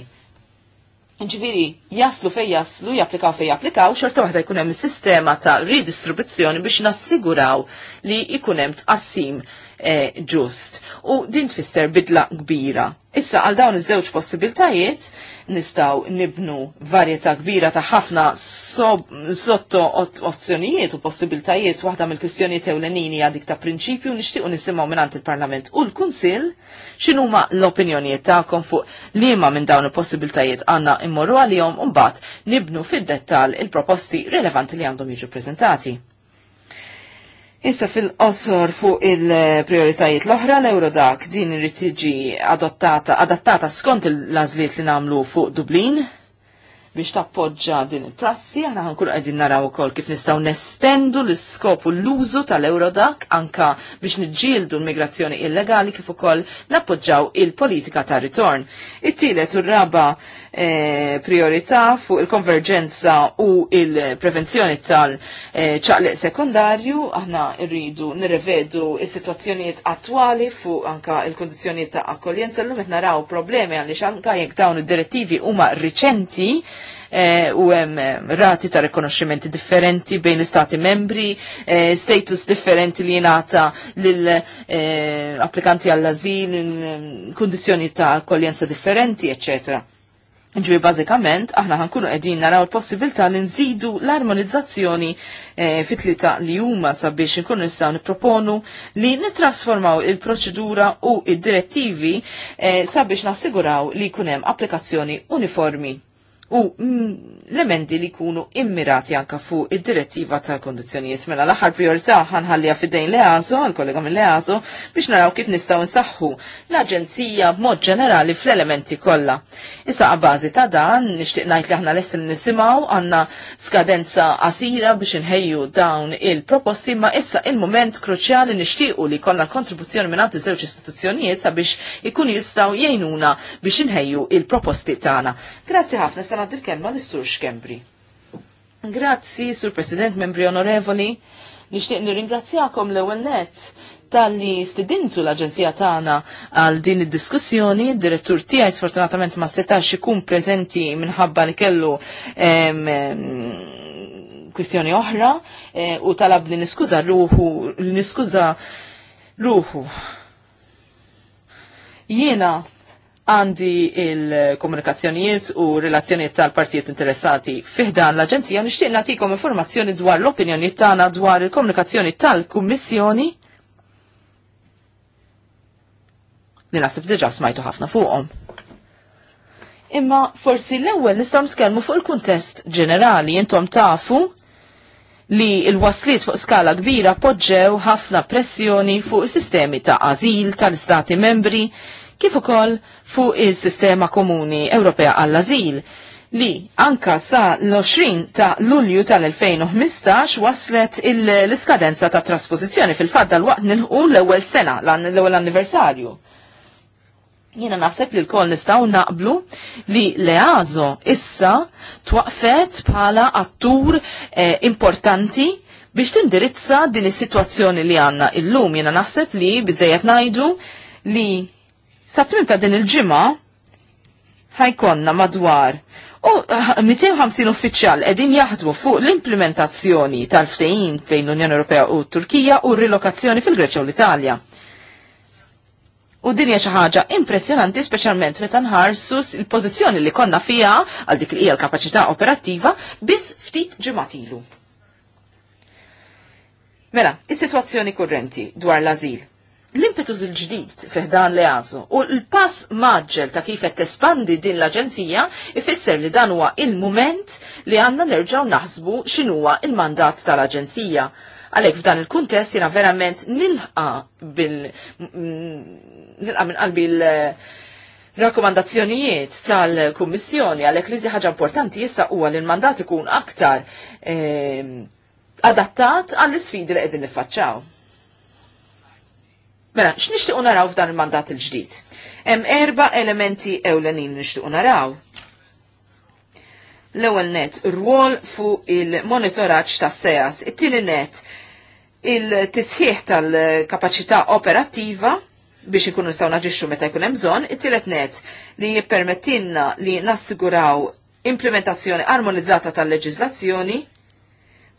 Ġviri, jaslu fej jaslu, japplikaw fej japplikaw, xorta waħda jkun hemm sistema ta' redistribuzzjoni biex nassiguraw li jkun hemm tqassim Eh, ġust. U din tfisser bidla kbira. Issa għal dawn iż-żewġ possibiltajiet nistgħu nibnu varjetà kbira ta' ħafna sotto opzjonijiet u possibiltajiet waħda mill-kwistjonijiet ewlenini għadik ta' prinċipju nixtiequ nisimgħu mingħand il-Parlament u l-Kunsill x'inhuma l-opinjonijiet tagħkom fuq liema minn dawn il-possibiltajiet għandna immorru għalihom u mbagħad nibnu fid-dettall il-proposti rilevanti li għandhom jiġu preżentati. Issa fil-qosor fuq il-prioritajiet l-oħra l-Eurodac din irrid tiġi adottata, adattata skont il-lażliet li nagħmlu fuq Dublin biex tappoġġa din il-prassi, aħna ħankur qegħdin naraw ukoll kif nistgħu nestendu l-iskopu l-użu tal-Eurodac anka biex niġġieldu l-migrazzjoni illegali kif ukoll nappoġġaw il-politika ta' ritorn. It-tielet u r-raba' Eh, priorità fuq il-konverġenza u il-prevenzjoni tal-ċaqliq eh, sekundarju. Aħna rridu nirrevedu is-sitwazzjonijiet attwali fuq anka il-kondizjonijiet ta' akkoljenza. L-lum naraw problemi għaliex xanka jekk dawn id-direttivi huma riċenti eh, u hemm rati ta' rekonoxximenti differenti bejn l-istati membri, status differenti li jingħata lil applikanti għall-azil, kundizzjoni ta' akkoljenza differenti, eccetera. Ġuj bażikament aħna ħankunu qegħdin naraw il-possibilità li nżidu l-armonizzazzjoni e, fit-tlieta li huma sabiex inkunu nistgħu nipproponu li nittrasformaw il-proċedura u id-direttivi e, sabiex nassiguraw li jkun hemm applikazzjoni uniformi u mm, l-emendi li kunu immirati anka fuq id-direttiva tal-kondizjonijiet. Mela l-aħħar priorità ħanħallija f'idejn dejn l-EASO, għal-kollega minn l-EASO, biex naraw kif nistaw nsaħħu l-Aġenzija b'mod ġenerali fl-elementi kollha. Issa għabbażi ta' dan, nixtieq ngħid li aħna lest nisimgħu għandna skadenza qasira biex inħejju dawn il-proposti ma issa il-moment kruċjali nixtiequ li konna kontribuzzjoni minn għandi żewġ istituzzjonijiet sabiex ikun jistgħu jgħinuna biex inħejju il-proposti tagħna. Grazzi ħafna, ngħaddi l-kelma lis-Sur Xkembri. Grazzi, Sur President, membri onorevoli. Nixtieq nirringrazzjakom l-ewwel nett tal-li stidintu l-Aġenzija tagħna għal din id-diskussjoni, direttur tiegħi sfortunatament ma setax ikun preżenti minħabba li kellu kwistjoni oħra e, u talab li niskuża ruħu, niskuża ruħu. Jiena għandi il-komunikazzjonijiet u relazzjonijiet tal-partijiet interessati fiħdan l-Aġenzija nixtieq nagħtikom informazzjoni dwar l opinjoni tagħna dwar il-komunikazzjoni tal-Kummissjoni li naħseb diġà smajtu ħafna fuqhom. Imma forsi l-ewwel nistgħu nitkellmu fuq il-kuntest ġenerali intom tafu li il-waslit fuq skala kbira poġġew ħafna pressjoni fuq is-sistemi ta' azil tal-istati membri kif ukoll fuq is-sistema komuni Ewropea għall-Ażil li anka sa l-20 ta' Lulju tal-2015 waslet l-iskadenza ta' trasposizjoni fil fad dal-waqt nilħu l-ewwel sena l-ewwel anniversarju. Jiena naħseb li l-kol nistgħu naqblu li l-EASO issa twaqfet bħala attur eh, importanti biex tindirizza din is-sitwazzjoni li għandna illum jiena naħseb li biżejjed ngħidu li Sa tmim ta' din il-ġimgħa ħajkonna madwar U 250 ah, uffiċjal edin jaħdmu fuq l-implementazzjoni tal ftejn bejn l-Unjoni Ewropea u Turkija u r-rilokazzjoni fil-Greċja u l-Italja. U din hija xi ħaġa impressjonanti speċjalment meta nħarsu l-pożizzjoni li konna fiha għal dik li hija l-kapaċità operattiva biss ftit ġimatilu. Mela, is-sitwazzjoni kurrenti dwar l-azil l-impetus il-ġdid fiħdan li għazu u l-pass maġġel ta' kif qed tespandi din l-aġenzija ifisser li dan huwa il-mument li għandna nerġgħu naħsbu x'inhuwa il-mandat tal-aġenzija. Għalhekk f'dan il-kuntest jiena verament nilħa bil minn qalbi l rakkomandazzjonijiet tal-Kummissjoni għalhekk li ħaġa importanti issa huwa li l-mandat ikun aktar ehm, adattat għall-isfidi li qegħdin niffaċċaw. Mela, x'nixtiequ naraw f'dan il-mandat il-ġdid? Hemm erba' elementi ewlenin nixtiequ naraw. L-ewwel net, rwol fuq il-monitoraġġ tas-seas. It-tieni net, il-tisħiħ tal-kapaċità operattiva biex ikunu nistgħu naġixxu meta jkun hemm bżonn, it-tielet net li jippermettilna li nassiguraw implementazzjoni armonizzata tal-leġiżlazzjoni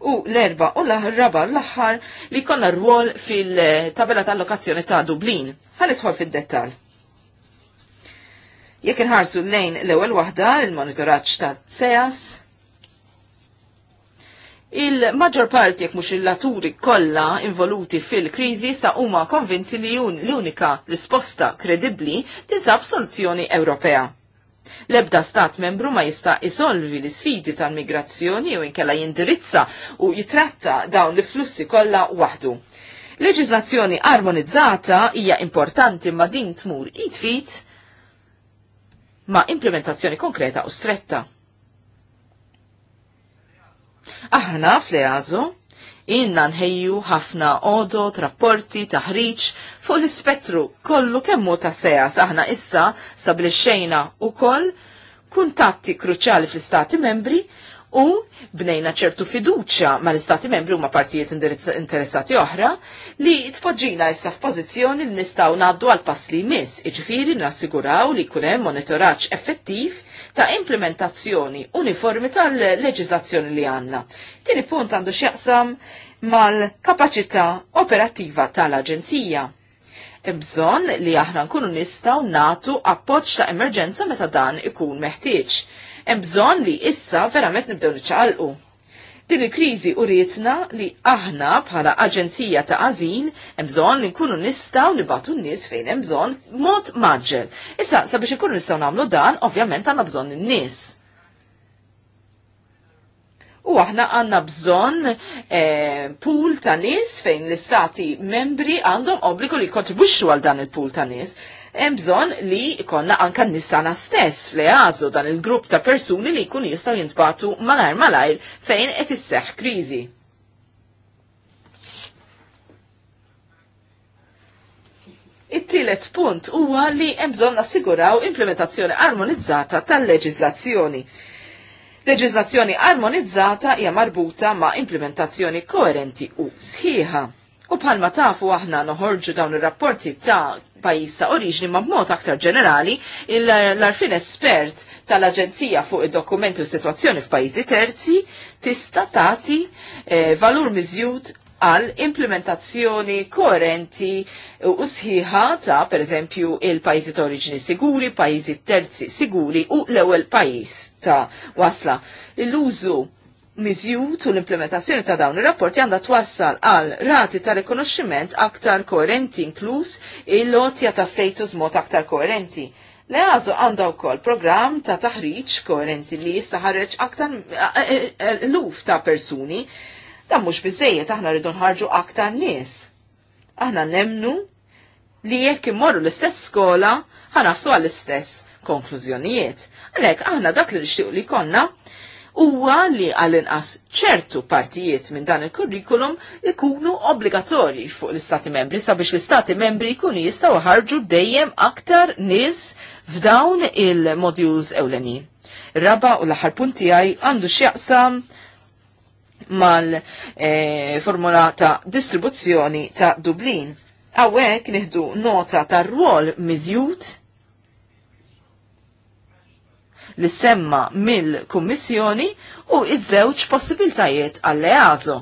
u l-erba u l-raba l-axħar li konna rwol fil-tabella tal-lokazzjoni ta' Dublin. tħol fil-dettal. Jekk inħarsu lejn l-ewwel waħda il-monitoraġġ ta' CEAS, Il-maġġor parti jekk mhux il-laturi kollha involuti fil-kriżi sa huma konvinti li l-unika risposta kredibbli tinsab soluzzjoni Ewropea. L-ebda stat membru ma jista' isolvi l isfidi tal-migrazzjoni u inkella jindirizza u jitratta dawn l-flussi kollha waħdu. Leġislazzjoni armonizzata hija importanti ma din tmur it-fit ma' implementazzjoni konkreta u stretta. Aħna fl-EASO inna nħejju ħafna odo, rapporti, taħriċ fuq l-ispettru kollu kemmu ta' sejas aħna issa sabli xejna u koll kuntatti kruċjali fl-istati membri u bnejna ċertu fiduċa ma l-istati membri u ma partijiet interessati oħra li tpoġġina issa f'pożizzjoni li nistgħu ngħaddu għal pass li jmiss, iġifieri nassiguraw li jkun hemm monitoraġġ effettiv ta' implementazzjoni uniformi tal-leġiżlazzjoni li għandna. Tieni punt għandu x'jaqsam mal-kapaċità operattiva tal-Aġenzija. Bżonn li aħna nkunu nistgħu nagħtu appoġġ ta' emerġenza meta dan ikun meħtieġ hemm bżonn li issa verament nibdew niċċaqalqu. Din il-kriżi urietna li aħna bħala aġenzija ta' għażin hemm bżonn li nkunu nistgħu nibatu n-nies fejn hemm bżonn mod maġġel. Issa sabiex ikunu nistgħu nagħmlu dan, ovvjament għandna bżonn in-nies. U aħna għanna bżonn eh, pool ta' nis fejn l-istati membri għandhom obbligu li jkontribwixxu għal dan il-pool ta' nis hemm bżonn li konna anka nistana stess fl-eazo dan il-grupp ta' persuni li jkun jistgħu jintbatu malajr malajr fejn qed isseħħ kriżi. It-tielet punt huwa li hemm bżonn nassiguraw implementazzjoni armonizzata tal-leġiżlazzjoni. Leġiżlazzjoni armonizzata hija marbuta ma' implementazzjoni koerenti u sħiħa. U bħalma tafu aħna noħorġu dawn ir-rapporti ta' il-pajis ta' oriġni ma' mod aktar ġenerali l-arfin espert tal-Aġenzija fuq id-dokumenti u situazzjoni f'pajjiżi terzi tista' tagħti eh, valur miżjud għal implementazzjoni koerenti u sħiħa ta' per eżempju il-pajjiżi ta' oriġni siguri, pajjiżi terzi siguri u l-ewwel pajjiż ta' wasla. L-użu miżjut u l-implementazzjoni ta' dawn ir-rapporti għandha twassal għal rati ta' rikonoxximent aktar koerenti inkluż il-lotja ta' status mod aktar koerenti. għazu għandha wkoll programm ta' taħriġ koerenti li saħareġ aktar eh, eh, eh, luf ta' persuni da mhux biżejjed aħna rridu nħarġu aktar nies. Aħna nemnu li jekk imorru l-istess skola ħanaslu għall-istess konklużjonijiet. Għalhekk aħna dak li nixtiequ li konna huwa li għal-inqas ċertu partijiet minn dan il-kurrikulum ikunu obbligatorji fuq l-Istati membri sabiex l-Istati membri jkunu jistgħu ħarġu dejjem aktar nies f'dawn il-modules ewlenin. Raba u l-aħħar punt tiegħi għandu x'jaqsam mal-formula eh, e, ta' distribuzzjoni ta' Dublin. Awek nieħdu nota tar-rwol miżjud li semma mill-Kummissjoni u iż-żewġ possibiltajiet għall Leazo.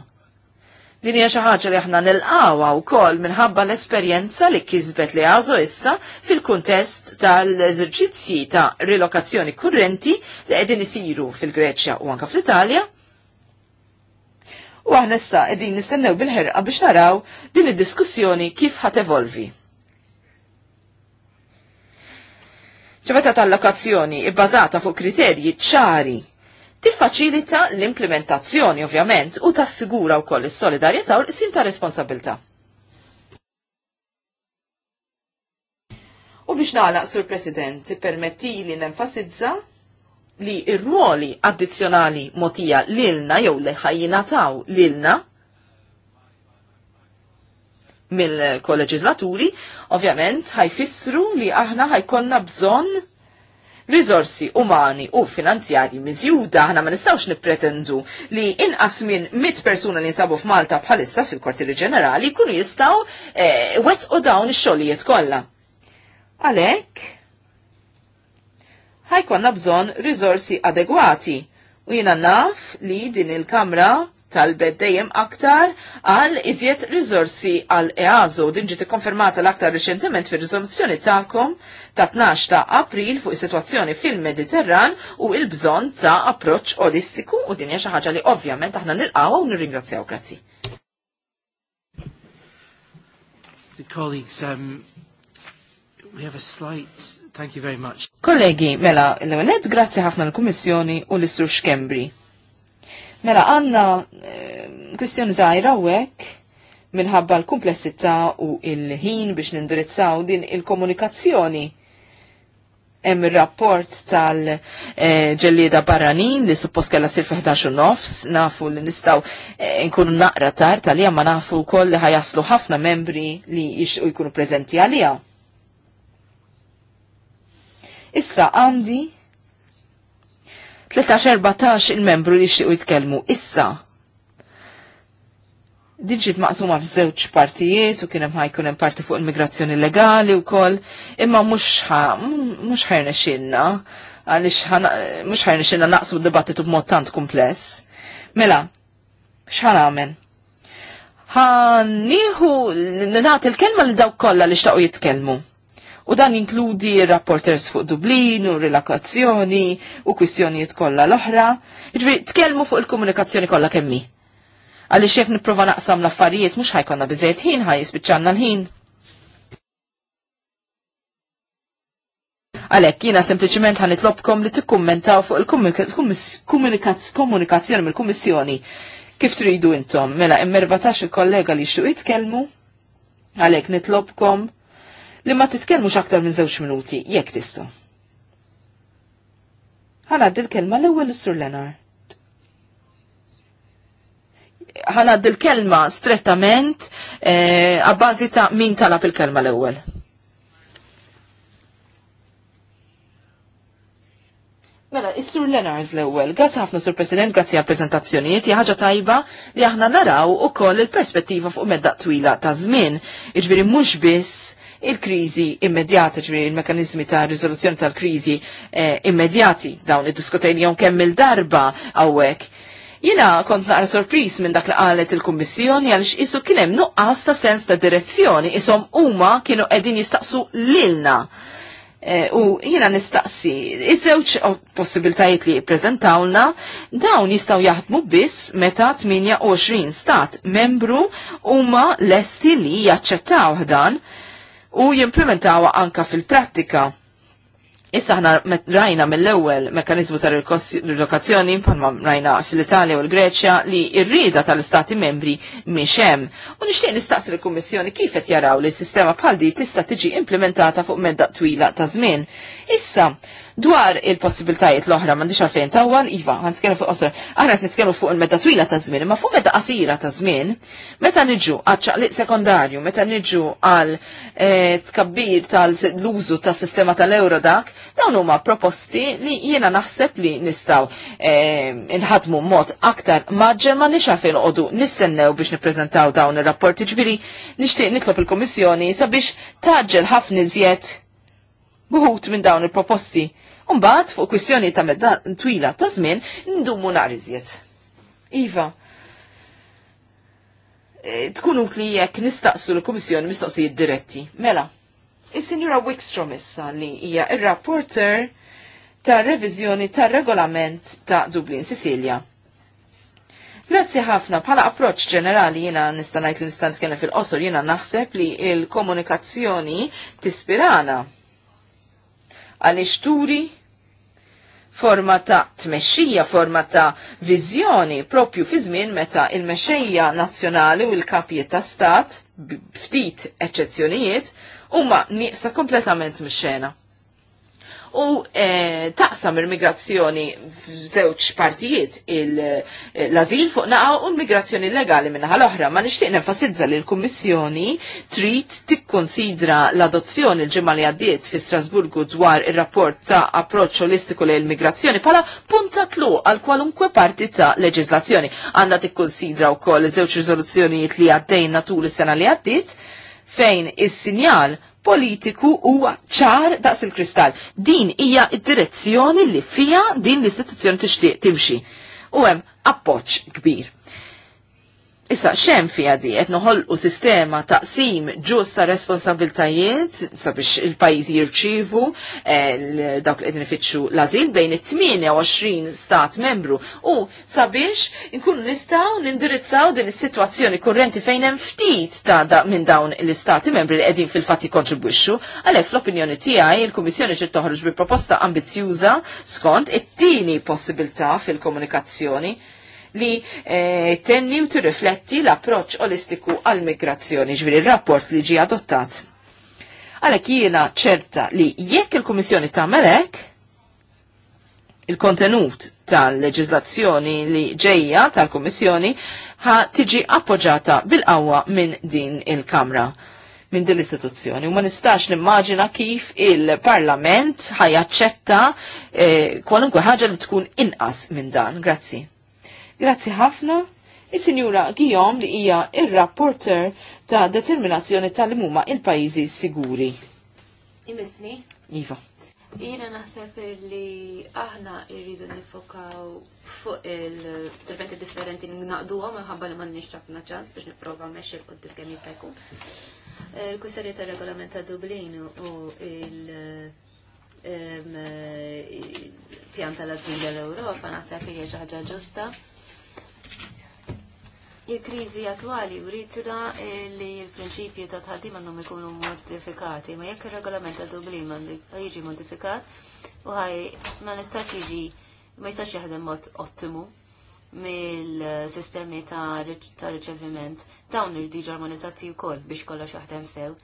Din hija xi ħaġa li aħna nilqawha wkoll minħabba l-esperjenza li kisbet li għażu issa fil-kuntest tal-eżerċizzji ta' rilokazzjoni kurrenti li qegħdin isiru fil-Greċja u anke fl-Italja. U aħna issa qegħdin nistennew bil-ħerqa biex naraw din id-diskussjoni kif ħat evolvi. ċemeta tal-lokazzjoni ibbażata fuq kriterji ċari tiffaċilita l-implementazzjoni ovvjament u tassigura wkoll is-solidarjetà u l-qsim ta' responsabilità. U biex nagħlaq, Sur President, permettili nenfasizza li ir-ruoli addizzjonali motija lilna jew li l lilna mill-kolleġizlaturi, ovvjament ħajfissru li aħna ħajkonna bżonn Rizorsi umani u finanzjari miżjuda aħna ma nistawx nippretendu li inqas minn 100 persuna li nsabu f'Malta bħalissa fil-kwartieri ġenerali kunu jistaw eh, wet u dawn ix-xogħlijiet kollha. Għalhekk ħajkonna bżonn rizorsi adegwati u jiena naf li din il-Kamra tal dejjem aktar għal iżjed rizorsi għal EASO. Din ġiet ikkonfermata l-aktar riċentement fir-riżoluzzjoni tagħkom ta' 12 ta' April fuq is-sitwazzjoni fil-Mediterran u l-bżonn ta' approċċ olistiku u din hija xi ħaġa li ovvjament aħna nilqgħu u nirringrazzjaw grazzi. colleagues, um, we have a slight Thank you very much. Kollegi, mela, l-għanet grazzi ħafna l-Kummissjoni u l-Sur Kembri. Mela għanna eh, kwistjoni zaħira u minħabba l-komplessità u il-ħin biex nindirizzaw din il-komunikazzjoni. Hemm rapport tal-ġellieda barranin li suppost kella sir 11 nofs, nafu li nistgħu eh, nkunu naqra tar tal ma nafu wkoll li ħajaslu ħafna membri li u jkunu preżenti għaliha. Issa għandi 13-14 il-membru li xtiqu jitkellmu. Issa, Dinġit maqsuma f'żewġ partijiet u kien hemm kunem hemm parti fuq immigrazzjoni legali wkoll, imma mhux mhux ħajnexxinna għaliex mhux ħajnexxinna naqsu d-dibattitu b'mod tant kumpless. Mela, għamen? għamel? l nagħti l-kelma li daw kollha li xtaqgħu jitkellmu u dan inkludi rapporters fuq Dublin u relakazzjoni u kwistjonijiet kollha l-oħra. Ġifieri tkellmu fuq il-komunikazzjoni kollha kemmi. Għaliex xef nipprova naqsam l-affarijiet mhux ħajkonna biżejt ħin ħaj jispiċċanna l-ħin. Għalek, jina sempliciment għan itlobkom li t-kommentaw fuq il-komunikazzjoni mill komissjoni kif tridu intom. Mela, immerba tax il-kollega li xuq jitkelmu, għalek nitlobkom li ma titkellmux aktar minn żewġ minuti, jekk tista'. Ħanaddi l-kelma l-ewwel is-Sur Lenar ħanad l kelma strettament għabbażi eh, ta' min talab il-kelma l-ewwel. Mela, is-Sur Lenars l-ewwel, grazzi ħafna Sur President, grazzi għal preżentazzjonijiet, hija ħaġa tajba li aħna naraw ukoll il-perspettiva fuq medda twila ta' żmien. Iġbiri mhux biss il-krizi immedjati, ġmiri il-mekanizmi ta' rizoluzzjoni tal-krizi eh, immedjati, dawn id-diskutajn jom kemm il-darba għawek. Jina kont naqra sorpris minn dak li qalet il-Kummissjoni għaliex isu kien hemm nuqqas ta' sens ta' direzzjoni ishom huma kienu qegħdin jistaqsu lilna. Eh, u jina nistaqsi, iż-żewġ possibiltajiet li prezentawna, dawn jistaw jaħdmu biss meta 28 stat membru huma lesti li jaċċettaw dan u jimplementawa anka fil-prattika. Issa ħna rajna mill-ewwel mekkaniżmu ta' rilokazzjoni bħalma rajna fil-Italja u l-Greċja li r-rieda tal-Istati membri miexem. hemm. U nixtieq nistaqsi l-Kummissjoni kif qed jaraw li s-sistema bħal di tista' tiġi implementata fuq medda twila ta' żmien. Issa, Dwar il-possibiltajiet l-oħra m'għandix għalfejn tawwal, iva, għan nitkellmu fuq qosor. Aħna qed nitkellmu fuq il-medda twila ta' żmien, imma fuq medda qasira ta' żmien, meta niġu għaċċaqliq sekondarju, meta niġu għal eh, tkabbir tal-użu tas sistema tal-euro dak, dawn huma proposti li jiena naħseb li nistgħu eh, inħadmu mod aktar maġġel ma nix għalfejn qogħdu nistennew biex nippreżentaw dawn ir-rapporti ġbiri nixtieq nitlob il-Kummissjoni sabiex taġġel ħafna iżjed buħut minn dawn il-proposti. Umbaħt, fuq kwistjoni ta' medda twila ta' żmien, ndumu nariżiet. Iva, e, tkunu li jekk nistaqsu l-Kummissjoni mistoqsijiet diretti. Mela, is-Sinjura Wickstrom issa li hija il rapporter ta' reviżjoni ta' regolament ta' Dublin Sicilja. Grazzi ħafna, bħala approċ ġenerali jina nistanajt l-instanz kena fil-qosor jina naħseb li il-komunikazzjoni tispirana għaliex turi forma ta' tmexxija, forma ta' viżjoni propju fi żmien meta il-mexxejja nazzjonali u l-kapijiet ta' stat, ftit eċċezzjonijiet, huma nieqsa kompletament mix-xena u eh, taqsam il-migrazzjoni f'żewġ partijiet eh, l-azil fuq naqa u l-migrazzjoni legali minnaħa l-oħra. Ma nixtieq nenfasizza li l-Kummissjoni trid tikkonsidra l-adozzjoni l-ġimgħa li għaddiet fi Strasburgu dwar ir-rapport ta' approċċ holistiku lejn migrazzjoni bħala punta tlu għal kwalunkwe parti ta' leġislazzjoni. Għandha tikkonsidra wkoll żewġ riżoluzzjonijiet li għaddejna tul is-sena li għaddiet fejn is-sinjal politiku huwa ċar daqs il-kristall. Din hija id-direzzjoni li fija din l-istituzzjoni tixtieq timxi. U hemm appoġġ kbir. Issa, xem fija diet noħolqu sistema taqsim ġust ta' responsabiltajiet sabiex il-pajjiżi jirċivu eh, dawk li nifitxu nifittxu l bejn it-28 stat membru u sabiex inkunu nistgħu nindirizzaw din is-sitwazzjoni kurrenti fejn hemm ftit ta' da minn dawn l-istati membri li qegħdin fil-fatt jikkontribwixxu. Għalhekk fl-opinjoni tiegħi il-Kummissjoni ġiet toħroġ bi proposta ambizjuża skont it-tieni possibilità fil-komunikazzjoni li eh, tenni u tirrifletti l-approċ olistiku għal-migrazzjoni ġviri il-rapport li ġi adottat. Għalek jiena ċerta li jekk il-Komissjoni ta' Melek, il-kontenut tal-leġizlazzjoni li ġejja tal-Komissjoni ħa tiġi appoġġata bil-qawwa minn din il-Kamra minn din l-istituzzjoni. U ma nistax nimmaġina kif il-Parlament ħajaċċetta eh, kwalunkwe ħaġa li tkun inqas minn dan. Grazzi. Grazzi ħafna. Is-Sinjura Gijom li hija ir-rapporter ta' determinazzjoni tal-mumma il-pajjiżi siguri. Imisni? Iva. Jiena naħseb li aħna irridu nifokaw fuq il-interventi differenti li għom, għabba li m'għandniex ħafna ċans biex nipprova mexxi u d kemm jista' jkun. Il-kwistjoni eh, tar-regolament ta' Dublin u il- eh, pjan tal-azil l-Ewropa naħseb li hija ġusta Il-krizi attwali da eh, li l prinċipju ta' tħaddim għandhom ikunu modifikati, ma jekk il-regolament ta' Dublin jiġi modifikat, u ħaj ma nistax jiġi ma jistax jaħdem mod ottimu mill-sistemi ta' riċeviment. Dawn armonizzati u wkoll biex kollox jaħdem sew.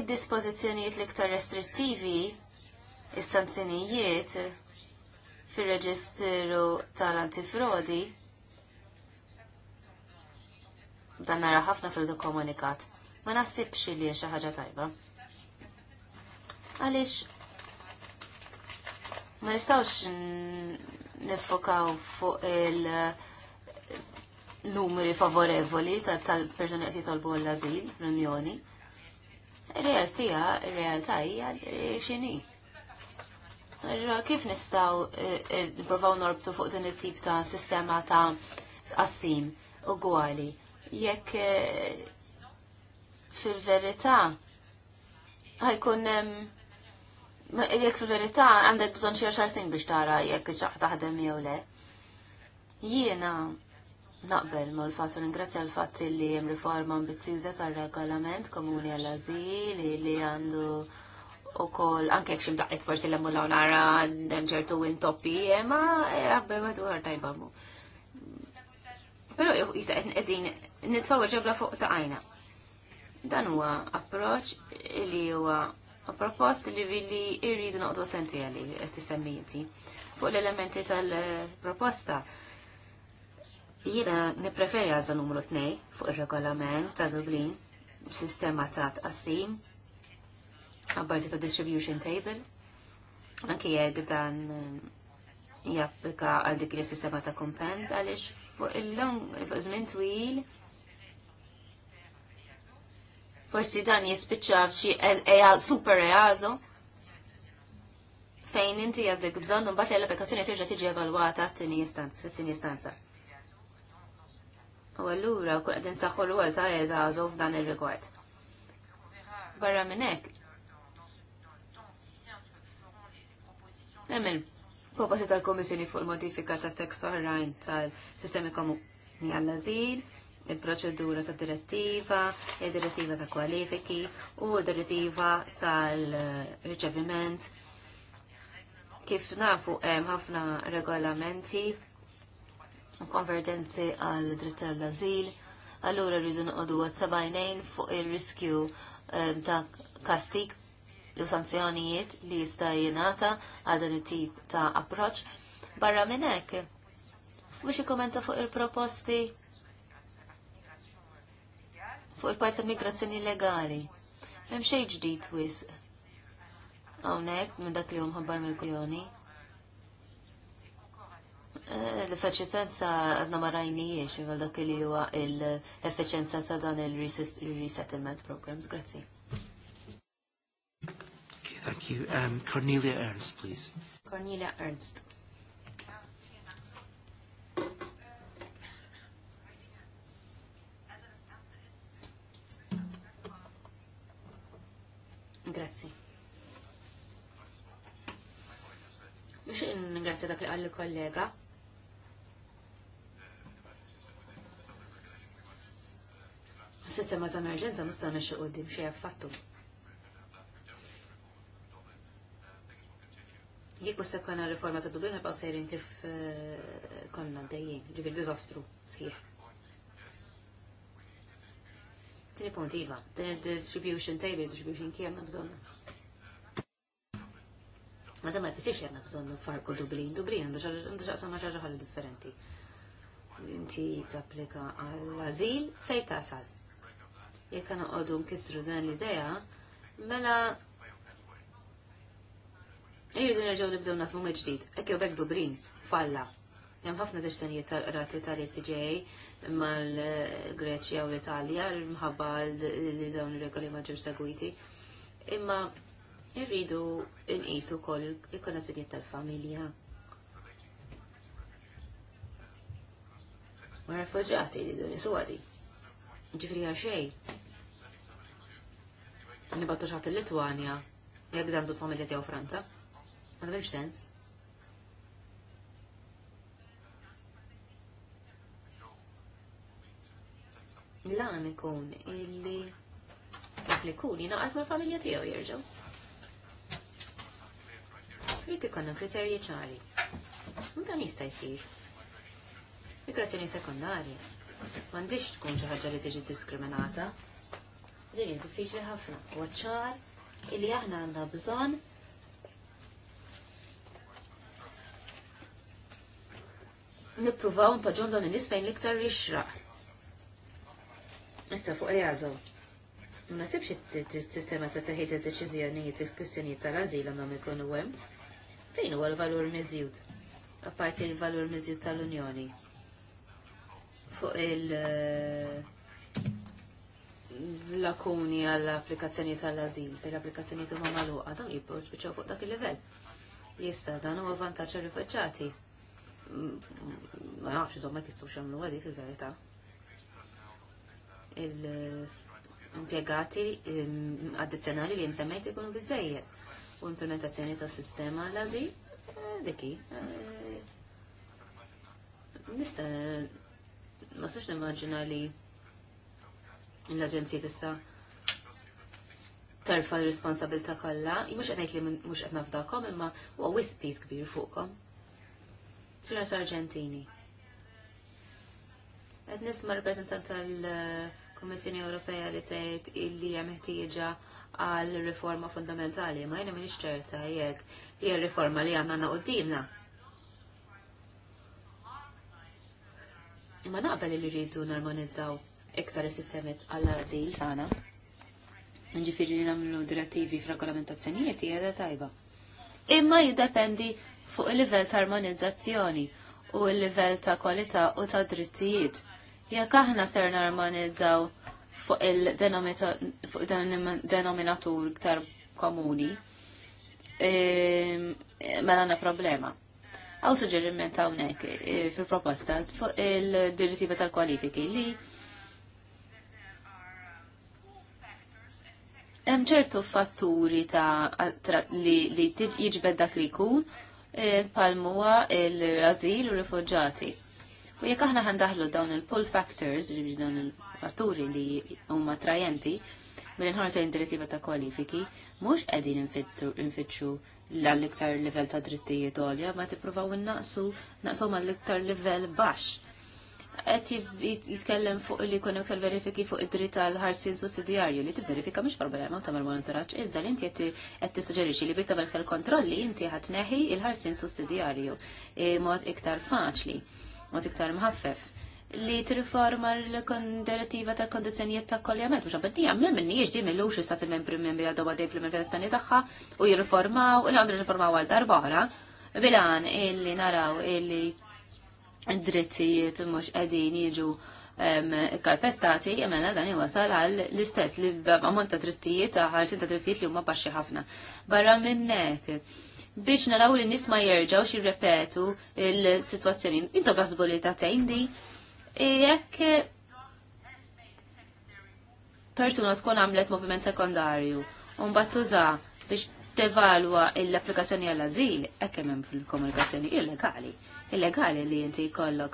Id-dispożizzjonijiet l-iktar restrittivi, is-sanzjonijiet, fil-reġistru tal-antifrodi dan nara ħafna fil-dokomunikat. Ma nasibx li xi ħaġa tajba. Għaliex ma nistgħux nifokaw fuq il- numri favorevoli tal-persuni qed jitolbu l-azil l-Unjoni. Ir-realtija, ir-realtà hija x'inhi. Kif nistaw eh, eh, il-provaw norbtu fuq din it-tip ta' sistema ta' qassim u gwali? Jekk eh, fil-verità għajkun jekk fil-verità għandek bżonn xie xar sin biex tara jekk xaħ taħdem jew le. Jiena naqbel ma l fat u ringrazzja l-fatt li hemm riforma ambizzjuża tar-regolament komuni għal ażil li għandu u kol anke kxim daqqet forsi l-emmullaw nara ċertu intoppi, e, ma e, għabbe ma tuħar tajba mu. Pero jisa għetn għedin nitfawar ġobla fuq saqajna. Dan huwa approċ li huwa propost li billi irridu noqdu attenti għalli għet fuq l-elementi tal-proposta. Jina nipreferi għazza numru 2 fuq il-regolament ta' Dublin, sistema ta' tqassim, għabbażi ta' distribution table. Anki jek dan eh, japplika għal dik il-sistema ta' kompens għalix fuq il-long, fuq żmien twil, forsi dan jispiċċa f'xi e-, e-, super eazo fejn inti għandek bżonn u mbagħad l-applikazzjoni terġa' tiġi evalwata t tini istanza, t tini istanza. U allura kull qegħdin saħħu l għal ta' eżażu f'dan il rigward Barra minnek, Emmen, proposi tal-Komissjoni fuq il-modifika ta' tekst oħrajn tal-sistemi komuni għall-azil, il-proċedura ta' direttiva, il-direttiva ta' kwalifiki u direttiva tal-riċeviment. Kif nafu hemm ħafna regolamenti u konverġenzi għal dritt tal-azil, allura rridu noqogħdu għad sabajnejn fuq ir riskju ehm, ta' kastik jew sanzjonijiet li jista' jingħata għal dan it-tip ta' approċċ. Barra minn hekk, mhux ikkommenta fuq il-proposti fuq il parti tal-migrazzjoni legali. Hemm xejn ġdid wisq. Hawnhekk minn dak li hu mħabbar mill kujoni eh, l effeċenza għadna marajnijiex, għal iva dak li huwa l effeċenza ta' dan il-resettlement programs. Grazie. Thank you. Um, Cornelia Ernst, please. Cornelia Ernst. Grazzi. Mux ingrazzi dak li għalli kollega. Sistema ta' emerġenza nista' mexxi qudiem xi affattu. fattu. jek musta konna reforma ta' Dublin għabaw sejrin kif eh, konna dejjien, ġivir dizastru, sħiħ. Tini punt, Iva, distribution table, distribution kija ma' bżonna. Ma da ma jfisix għanna bżonna farku Dublin, Dublin għandu xaqsa ma ċaġa ħalli differenti. Inti t-applika għall-azil fejta sal. Jek għana għodu nkisru dan l-ideja, mela Irridu nerġgħu nibdew nafmu ġdid, Ek jew bekk dubrin, falla. Hemm ħafna deċtanijiet tal-qrati tal sj mal-Greċja u l-Italja mħabba li dawn ir-regoli ma ġewx segwiti. Imma irridu nqisu wkoll il-konnessjonijiet tal-familja. Ma rifuġati li dun isuwadi. Ġifri għal xejn. Nibattu xaħt il litwania jekk dandu familja tiegħu Franza ma tagħmilx sens. Lan ikun illi li kun jinaqas mal-familja tiegħu jerġgħu. Trid ikollna kriterji ċari. U dan jista' jsir. Migrazzjoni sekundarja m'għandix tkun xi ħaġa li tiġi diskriminata. Din hija diffiċli ħafna. ċar illi aħna għandna bżonn nipruvaw npaġġom dawn in-nies fejn l-iktar jixraq. Issa fuq ejazo. Ma sibx il-sistema ta' taħid id-deċiżjonijiet il-kwistjonijiet tal-azil għandhom ikonu għem. Fejn huwa l-valur miżjud? Apparti l-valur miżjud tal-Unjoni. Fuq il- lakuni għall-applikazzjoni tal-azil, per applikazzjoni huma magħluqa, dawn jibbos spiċċaw fuq dak il-livell. Jissa dan huwa vantaġġ għar ma nafx ma kistux xamlu għadi fil-verità. Il-impjegati addizzjonali li nsemmejt ikunu biżejjed u implementazzjoni ta' sistema lazi eh, diki. Eh, nista' ma sax nimmaġina li l-aġenzija tista' terfa l-responsabilta kollha, mhux mux ngħid li mhux qed nafdakom imma huwa wispis kbir fuqkom. Sura Sargentini. Għed nisma reprezentant tal-Kommissjoni Ewropea li tgħid illi hija meħtieġa għal riforma fundamentali, ma jiena m'iniex ċerta jekk hija riforma li għandna qudiemna. Ma naqbel li rridu narmonizzaw iktar is-sistemi għall-azil tagħna. Ġifieri li nagħmlu direttivi f'regolamentazzjonijiet hija tajba. Imma jiddependi fuq il-livell ta' armonizzazzjoni u il-livell ta' kwalità u ta' drittijiet. Jekk aħna ser narmonizzaw fuq il-denominatur iktar komuni, ehm, mela għandna problema. Għaw suġġeriment hawnhekk e, fil-proposta fuq il-direttiva tal-kwalifiki li hemm ċertu fatturi ta' li jiġbed dak li jkun E, palmuwa il-azil u rifugġati. U jekk aħna ħandaħlu dawn il-pull factors, ġibġi dawn il-fatturi li huma trajenti, mill-inħarsa direttiva ta' kwalifiki, mhux qegħdin infittxu l-iktar livell ta' drittijiet għolja, ma tippruvaw innaqsu naqsu l iktar livell baxx qed jitkellem fuq li jkun iktar verifiki fuq id-dritt tal ħarsin sussidjarju li tivverifika mhux problema u tagħmel monitoraġġ iżda li inti qed tissuġġerixxi li biex tagħmel kontrolli inti ħadd neħi il-ħarsin sussidjarju e, mod iktar faċli, mod iktar mħaffef li tirriforma l-direttiva ta' kondizjonijiet ta' kolljament, mux għabeddi għammem minni jieġdi mill uxu stati membri membri għadu għadej fl-implementazzjoni taħħa u jirriformaw, u għandu jirriformaw għal darbaħra, bilan illi naraw illi id-drittijiet mhux qegħdin jiġu karpestati jemmena dan jwasal għal l-istess li b'ammont ta' drittijiet għal ħarsin ta' drittijiet li huma baxxi ħafna. Barra minnek biex naraw li nies ma jerġgħux jirrepetu l-sitwazzjoni. Intom taħsbu li ta' tgħin jekk persuna tkun għamlet moviment sekondarju un battuża biex tevalwa l-applikazzjoni għall-azil, ekkem hemm fil-komunikazzjoni illegali illegali li inti jkollok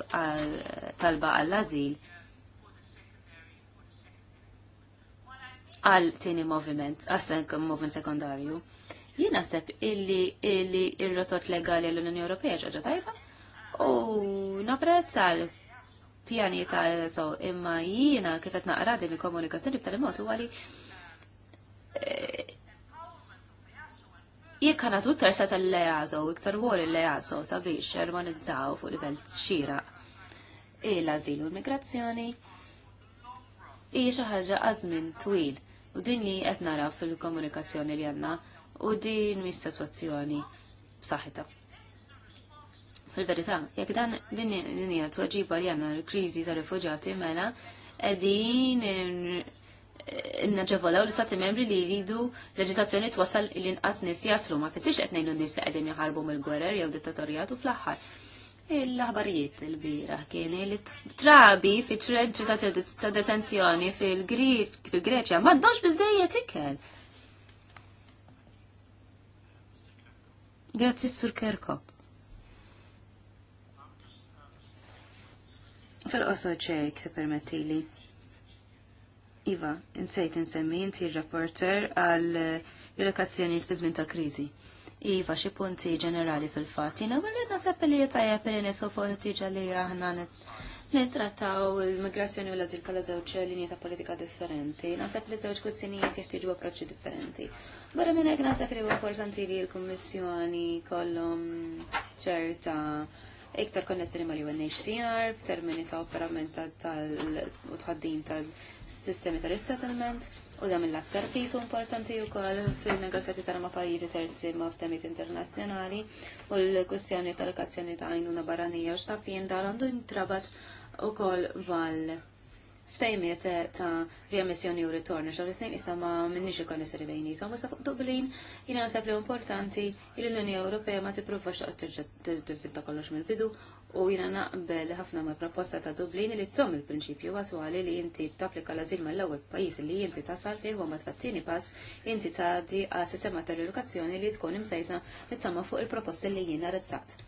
talba għall-azil għal tini moviment, għasen moviment sekundarju. Jina sepp illi illi ir-rotot legali l-Unjoni Ewropea ġoġa tajba u naprezz l-pjani ta' so imma jiena kif qed naqra din il-komunikazzjoni b'tal-mod huwa eh, Jekk għana tuttar sa tal-lejazo, iktar għor il-lejazo sabiex armonizzaw fuq livell xira il-azil u l-migrazzjoni, hija xi ħaġa għażmin twil u din li qed naraw fil-komunikazzjoni li għandna u din mis situazzjoni b'saħħitha. Fil-verità, jekk dan din hija tweġiba li għandna l-kriżi tar-rifuġjati mela qegħdin naġevolaw li sati membri li jridu leġislazzjoni twasal l-inqas nis jaslu ma fissiex qed ngħidu nis li qegħdin jaħarbu mill-gwerer jew dittatorjat u fl-aħħar. Il-aħbarijiet il-bira kien li trabi fi ċreġi ta' detenzjoni fil-Greċja m'għandhomx bizzejiet ikel. Grazzi Sur Kerkop. Fil-qosor ċejk, se permettili. Iva, insejt insemmi inti rapporter għal relokazzjoni fi żmien ta' kriżi. Iva, xi punti ġenerali fil-fatt. Jiena milli naħseb li tajjeb li nisu fuq tiġa li aħna Nittrattaw il-migrazzjoni u l-azil pala żewġ linji ta' politika differenti. Naħseb li żewġ kussinijiet jeħtieġu approċċi differenti. Barra minn hekk naħseb li huwa importanti li l-Kummissjoni kollhom ċerta iktar konnessjoni ma UNHCR f'termini ta' operament tal utħaddim tal-sistemi tal-resettlement u dam l-aktar pisu importanti u koll fil-negozjati tal ma' pajizi terzi ma' f'temiet internazzjonali u l-kustjoni tal-kazzjoni ta' għajnuna barranija u xtafjen dal għandu intrabat u koll val Ftajmiet eh, ta' riemissjoni u ritorni xogħol it-tnejn issa ma minnix ikonnessjoni bejnietom, issa fuq dublin jiena naħseb li importanti li l-Unjoni Ewropea ma xa' t tirġa' kollox mill-bidu u jina naqbel ħafna ma' proposta ta' Dublin li t-som il-prinċipju għatwali li inti tapplika l-azil ma' l-ewwel pajis li jinti ta' salfi u ma tfattini pass inti tgħaddi għal sistema tal-edukazzjoni li tkun imsejsa tama fuq il-proposti li jina ressaqt.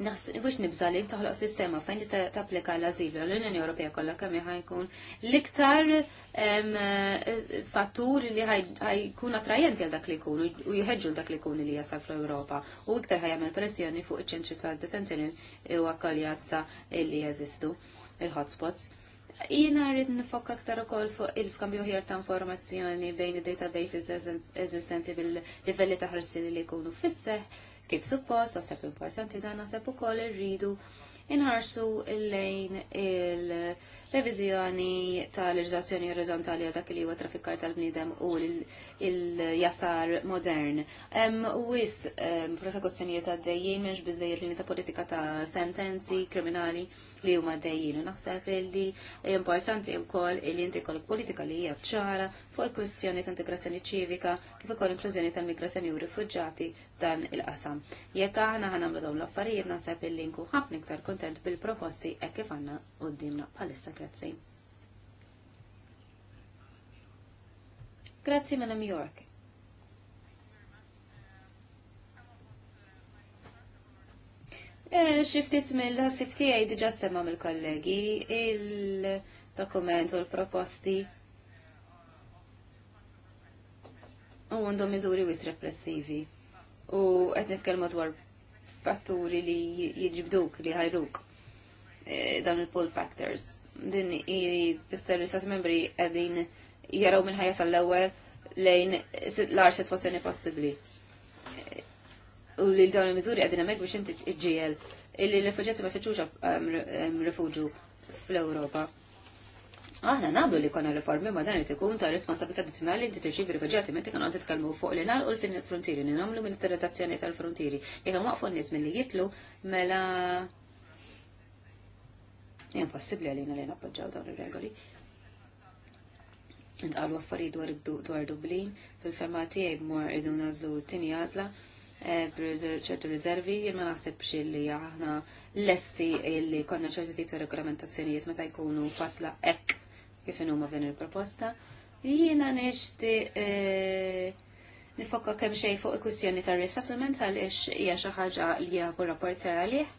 Wix nibżal li taħloq sistema fejn li tapplika l-azilu l-Unjoni Ewropea kollha kemm jkun l-iktar eh, fattur li ħajkun attrajenti għal dak li jkun u jħeġġu dak li jkun li jasal fl-Ewropa u iktar ħajamel pressjoni fuq iċ-ċentri ta' detenzjoni u akkaljazza li jeżistu il-hotspots. Jina rrid nifok aktar ukoll fuq il-skambju ħjar ta' informazzjoni bejn id-databases eżistenti bil-livelli ta' ħarsin li jkunu fisseħ kif suppost, għasab importanti dan għasab u koll irridu inħarsu lejn il-revizjoni tal leġizazzjoni orizzontali għal dak li huwa traffikar tal-bniedem u l il-jasar modern. Wis prosekuzzjonijiet għaddejjien mhux bizzejiet linja ta' politika ta' sentenzi kriminali li huma għaddejjien. Naħseb li importanti wkoll li inti politika li hija ċara fuq il-kwistjoni ta' integrazzjoni ċivika kif ukoll inklużjoni tal-migrazzjoni u rifugġati dan il-qasam. Jekk aħna nagħmlu dawn l-affarijiet naħseb il-linku ħafna iktar kontent bil-proposti hekk kif għandna qudiemna bħalissa grazzi. Grazzi Madam York. Eh, Xiftit mill-ħasib tiegħi diġà semma mill-kollegi il-dokument u l-proposti u għandhom miżuri wis repressivi u qed nitkellmu dwar fatturi li jiġibduk li ħajruk eh, dan il-pull factors. Din i fisser li membri qegħdin jaraw minn ħajja sal-ewwel lejn l għar sitwazzjoni possibbli. U li dawn il-miżuri qegħdin hemmhekk biex inti tġiel illi l-rifuġjati ma fiċċux um, um, rifuġu fl-Ewropa. Aħna nagħmlu li konna riformi ma dan irid ikun ta' responsabilità addizzjonali inti tirċievi rifuġjati meta kanu titkellmu fuq li nagħlqu l-frontieri li nagħmlu minn it tal-frontieri. Jekk waqfu n-nies milli jitlu mela Impossibbli għalina li nappoġġaw dawn ir-regoli. Intqalu affarijiet dwar Dublin, fil-ferma tiegħi b'mor idu nażlu tini għażla eh, b'ċertu riservi, jien ma naħsibx li aħna lesti li konna ċerti tip ta' regolamentazzjonijiet meta jkunu fasla hekk kif huma f'din il-proposta. Jiena nixti eh, nifokka kemm xejn fuq il-kwistjoni tar-resettlement għaliex hija xi ħaġa li hija rapport għalih.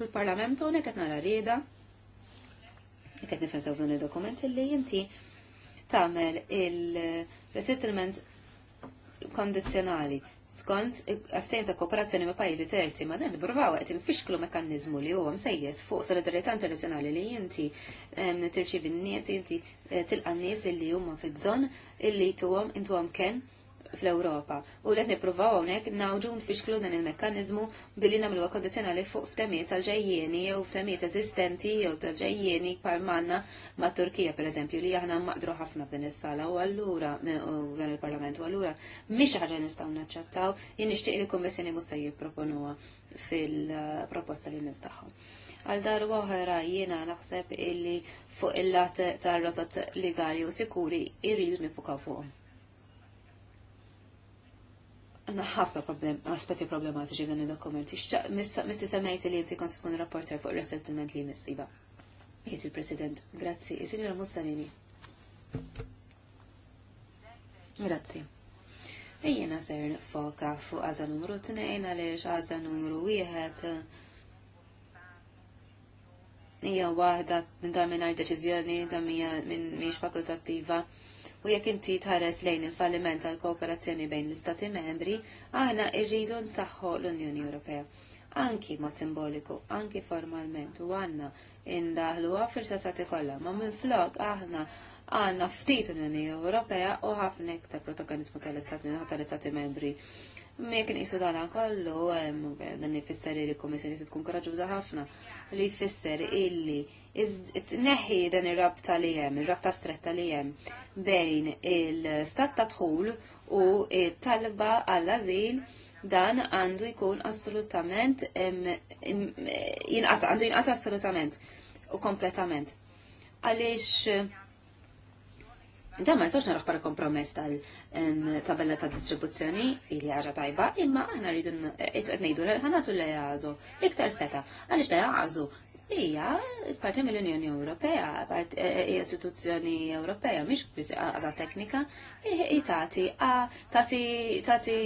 Fil-Parlament hawnhekk qed nara rieda qed nifhem sew dan id-dokument li inti tagħmel il-resettlement kondizzjonali skont għaftejn ta' kooperazzjoni ma' pajjiżi terzi ma' dan burvaw qed infixklu mekkaniżmu li huwa msejjes fuq solidarità internazzjonali li inti tirċivi n-nies, inti eh, tilqa' n-nies li huma fi bżonn illi tuhom intuhom kemm fl-Ewropa u qed nippruvaw hawnhekk nawġu nfixklu dan il-mekkaniżmu billi nagħmluha kondizzjonali fuq ftemiet tal-ġejjieni jew ftemiet eżistenti jew tal-ġejjieni bħal manna ma' Turkija pereżempju li aħna maqdru ħafna f'din is-sala u allura dan il-Parlament u allura mhix ħaġa nistgħu naċċettaw jien nixtieq li l-Kummissjoni mhux se jipproponuha fil-proposta li nistaħħu għal darba oħra jiena naħseb illi fuq il-lat tar-rotot legali u sikuri irridu nifukaw fuqhom. Għanna ħafna problem, aspetti problematiċi dan il-dokumenti. Misti semmejti li jinti konsi tkun rapporter fuq resettlement li misiba. Jiet il-President, grazzi. Il-Signora Mussolini. Grazzi. Ejjena ser foka fuq għaza numru t-nejna għaliex għaza numru wieħed hija wahda minn dar mingħajr deċiżjoni da mhija fakultattiva u jekk inti tħares lejn il-falliment tal kooperazzjoni bejn l-Istati membri, aħna irridu nsaħħu l-Unjoni Ewropea. Anki mod simboliku, anki formalment u għanna indaħlu għafirta ta' kollha, ma minn flok aħna għanna ftit l Unjoni Ewropea u ħafna ta' protagonizmu tal-Istati membri. Mek nqisu dan kollu, dan ifisser li l-Kommissjoni tkun koraġuża ħafna li jfisser illi neħi dan ir-rabta li hemm, ir-rabta stretta li jem bejn il-stat ta' dħul u talba għall-azil dan għandu jkun assolutament jinqata, għandu jinqata assolutament u kompletament. Għaliex Ġamma, ma jistax naraħ para kompromess tal-tabella ta' distribuzzjoni li ħaġa tajba, imma aħna rridu eh, ngħidu ħanatu l-jażu iktar seta għaliex l-jażu hija parti mill-Unjoni Ewropea, parti eh, eh, istituzzjoni Ewropea, mhix għadha teknika, hi tati, tati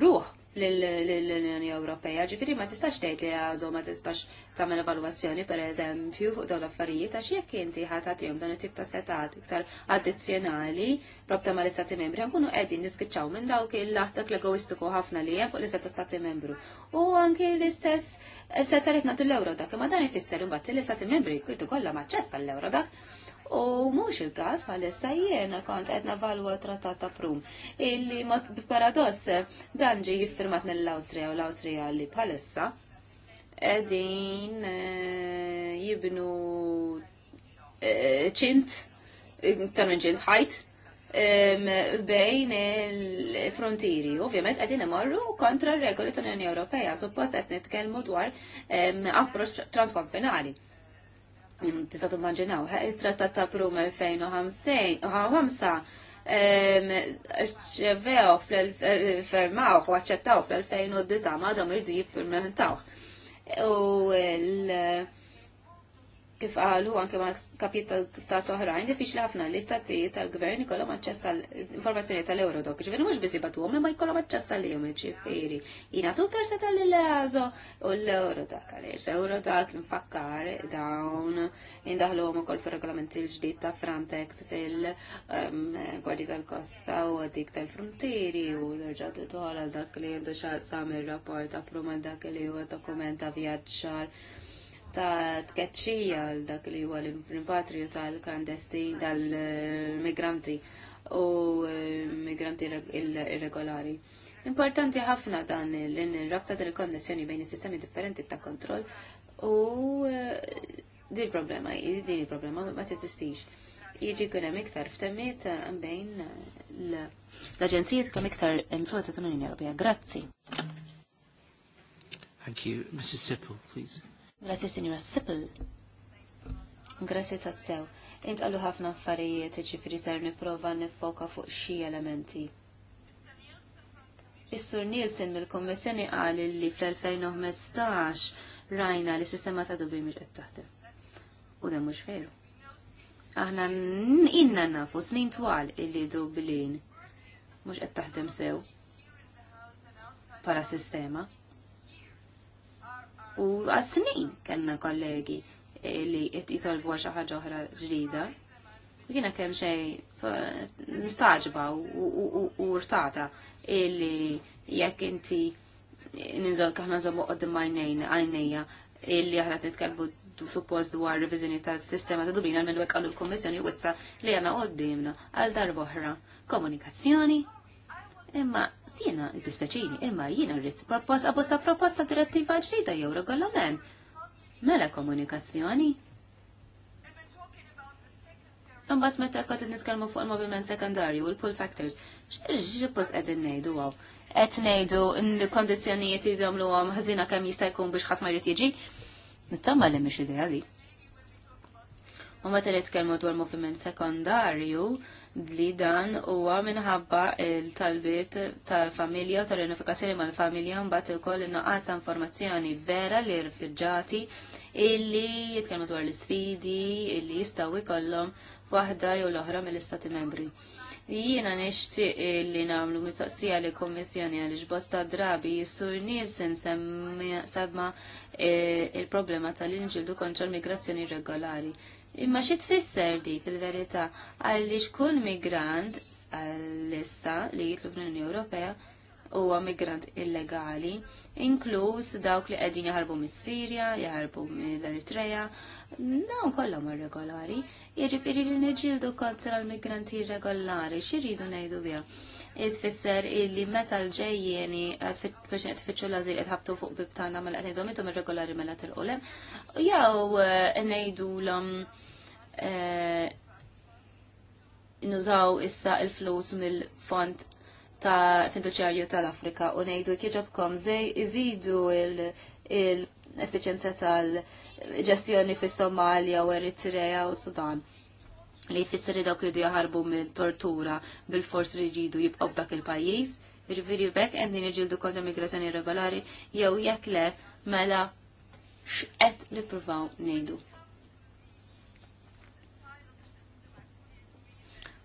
ruħ l-Unjoni Ewropea, ġifiri ma tistax tgħid li għażhom ma tistax tagħmel evalwazzjoni pereżempju fuq dawn l-affarijiet għax jekk inti ħatatihom dan it-tip ta' setat iktar addizzjonali probta mal istati membri nkunu qegħdin niskiċċaw minn dawk il laħtak l-egoistiku ħafna li hemm fuq l-istat ta' stati membru. U anki l-istess Issa tarit naqdu l dak, ma dan ifisser imbagħad l-istati membri kolla kollha l għall dak. U mhux il-każ bħalissa jiena kont qed valwa trattat Prum illi ma paradoss dan ġi jiffirmat mill austria u l-Awstrija li bħalissa qegħdin eh, jibnu eh, ċint eh, ta' ċint ħajt bejn il-frontieri. Ovvjament għedin imorru kontra r-regoli tal-Unjoni Ewropeja, suppost qed nitkellmu dwar approċċ transkonfinali. Tista' timmaġinaw, it-Trattat eh, ta' Prum 2005 ċevew fermaw u għacċettaw fl-2009 ma dom irdu jimplementaw. U l- kif għalu anke ma' kapijiet tal-stat oħrajn, li ħafna li stati tal-gvern jkollhom aċċess l informazzjoni tal-Eurodoc. Ġifieri mhux biss jibatuhom imma jkollhom aċċess għalihom ġifieri. Jingħatu aktar seta' tal-lilazo u l eurodok għalix, l-Eurodoc nfakkar dawn u ukoll fil regolamenti l-ġdid ta' Frontex fil-Gwardji ehm, tal-Kosta u dik tal-Frontieri u l tuħal għal dak li jendu xaqsam ir-rapport ta' dak li u dokumenta vjaġġar ta' tkeċċija għal dak li huwa l impatrio tal-kandestin tal-migranti u eh, migranti irregolari. Importanti ħafna dan l-rabta tal-konnessjoni bejn is-sistemi differenti ta' kontroll u eh, din problema, din il-problema ma teżistix. Jiġi kun hemm iktar f'temmiet bejn l-aġenzijiet kuna iktar influenza tal-Unjoni Ewropea. Grazzi. Thank you. Mrs. Sippel, please. Grazie, Signora Sippel. Grazie tassew. Int għallu ħafna affarijiet ġifri ser niprofa nifoka fuq xi elementi. Is-Sur Nielsen mill-Kommissjoni qal li fl-2015 rajna li sistema ta' dubi mhux qed taħdem. U dan mhux veru. Aħna inna nafu snin twal illi dublin mhux qed taħdem sew bħala sistema. U għas-snin kellna kollegi eh, li qed jitolbu għal xi ħaġa oħra ġdida. Jiena kemm xejn eh, nistaġba u rtata illi jekk inti eh, ninżol kaħna żomu qoddim għajnejja illi aħna nitkellbu suppost dwar revizjoni tal-sistema ta' dubina għal minwek għallu l-Kommissjoni wissa li għana għoddimna għal oħra komunikazzjoni. Imma jiena dispeċini imma jina rrid proposta bosta proposta direttiva ġdida jew regolament. Mela komunikazzjoni. Tombat meta kod nitkellmu fuq il-moviment sekundarju u l-pull factors, x'irġibus qegħdin ngħidu għaw. Qed ngħidu l-kondizzjonijiet jidhomlu għam ħażina kemm jista' jkun biex ħadd ma jrid jiġi. Nittama li mhix ideali. U meta li tkellmu dwar moviment sekundarju, li dan huwa minħabba il-talbiet tal-familja u tal-unifikazzjoni mal-familja mbagħad ukoll in ta' informazzjoni vera li rifuġġati illi jitkellmu dwar l-isfidi illi jistgħu jkollhom waħda jew l-oħra mill-istati membri. Jiena nixtieq li nagħmlu mistoqsija li kommissjoni għal bosta drabi jissur Nielsen semma eh, il-problema tal-inġildu kontra l-migrazzjoni regolari Imma xi tfisser di fil-verità għaliex kull migrant għall-issa li jitlu fl-Unjoni Ewropea huwa migrant illegali, inkluż dawk li qegħdin jaħarbu mis-Sirja, jaħarbu mill-Eritrea, dawn kollha ma regolari, jiġifieri li neġildu kontra l-migranti irregolari, x'iridu ngħidu biha? Jitfisser illi meta l-ġejjeni biex jitfittxu l-azil ħabtu fuq bibtana mela qed ngħidhom irregolari mela tilqulem, jew eh, ngħidulhom Eh, nużaw issa il-flus mill-fond ta' fiduċarju tal-Afrika u nejdu kieġobkom zej iżidu il-efficienza tal-ġestjoni fis somalia u Eritrea u Sudan li jfisseri dawk li jaħarbu mill-tortura bil-fors li jridu jibqgħu dak il-pajjiż, jiġifieri bekk qed niġġieldu kontra migrazzjoni regolari jew jekk le mela x'qed nippruvaw ngħidu.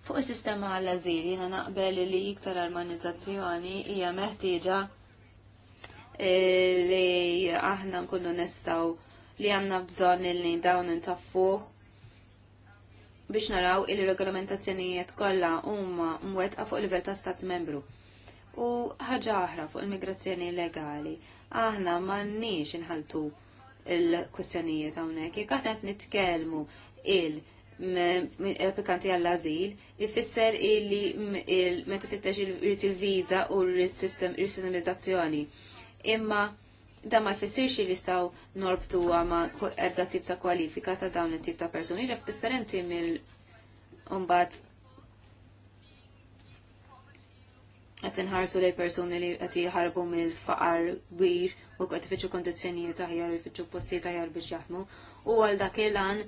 Fuq is-sistema għall-azil jiena naqbel li iktar armonizzazzjoni hija meħtieġa eh, li aħna nkunu nistgħu li għandna bżonn li dawn intaffuh biex naraw il-regolamentazzjonijiet kollha huma mwettqa fuq livell ta' stat membru. U ħaġa oħra fuq il-migrazzjoni legali. Aħna m'għandniex inħaltu il-kwistjonijiet hawnhekk. Jekk aħna qed nitkellmu il-migrazzjoni applikanti għall-azil, ifisser illi meta fittex il-viza u l sinalizzazzjoni Imma da ma jfissirx li staw norbtu ma erda tip ta' kwalifika ta' dawn it-tip ta' personi, ref differenti mill-umbat għat nħarsu li personi li għat jħarbu mill-faqar gwir u għat fitxu kondizjonijiet u fitxu postijiet aħjar biex jaħmu. U għal dakilan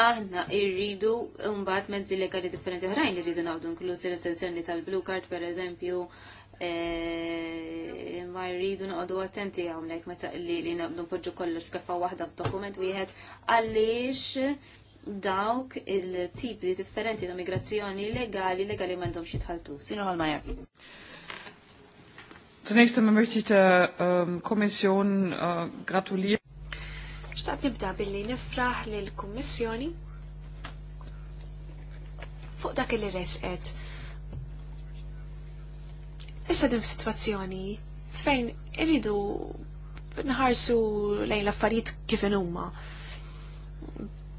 aħna irridu mbagħad mezzi legali differenti oħrajn li rridu nagħdu inkluż l-estensjoni tal-blue card pereżempju eh, ma rridu noqogħdu attenti hawnhekk meta li li naqbdu npoġġu kollox f'kefa waħda f'dokument wieħed għaliex dawk il li differenti ta' migrazzjoni legali legali m'għandhomx jitħaltu. Sinu ħolmajer. Zunächst einmal möchte ich der ähm, Kommission äh, gratulieren. Xtaqt nibda billi nifraħ lill-Kummissjoni fuq dak li resqet. Issa din situazzjoni fejn irridu nħarsu lejn l-affarijiet kif huma.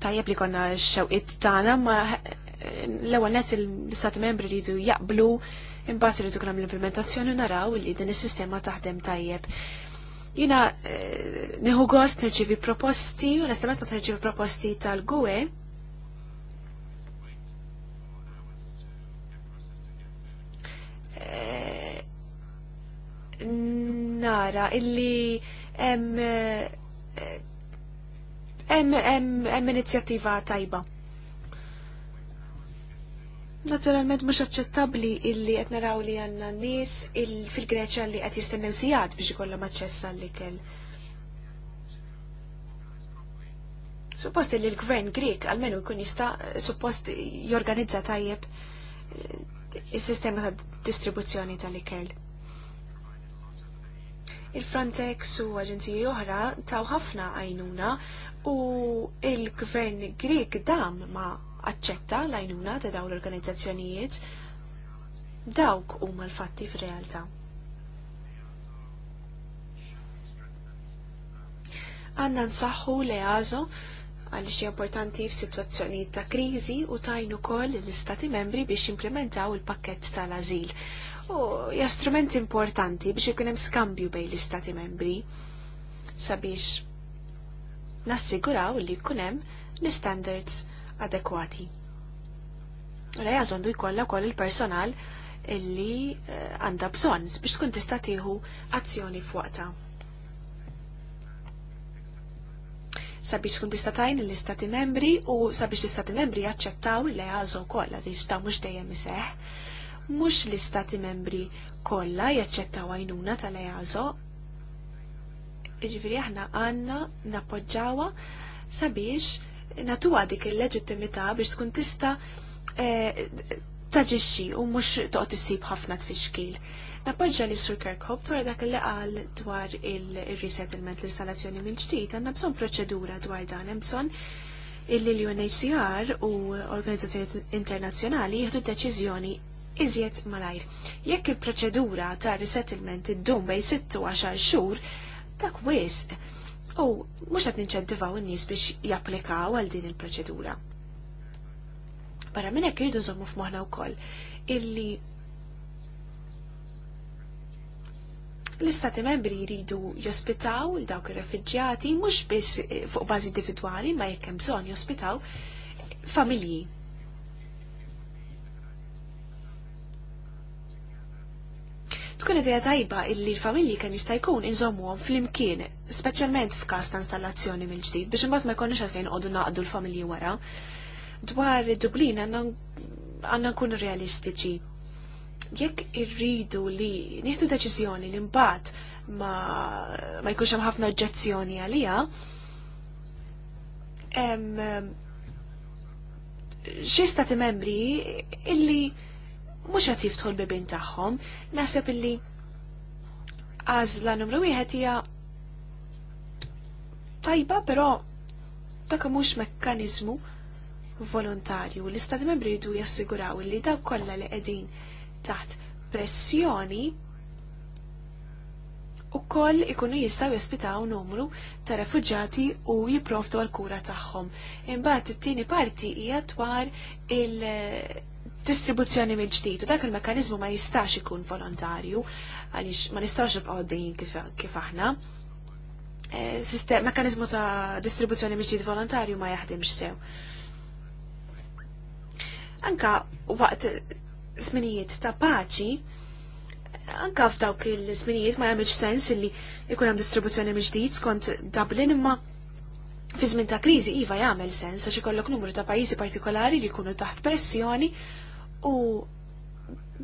Tajjeb li konna x-xewqiet tagħna ma l-ewwel net l-istati membri rridu jaqblu imbagħad irridu kemm l-implementazzjoni naraw li din is-sistema taħdem tajjeb. Jina eh, neħu gost nirċivi proposti, u nestament ma nirċivi proposti tal-gwe. Eh, nara, illi em, eh, em, em, em inizjattiva tajba. Naturalment mhux aċċettabbli illi qed naraw li għandna nies fil-Greċja li qed jistennew sijad biex ikollhom aċċessa għall-ikel. Suppost li l-gvern Grek għalmenu jkun jista' suppost jorganizza tajjeb eh, is-sistema ta' distribuzzjoni tal-ikel. Il-Frontex u aġenziji oħra taw ħafna għajnuna u il-gvern Grek dam ma' aċċetta l-għajnuna ta' dawn l-organizzazzjonijiet, dawk huma l-fatti f'realtà. realtà Għanna nsaħħu le għazo għalix importanti f'sitwazzjonijiet ta' kriżi u tajnu kol l-istati membri biex implementaw il-pakket tal-azil. U jastrument importanti biex ikun skambju bejn l-istati membri sabiex nassiguraw li jkun hemm l-standards adekwati. Reja zondu jkollha kol il-personal illi eh, għandha bżonn biex tkun tista' tieħu azzjoni fuqta. sabiex tkun tista' tajn l-istati membri u sabiex l-istati membri jaċċettaw l għażu kollha li ta' mhux dejjem iseħħ. Mhux l-istati membri kollha jaċċettaw għajnuna tal-EASO. Jiġifieri aħna għandna nappoġġawha sabiex natuwa dik il-leġittimità biex tkun tista eh, taġixxi u mhux toqgħod issib ħafna tfixkil. Nappoġġa li Sur Kirkhope dwar dak li qal dwar il-resettlement l-installazzjoni minn ġdid għandna bżonn proċedura dwar dan hemm bżonn illi l-UNHCR u organizzazzjonijiet internazzjonali jieħdu deċiżjoni iżjed malajr. Jekk il-proċedura ta' resettlement id-dum bej 6 u 10 xhur, dak wisq u mhux qed ninċentivaw in-nies biex japplikaw għal din il-proċedura. Barra minn hekk jridu nżommu f'moħħna wkoll illi l-istati membri jridu jospitaw dawk ir-refuġjati mhux biss fuq bażi individwali ma jekk hemm bżonn jospitaw familji tkun idea tajba illi l-familji kemm jista' jkun inżommuhom fl-imkien, speċjalment f'każ ta' installazzjoni mill-ġdid biex imbagħad ma jkollniex għalfejn qogħdu naqdu l-familji wara. Dwar id-Dublin għandna nkunu realistiċi. Jekk irridu li nieħdu deċiżjoni li mbagħad ma, ma jkunx hemm ħafna oġġezzjoni għaliha, xi stati membri illi mhux qed jiftħu bibin tagħhom, naħseb illi għażla numru wieħed hija tajba però dak mhux mekkaniżmu volontarju li stati membri jdu jassiguraw li dak kollha li qegħdin taħt pressjoni u koll ikunu jistaw jespitaw numru ta' refugġati u jiprofdu għal-kura tagħhom. Imbagħad it-tieni parti hija dwar il- distribuzzjoni minn ġdid u dak il-mekanizmu ma jistax ikun volontarju għaliex ma nistax għoddejn kif aħna. Eh, mekanizmu ta' distribuzzjoni minn ġdid volontarju ma jaħdimx sew. Anka waqt zminijiet ta' paċi, anka f'dawk il-żminijiet ma jgħamilx sens illi jkun hemm distribuzzjoni minn ġdid skont Dublin imma fi żmien ta' kriżi iva jagħmel sens għax ikollok numru ta' pajjiżi partikolari li jkunu taħt pressjoni u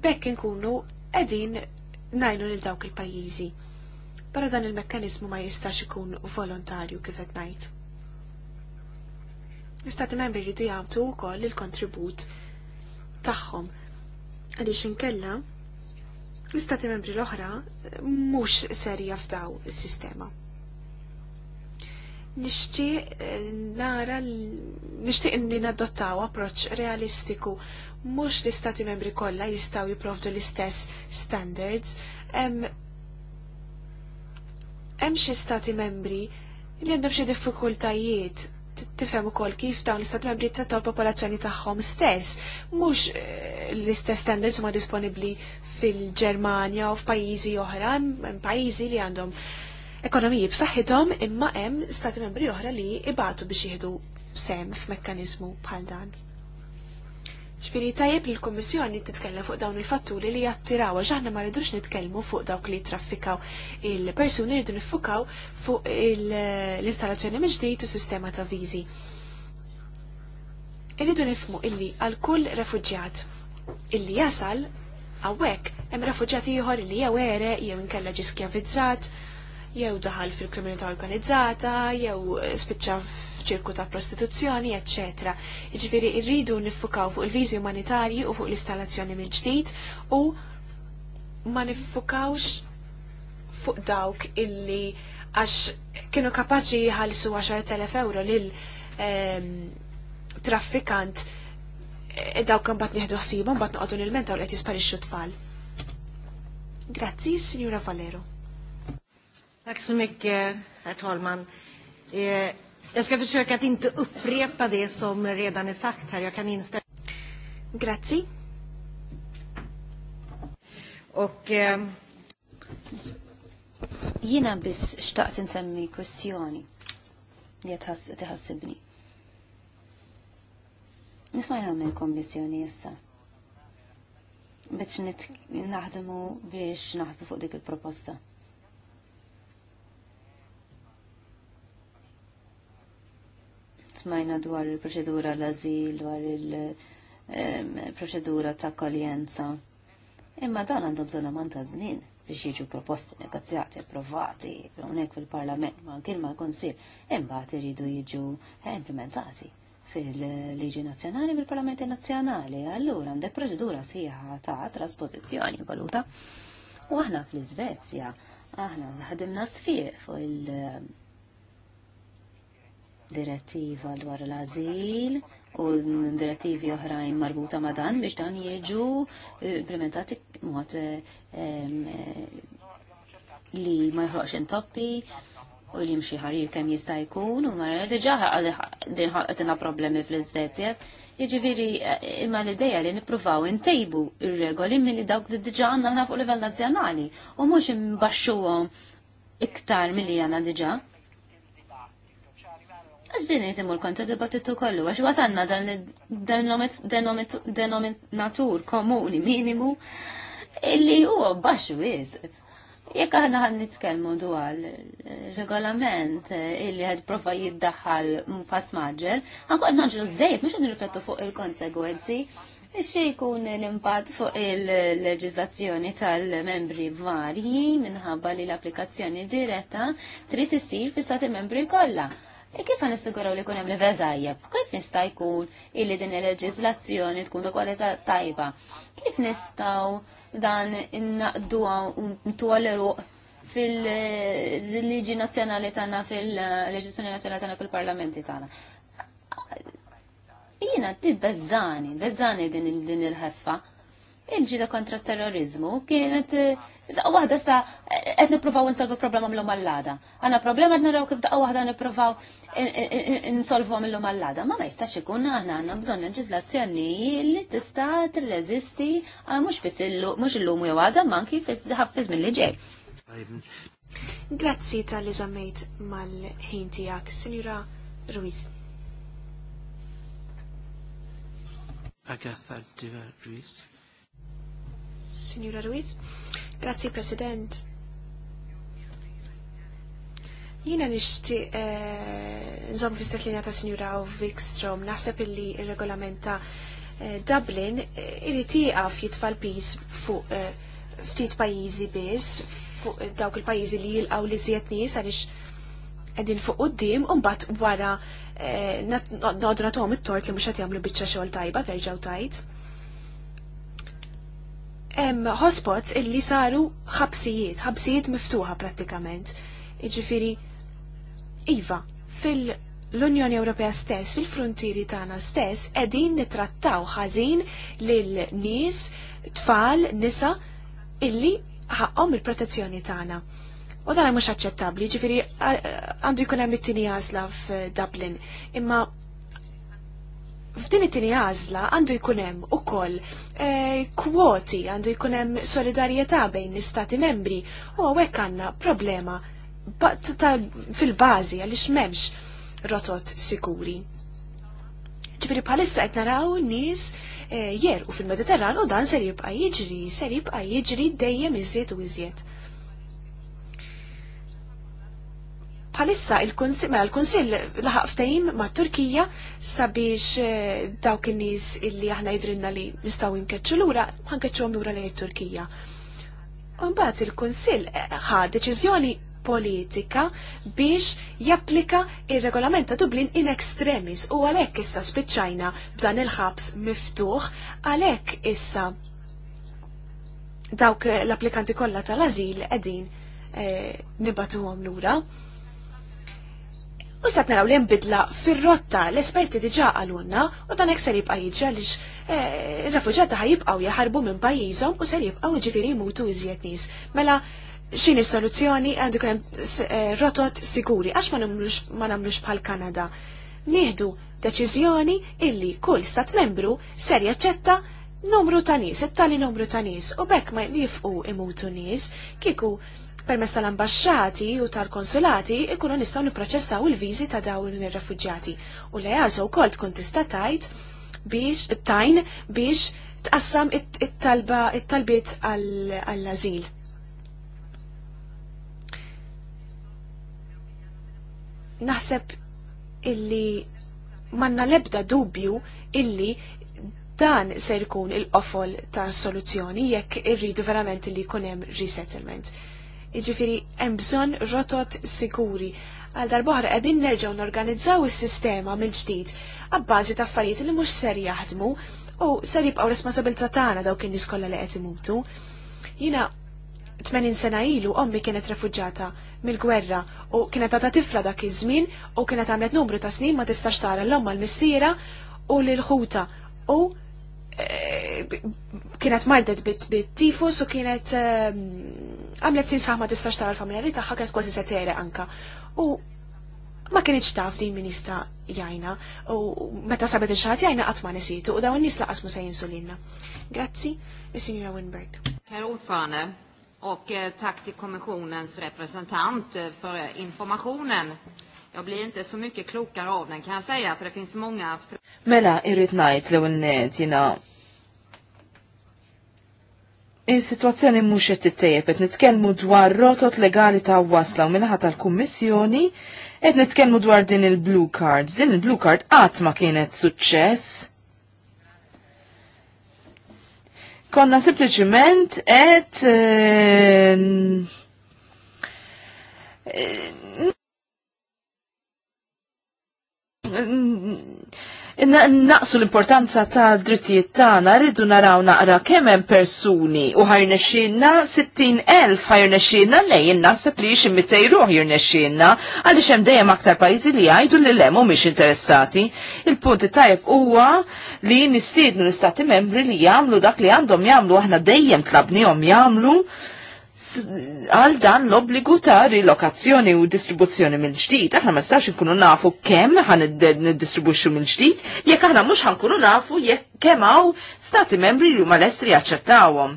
bekk inkunu edin najnu lil dawk il-pajjiżi. Però dan il-mekkanizmu ma jistax ikun volontarju kif qed ngħid. L-istati membri jridu u wkoll il-kontribut tagħhom għaliex inkella l-istati membri l-oħra mhux serja f'daw is-sistema. Nixtieq eh, nara nixtieq inni nadottaw approċċ realistiku mhux l-istati membri kollha jistgħu jipprovdu l-istess standards. Hemm xi stati membri li għandhom xi diffikultajiet tifhem ukoll kif dawn l-istati membri l popolazzjoni tagħhom stess. Mhux eh, l-istess standards ma disponibbli fil-Ġermanja u f'pajjiżi oħra, hemm pajjiżi li għandhom ekonomiji b'saħħithom imma hemm stati membri oħra li ibatu biex jieħdu sem f'mekkaniżmu bħal dan ċfiri tajjeb li l komissjoni titkellem fuq dawn il-fatturi li jattiraw, ġaħna ma rridux nitkellmu fuq dawk li traffikaw il-persuni rridu nifukaw fuq l-installazzjoni mġdijt u sistema ta' viżi. Irridu nifmu illi għal kull refuġjat illi jasal għawek hemm refuġjati ieħor illi jew ere jew inkella ġiskjavizzat, jew daħal fil-kriminalità organizzata jew spiċċa ċirku ta' prostituzzjoni, etc. Ġifiri, irridu nifukaw fuq il-viżi umanitarji u fuq l-installazzjoni minn ġdid u ma nifukawx fuq dawk illi għax kienu kapaċi jħalsu 10.000 euro lil ehm, traffikant e dawk kan bat nieħdu ħsiba mbagħad noqogħdu nilmentaw li qed jisparixxu tfal. Grazzi, Signora Valero. Tack så mycket, herr Jag ska försöka att inte upprepa det som redan är sagt här. Jag kan inställa. Grazie. Och eh, jina biss xtaqt insemmi kwestjoni li tħassibni. Nismajna minn kommissjoni jessa. Biex naħdmu biex naħbu fuq dik il-proposta. smajna dwar il-proċedura l-azil, dwar il-proċedura ta' kolienza. Imma dan għandhom bżonna man ta' żmien biex jiġu proposti negozjati, approvati, hawnhekk fil-Parlament, ma' kien ma' konsil, imbagħad iridu jiġu implementati fil-Liġi Nazzjonali fil parlamenti Nazzjonali. Allura għandek proċedura siħa ta' trasposizzjoni valuta. U aħna fl-Iżvezja, aħna ħadimna sfieq fuq il- direttiva dwar l-azil u direttivi oħrajn marbuta ma' dan biex dan jiġu eh, implementati mod eh, eh, li ma jħroqx intoppi u li jimxi ħarir kemm jista' jkun u ma diġà din ħaqetina problemi fl-Iżvezja. Jiġifieri imma l-idea li nippruvaw intejbu ir-regoli milli dawk li diġà għandna ħna fuq livell nazzjonali u mhux imbaxxuhom iktar milli għandna diġà. Għax din u l konta dibattitu kollu, għax wasanna dan denominatur komuni minimu illi huwa baxx wisq. Jekk aħna ħan nitkellmu dwar regolament illi ħed prova jiddaħħal pass maġġel, ħankun naġlu żejt mhux nirriflettu fuq il-konsegwenzi xie jkun l-impat fuq il-leġizlazzjoni tal-membri varji minħabba li l-applikazzjoni diretta trid issir fi stati membri kollha. E Kif għan istiguraw li kunem level tajjeb? Kif nista' jkun illi din il-leġizlazzjoni tkun ta' kwalità tajba? Kif nistaw dan innaqdu ntolleru fil-liġi nazjonali tagħna fil-leġizzjoni nazjonali tagħna fil-parlamenti tagħna. Jiena dit bezzani, bezzani din il-ħeffa il-ġida kontra terrorizmu kienet eh, daqqa wahda sa eh, qed nippruvaw solvu problema mill-lum għallada. Għandna problema qed naraw kif daqqa waħda nippruvaw solvu mill-lum għallada. Ma ma jistax ikun aħna għandna bżonn ġizlazzjoni li tista' tirreżisti eh, mhux biss l illum jew għada ma anki fiż mill-li ġej. Grazzi tal-li mal-ħin tiegħek, Sinjura Ruiz. Agatha Diva Ruiz. Signora Ruiz. Grazie, President. Jina nishti eh, nżom fistet linja ta' Signora Wikstrom, naħseb illi il-regolamenta eh, Dublin eh, irrit jieqaf jitfall pis fuq ftit pajizi biz, fuq dawk il-pajizi li jilqaw li zjed nis għalix għedin fuq qoddim, un-bat wara nodra għom it-tort li mux għat jamlu bieċa xol tajba, terġaw tajt hemm hotspots illi saru ħabsijiet, ħabsijiet miftuħa prattikament. Iġifiri, iva, fil- unjoni Ewropea stess, fil-frontieri tagħna stess, qegħdin nittrattaw ħażin lil nies, tfal, nisa illi ħaqhom il-protezzjoni tagħna. U dan mhux aċċettabbli, ġifieri għandu jkun hemm it-tieni għażla f'Dublin. Imma f'din it-tini għażla għandu jkun hemm ukoll eh, kwoti, għandu jkun hemm solidarjetà bejn l-istati membri u hawnhekk għanna problema fil-bażi għaliex m'hemmx rotot sikuri. Ġifieri bħalissa qed naraw nies eh, u fil-Mediterran u dan ser jibqa' jiġri, ser jibqa' jiġri dejjem iżjed u iżjed. Palissa il-Kunsill mela, laħaq ftajim ma' Turkija sabiex eh, dawk in-nies illi aħna jidrinna li nistgħu nkeċċu lura, ma nkeċċuhom lura lejn it-Turkija. Unbaħt il-Kunsill eh, ħa deċiżjoni politika biex japplika il-regolament ta' Dublin in extremis u għalek issa spiċċajna b'dan il-ħabs miftuħ, għalek issa dawk l-applikanti kollha tal-azil qegħdin e, eh, nibatu lura. U sat naraw li nbidla fir-rotta l-esperti diġa għalunna u dan ser jibqa' jiġra lix ir-refuġati eh, ħajibqgħu jaħarbu minn pajjiżhom u ser jibqgħu jiġifieri jmutu iżjed nies. Mela xini is-soluzzjoni għandu hemm eh, rotot siguri għax ma nagħmlux bħal Kanada. Nieħdu deċiżjoni illi kull stat membru ser jaċċetta numru ta' nies, it-tali numru ta' nies u bekk ma jifqu imutu nies kieku permess tal-ambasċati u tal-konsulati ikunu nistgħu nipproċessaw il-viżi ta' dawn ir refugġati U le għażu wkoll tkun tista' tajt biex tajn biex tqassam it it-talbiet għall-ażil. Naħseb illi manna lebda dubju illi dan se jkun il-qofol ta' soluzzjoni jekk irridu verament li jkun hemm resettlement Iġifiri, hemm bżonn rotot sikuri. Għal darbohra qegħdin nerġgħu norganizzaw is-sistema mill-ġdid għabbażi ta' affarijiet li mhux ser jaħdmu u ser jibqgħu responsabilità tagħna dawk in-nies li qed imutu. Jiena 80 sena ilu ommi kienet refugġata mill-gwerra u kienet għata tifla dak iż-żmien u kienet għamlet numru ta' snin ma tistax tara l-omma l-missiera u l-ħuta u eh, kienet mardet bit-tifus u kienet ehm, għamlet sinsaħ ma tistax tara l-familjari taħħa kħet kważi se tere anka. U ma kienx taf din minista jajna u meta sabet il-xaħat jajna għatma nesitu, u daw nies laqas mu se jinsulinna. Grazzi, il-Signora Winberg. Per ordförande och eh, tack till kommissionens representant eh, för informationen. Jag blir inte så mycket klokare av den kan jag säga för det finns många... Mela, irrit najt lewin tina Is-sitwazzjoni mhux qed tittejjeb qed nitkellmu dwar rotot legali ta' wasla u minħa tal-Kummissjoni qed nitkellmu dwar din il-blue cards. Din il-blue card qatt ma kienet suċċess. Konna sempliċiment qed eh, naqsu l-importanza ta' drittijiet tagħna rridu naraw naqra kemm hemm persuni u ħajrnexxinna 60,000 ħajrnexxinna lejn naħseb li xi mitej ruħ jirnexxinna għaliex hemm dejjem aktar pajjiżi li jgħidu li le mhumiex interessati. Il-punti tajb huwa li nistiednu l-istati membri li jagħmlu dak li għandhom jagħmlu aħna dejjem tlabnihom jagħmlu għal dan l-obbligu ta' rilokazzjoni u distribuzzjoni mill-ġdid. Aħna ma nistax nkunu nafu kemm ħan niddistribuxxu mill-ġdid, jekk aħna mhux ħankunu nafu jekk kemm hawn stati membri li huma lestri jaċċettawhom.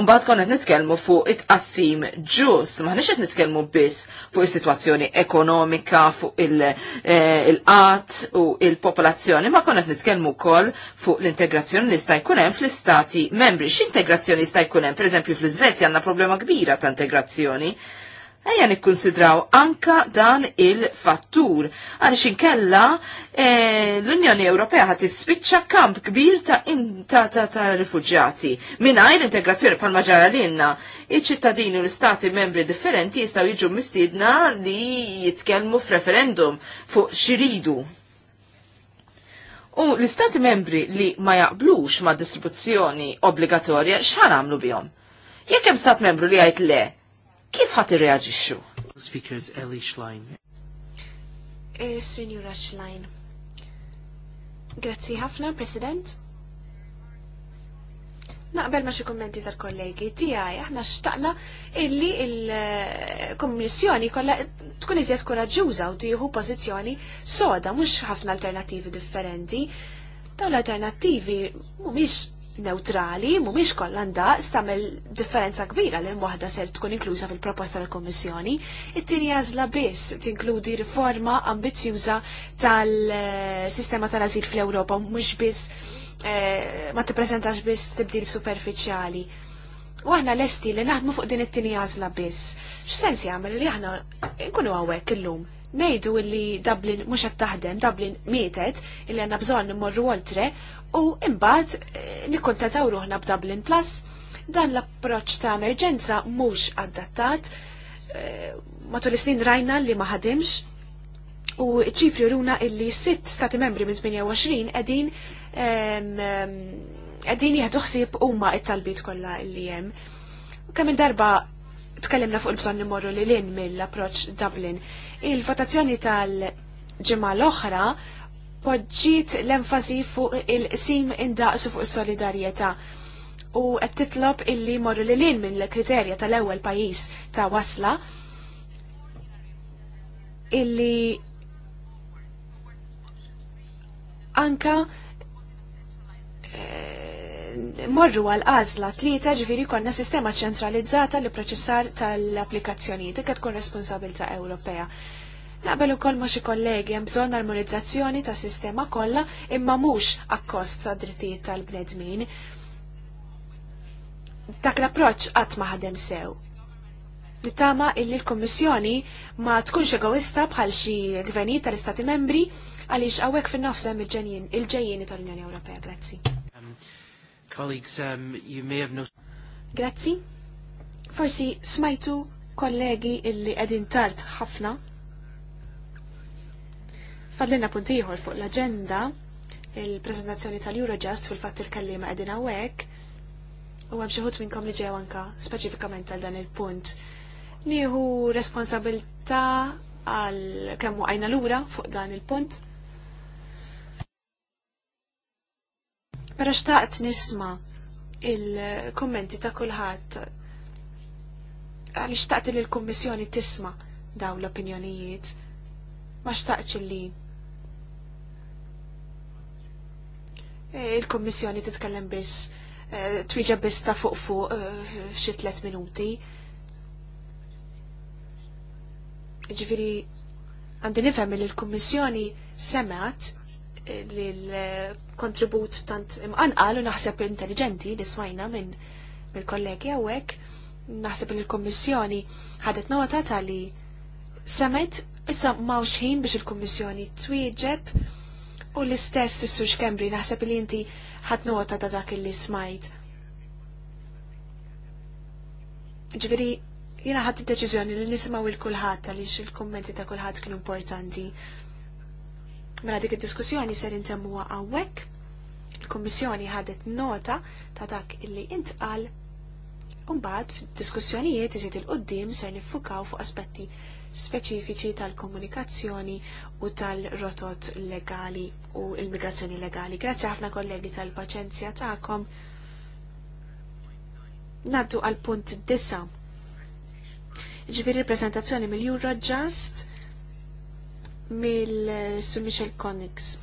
Umbat konet nitkelmu fuq it-qassim ġus, maħnix qed nitkelmu biss fuq is-sitwazzjoni ekonomika, fuq il-qat il eh, u il-popolazzjoni, ma konet nitkelmu kol fuq l-integrazzjoni li sta' jkunem fl-istati membri. X'integrazzjoni sta' jkunem? Per eżempju, fl-Iżvezja għandna problema kbira ta' integrazzjoni Ejja nikkonsidraw anka dan il-fattur, għaliex inkella e, l-Unjoni Ewropea ħat ispiċċa kamp kbir ta' ta', ta, rifugġati. rifuġjati. Mingħajr integrazzjoni bħal maġara l-inna, iċ-ċittadini u l-istati membri differenti jistgħu jiġu mistiedna li jitkellmu f'referendum fuq xiridu. U l-istati membri li ma jaqblux ma' distribuzzjoni obbligatorja x'ħan għamlu bihom? Jekk hemm stat membru li jgħid le, kif ħat irreagixxu? Speakers Ellie Schlein. E, Signora Schlein. Grazzi ħafna, President. Naqbel ma xi kummenti tal-kollegi tiegħi aħna xtaqna illi il-Kummissjoni kollha tkun iżjed koraġġjuża u tieħu pożizzjoni soda mhux ħafna alternattivi differenti. Dawn l-alternattivi mhumiex neutrali, mumiex kollan da, stamel differenza kbira li waħda ser tkun inklusa fil-proposta tal-Kommissjoni, it-tini għazla biss tinkludi riforma ambizjuża tal-sistema tal-azil fl-Europa, mux biss eh, ma t-prezentax biss tibdil superficiali. U aħna lesti li naħdmu fuq din it-tini għazla biss. x sensi għamil li aħna nkunu għawek illum nejdu illi Dublin mux taħdem, Dublin mietet, illi għanna bżon morru oltre, u imbagħad eh, nikkuntataw ruħna b'Dublin Plus dan l-approċċ ta' emerġenza mhux adattat eh, matul is-snin rajna li ma ħadimx u ċifri runa illi sitt stati membri minn 28 qegħdin qegħdin jieħdu ħsieb huma t-talbiet kollha illi hemm. Kemm il-darba tkellimna fuq il-bżonn nimorru lil in mill-approċċ Dublin. Il-votazzjoni tal-ġimgħa l-oħra poġġiet l-enfasi fuq il-sim indaqsu fuq solidarjetà u qed titlob illi morru li lin minn l-kriterja tal-ewwel pajjiż ta' wasla illi anka eh, morru għal għazla tlieta ġviri konna sistema ċentralizzata li proċessar tal-applikazzjoni, dikka tkun responsabilta Ewropea. Naqbel ukoll ma xi kollegi hemm bżonn armonizzazzjoni ta' sistema kollha imma mhux akkost ta' drittijiet tal-bnedmin. Dak l-approċċ qatt ma ħadem sew nittama illi l-Kommissjoni ma tkunx egoista bħal xi gvernijiet tal-Istati membri għaliex hawnhekk fin il hemm il ġejjini tal-Unjoni Ewropea. Grazzi. Um, colleagues, um, you may have noticed. Grazzi. Forsi smajtu kollegi illi qegħdin tard ħafna Fadlina punt ieħor fuq l-aġenda il-prezentazzjoni tal-Eurojust fil-fatt il-kallima qegħdin hawnhekk u hemm xi minnkom li ġew anka speċifikament għal dan il-punt. Nieħu responsabilità għal kemm għajna lura fuq dan il-punt. Pero xtaqt nisma il-kommenti ta' kulħadd għal xtaqt li l-Kummissjoni tisma daw l-opinjonijiet. Ma xtaqt li il-Kommissjoni titkellem biss eh, twiġa biss ta' fuq fuq eh, f'xi tliet minuti. Ġifieri għandi nifhem li l-Kummissjoni semat eh, li l-kontribut tant imqanqal u naħseb intelligenti li smajna minn mill-kollegi hawnhekk naħseb li l-Kummissjoni ħadet nota li semet issa mawx ħin biex il-Kummissjoni twieġeb u l-istess s-sur Kembri naħseb li inti ħat nota ta' dak li smajt. Ġveri, jina ħat deċiżjoni li nisimaw il-kulħat għaliex il-kommenti ta' kulħat kienu importanti. Mela dik id-diskussjoni ser intemmuha hawnhekk. Il-Kummissjoni ħadet nota ta' dak illi intqal Umbaħt, fil-diskussjonijiet iżid il-qoddim ser niffukaw fuq aspetti speċifiċi tal-komunikazzjoni u tal-rotot legali u l-migrazzjoni legali. Grazzi ħafna kollegi tal-paċenzja ta'kom. Naddu għal punt disa. Ġviri prezentazzjoni mill-Eurojust mill-Sir Michel Connix.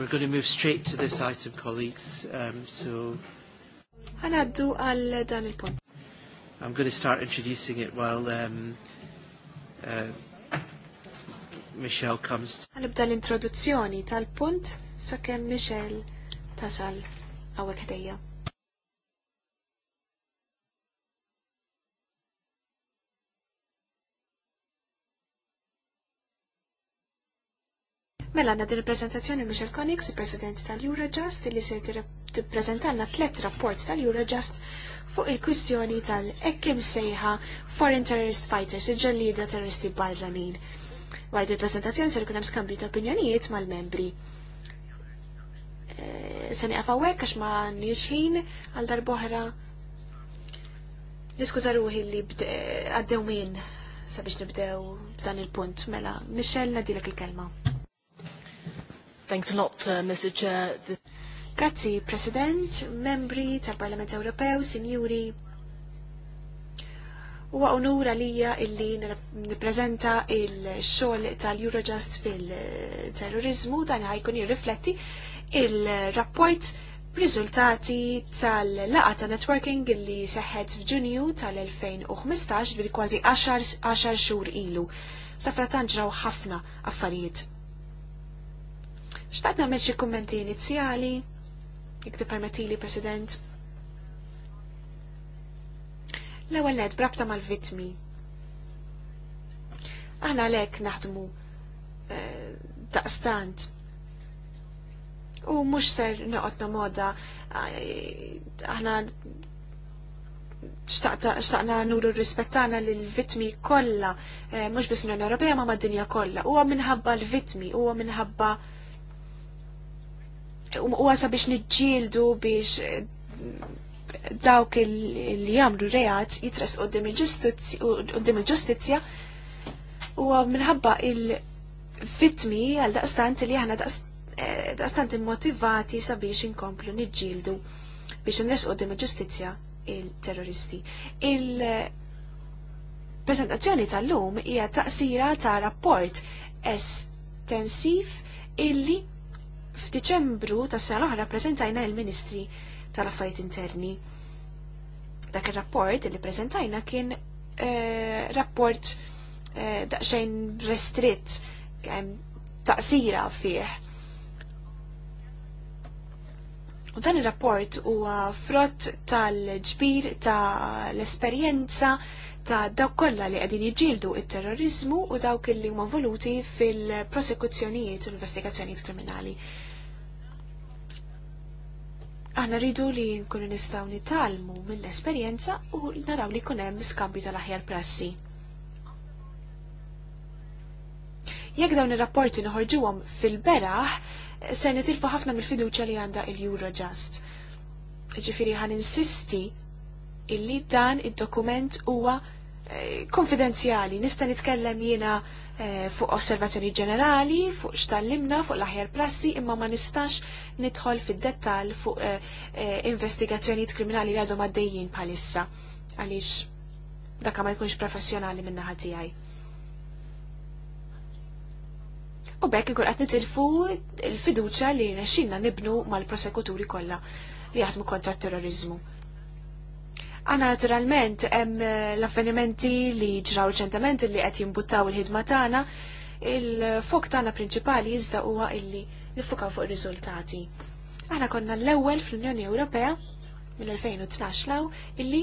We're going to move straight to this item, colleagues. Um, so. Għanaddu għal punt I'm going to start introducing it while um, uh, Michelle comes. l-introduzzjoni tal-punt sakemm Michelle tasal għawek ħdejja. Mela għandna din il-prezentazzjoni Michel Konix, il-President tal-Eurojust, li se tippreżentanna tliet rapport tal-Eurojust fuq il-kwistjoni tal-ekkim sejħa Foreign Terrorist Fighters, il-ġellida terroristi barranin. Għar il-prezentazzjoni ser kunem hemm ta' opinjonijiet mal-membri. Eh, se nieqaf għax ma nixħin għal darbohra. Niskuża ruħi li għaddew min sabiex nibdew dan il-punt. Mela, Michelle, nadilek il-kelma. Thanks a lot, uh, Mr. Chair. Grazzi, President, membri tal-Parlament Ewropew, sinjuri. Huwa onura lija illi nippreżenta il-xogħol tal-Eurojust fil-terrorizmu dan ħajkun jirrifletti il-rapport riżultati tal-laqa ta' networking illi seħħet f'Ġunju tal-2015 bil kważi 10 xhur ilu. Safratan ġraw ħafna affarijiet Xtaqt nagħmel xi kummenti inizjali, jekk permetili, President. L-ewwel nett brabta mal-vitmi. Aħna lek naħdmu eh, daqstant. U mhux ser noqgħod moda eh, aħna xtaqna nuru rispettana l-vitmi kolla, eh, mux bis l-Unjoni Ewropea ma mad-dinja kolla, u minħabba l-vitmi, u minħabba u għasa biex nġildu biex eh, dawk li jamlu reat jitres u il-ġustizja u minħabba il-vitmi għal daqstant li aħna eh, daqstant immotivati sabiex inkomplu nġildu biex nres u il-ġustizja il-terroristi. Il-presentazzjoni tal-lum hija taqsira ta' rapport estensiv illi F'Diċembru ta' sena oħra preżentajna il-Ministri tal-Affarijiet Interni. Dak ir-rapport li preżentajna kien eh, rapport eh, daqsxejn restritt taqsira fih. U dan ir-rapport huwa frott tal-ġbir ta' l-esperjenza ta' dawk kollha li qegħdin jiġġieldu it-terrorizmu u dawk li huma voluti fil-prosekuzzjonijiet u l-investigazzjonijiet kriminali. Aħna rridu li nkunu nistgħu nitalmu mill-esperjenza u naraw li jkun hemm skambju tal-aħjar prassi. Jekk dawn ir-rapporti noħorġuhom fil-beraħ, se nitilfu ħafna mill-fiduċja li għandha il-Eurojust. Ġifieri ħan insisti illi dan id-dokument huwa eh, konfidenzjali, nista' nitkellem jiena Eh, fuq osservazzjoni ġenerali, fuq xtallimna, fuq l-aħjar prassi, imma ma nistax nidħol fid-dettal fuq eh, eh, investigazzjonijiet kriminali li għadhom għaddejjin bħalissa għaliex dak ma jkunx professjonali minna naħa tiegħi. U bekk ikun qed nitilfu l-fiduċja li rnexxinna nibnu mal-prosekuturi kollha li jaħdmu kontra t-terrorizmu. Għana naturalment hemm eh, l-avvenimenti li ġraw ċentament li qed jimbuttaw il-ħidma tagħna, il-fok tagħna prinċipali iżda huwa illi nifukaw fuq ir-riżultati. Aħna konna l-ewwel fl-Unjoni Ewropea mill-2012 law illi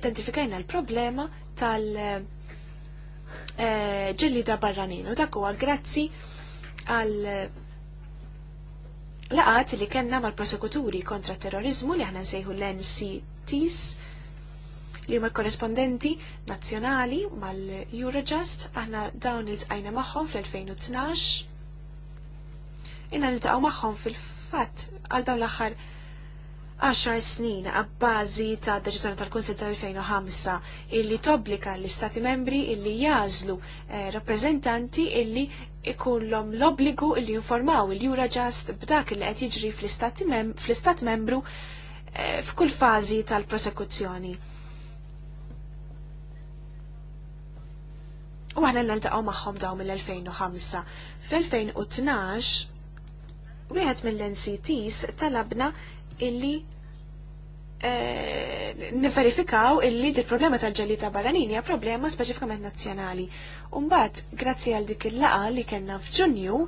identifikajna l-problema tal- eh, ġellida barranin u dak huwa grazzi għal laqat li kellna mal-prosekuturi kontra terrorizmu li aħna nsejħu l-NCTs li huma korrespondenti nazzjonali mal-Eurojust aħna dawn il-tqajna magħhom fl-2012. Inna niltaqgħu magħhom fil-fatt għal dawn l-aħħar 10 snin għabbażi ta' deċiżjoni tal-Kunsil tal-2005 illi tobblika l-Istati membri illi jażlu eh, rappreżentanti illi ikullhom l-obbligu illi jinformaw il eurojust b'dak li qed jiġri fl-istat mem membru eh, f'kull fażi tal-prosekuzzjoni. U għana naltaqaw maħħom daw mill-2005. Fl-2012, wieħed mill-NCTs talabna illi eh, niverifikaw illi di problema tal-ġelli ta' barranin hija problema speċifikament nazzjonali. Umbat, grazzi għal dik il-laqa li kellna f'Ġunju,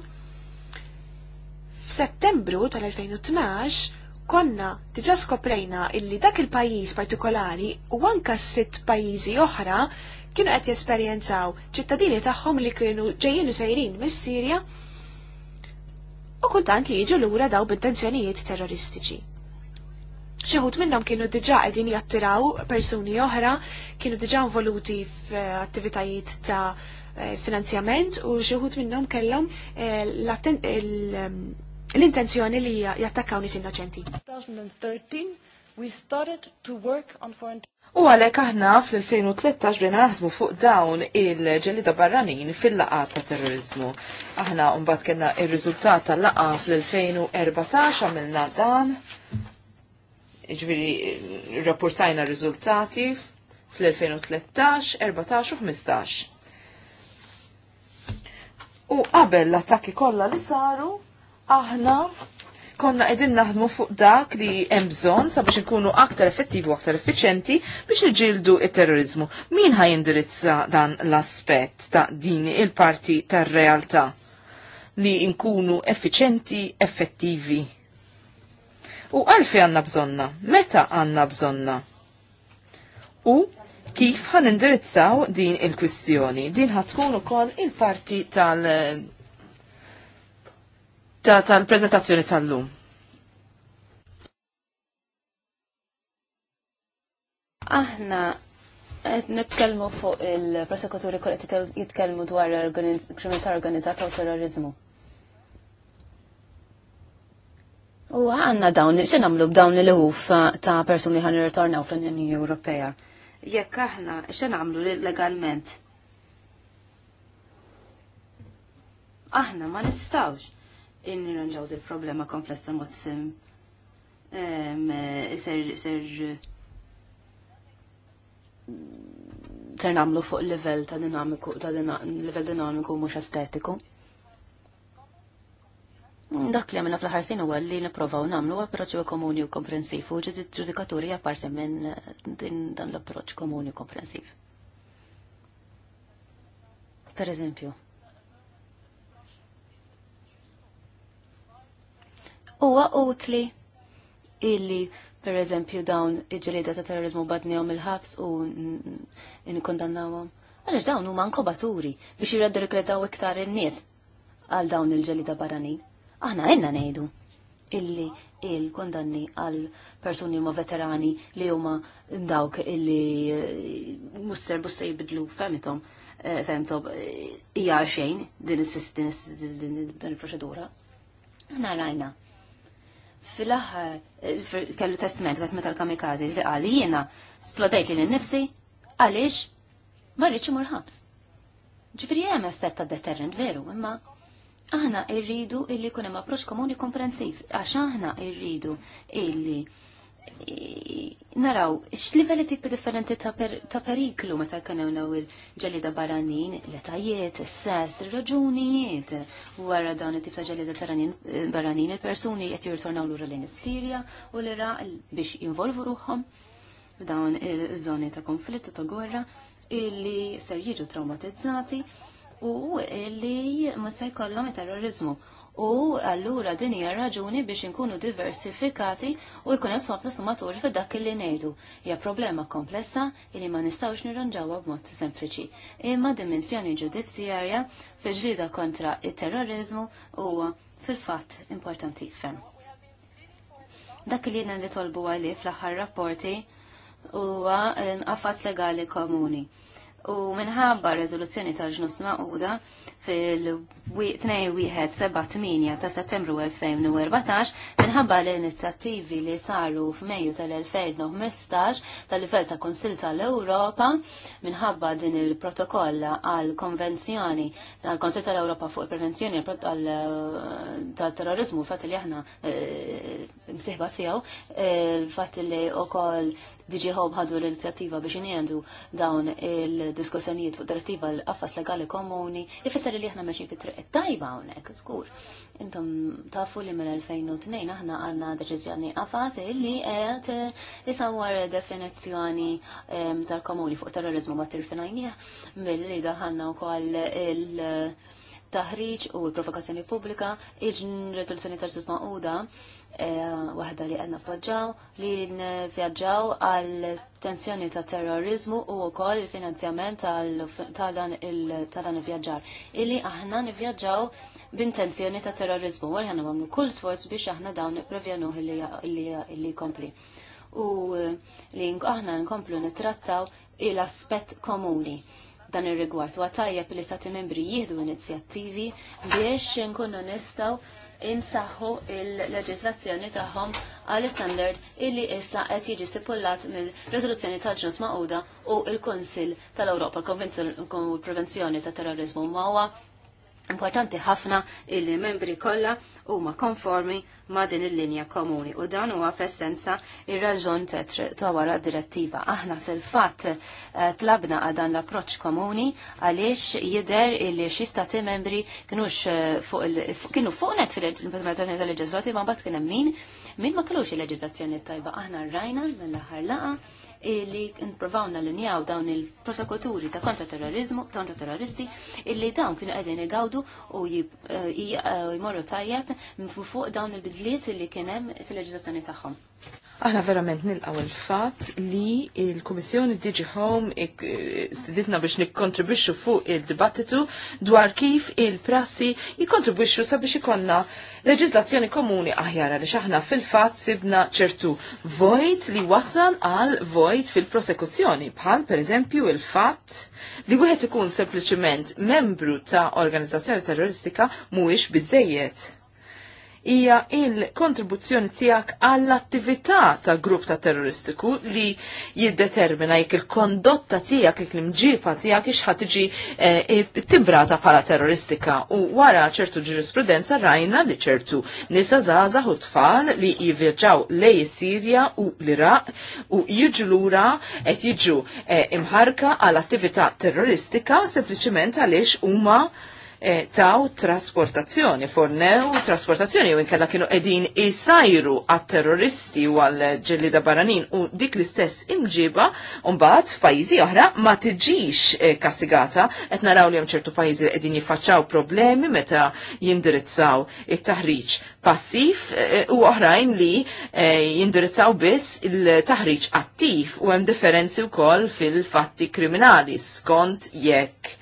f'Settembru tal-2012 konna diġa skoprejna illi dak il-pajjiż partikolari u anka sitt pajjiżi oħra kienu qed jesperjenzaw ċittadini tagħhom li kienu ġejjin sejrin mis-Sirja u kultant li jiġu lura daw b'intenzjonijiet terroristiċi. Xeħut minnhom kienu diġà qegħdin jattiraw persuni oħra, kienu diġà involuti f'attivitajiet ta' eh, finanzjament u xeħut minnhom kellhom eh, mm, l-intenzjoni li jattakkaw nies innoċenti. 2013 we started to work on foreign U għalek aħna fl-2013 bina naħsbu fuq dawn il ġellida barranin fil-laqa ta' terrorizmu. Aħna umbat kena il-rizultat tal-laqa fl-2014 għamilna dan. Iġviri rapportajna rizultati fl-2013, 14 u 15. U qabel l-attakki kollha li saru, aħna konna edin naħdmu fuq dak li hemm bżonn sabiex inkunu aktar effettivi u aktar effiċenti biex niġildu il terrorizmu Min ħaj indirizza dan l-aspett ta' din il-parti tar-realtà li nkunu effiċenti, effettivi. U għalfi għanna bżonna, meta għanna bżonna. U kif ħan indirizzaw din il-kwistjoni? Din ħatkun ukoll il-parti tal- tal-prezentazzjoni tal-lum. Aħna qed nitkellmu fuq il-prosekuturi kollet jitkellmu dwar kriminalità organizzata u terrorizmu. U għanna dawn, xe namlu b'dawn il-ħuf ta' personi ħan ritornaw fl-Unjoni Ewropea? Jekk aħna, xe namlu legalment? Aħna ma nistawx inni ranġaw il problema komplessa mod sim ser ser ser namlu fuq level ta' dinamiku ta' level dinamiku mhux estetiku. Dak li għamilna fl ħarsin u għalli niprofaw namlu nagħmlu approċċ komuni u komprensiv u ġiet ġudikaturi apparti minn dan l-approċċ komuni u komprensiv. Per eżempju, huwa utli illi per eżempju dawn iġġelida ta' terrorizmu badnijom il-ħabs u nkondannawhom. Għaliex dawn huma nkobaturi biex jirredirkretaw iktar in-nies għal dawn il-ġelida barranin. Aħna għenna ngħidu illi il-kondanni għal persuni ma veterani li huma dawk illi eh, musser busta jibidlu femtom eh, femtom eh, hija xejn din il sistin din il-proċedura. Aħna rajna fil-aħħar kellu testament għat metal l-kamikazi li għali jiena splodajt li l-nifsi għaliex ma rridx imur ħabs. Ġifieri hemm effett deterrent veru, imma aħna rridu illi jkun hemm approċċ komuni komprensiv għax aħna rridu illi naraw, x-livelli tipi differenti ta' periklu meta jkun naw il-ġelida barranin, l-etajiet, is-sess, ir-raġunijiet wara dawn it-tip ta' ġelida barranin il-persuni qed jirtornaw lura lejn is-Sirja u l-Iraq biex jinvolvu ruħom dawn iż-żoni ta' konflittu ta' gwerra illi ser jiġu traumatizzati u illi ma se jkollhom terrorizmu u allura din hija raġuni biex inkunu diversifikati u jkun hemm ħafna sumaturi fi dak li ngħidu. Hija problema komplessa li ma nistgħux nirranġawha b'mod sempliċi. Imma dimensjoni ġudizzjarja fil-ġlida kontra it-terrorizmu huwa fil-fatt importanti ferm. Dak li jiena tolbu għalih fl-aħħar rapporti huwa qafas legali komuni u minħabba rezoluzzjoni tal-ġnus maquda fil 2 7 8 ta' settembru 2014 minħabba l-inizjattivi li saru f'Mejju tal-2015 tal-livell ta' Konsil tal-Ewropa minħabba din il-protokoll għal konvenzjoni tal konsil tal-Ewropa fuq il-prevenzjoni tal-terrorizmu fatt li aħna eh, msiħba tiegħu eh, fatt li wkoll DG Home ħadu l-inizjattiva biex injendu dawn il-diskussjonijiet fuq direttiva l affas legali komuni ifisser jfisser li aħna meċin fit triq tajba hawnhekk, żgur. Intom tafu li mill-2002 aħna għandna deċiżjoni qafas li qed jisawar eh, definizzjoni eh, tal-komuni fuq terrorizmu ma mill milli daħanna wkoll il- taħriġ u provokazzjoni pubblika, il-rezoluzzjoni tal-ġus maquda, eh, waħda li għedna poġġaw, li n-vjaġġaw għal Intenzjoni ta' terrorizmu u wkoll il-finanzjament ta' dan il-vjaġġar. Illi aħna nivvjaġġaw b'intenzjoni ta' terrorizmu, u ħana għamlu kull sforz biex aħna dawn niprevjenu illi jkompli. U eh, li aħna nkomplu nittrattaw il-aspett komuni dan ir-rigward u għatajja li stati membri jieħdu inizjattivi biex nkunu nistgħu insaħħu il-leġislazzjoni tagħhom għal standard illi issa qed jiġi stipullat mill resoluzzjoni tal-Ġnus Maquda u l-Kunsill tal-Ewropa Konvenzjoni tal Terrorizmu ma Importanti ħafna il-membri kollha huma konformi ma' din il-linja komuni u dan huwa fl-essenza ir-raġun tawara wara direttiva. Aħna fil-fatt eh, tlabna għal dan l-approċċ komuni għaliex jidher il xi stati membri eh, kienu fuq net fil-implementazzjoni tal leġislattiva ma mbagħad kien hemm min min ma kellux il-leġiżlazzjoni tajba. Aħna rajna mill-aħħar laqa li nprovaw nallinjaw dawn il-prosekuturi ta' kontraterrorizmu, kontraterroristi, illi dawn kienu għedin għawdu u jimorru eh, eh, tajjeb fuq dawn il-bidliet li kienem fil-leġizazzjoni tagħhom. Aħna verament nilqaw il-fat li il-Kummissjoni Digi Home stiditna biex nikkontribwixxu fuq il-dibattitu dwar kif il-prassi jikkontribwixxu sabiex ikonna leġislazzjoni komuni aħjar għaliex aħna fil-fatt sibna ċertu vojt li wassal għal vojt fil-prosekuzzjoni bħal pereżempju il-fatt li wieħed ikun sempliċement membru ta' organizzazzjoni terroristika mhuwiex biżejjed hija il-kontribuzzjoni tiegħek għall-attività ta' grupp ta' terroristiku li jiddetermina jekk il-kondotta tiegħek jekk l-imġiba tiegħek ix ħadd tiġi e, timbrata bħala terroristika. U wara ċertu ġurisprudenza rajna li ċertu nisa żgħażagħ u tfal li jivvjaġġaw lej Sirja u l-Iraq u jiġu lura qed jiġu e, imħarka għall attività terroristika sempliċiment għaliex huma E, taw trasportazzjoni, fornew trasportazzjoni u inkella kienu edin isajru għat terroristi u għal ġellida baranin u dik l-istess imġiba unbat f'pajjiżi oħra ma tiġix kassigata e, kastigata qed naraw li hemm ċertu pajjiżi qegħdin jiffaċċaw problemi meta jindirizzaw it-taħriġ passiv e, u oħrajn li jindirizzaw biss il-taħriġ attiv u hemm differenzi wkoll fil-fatti kriminali skont jekk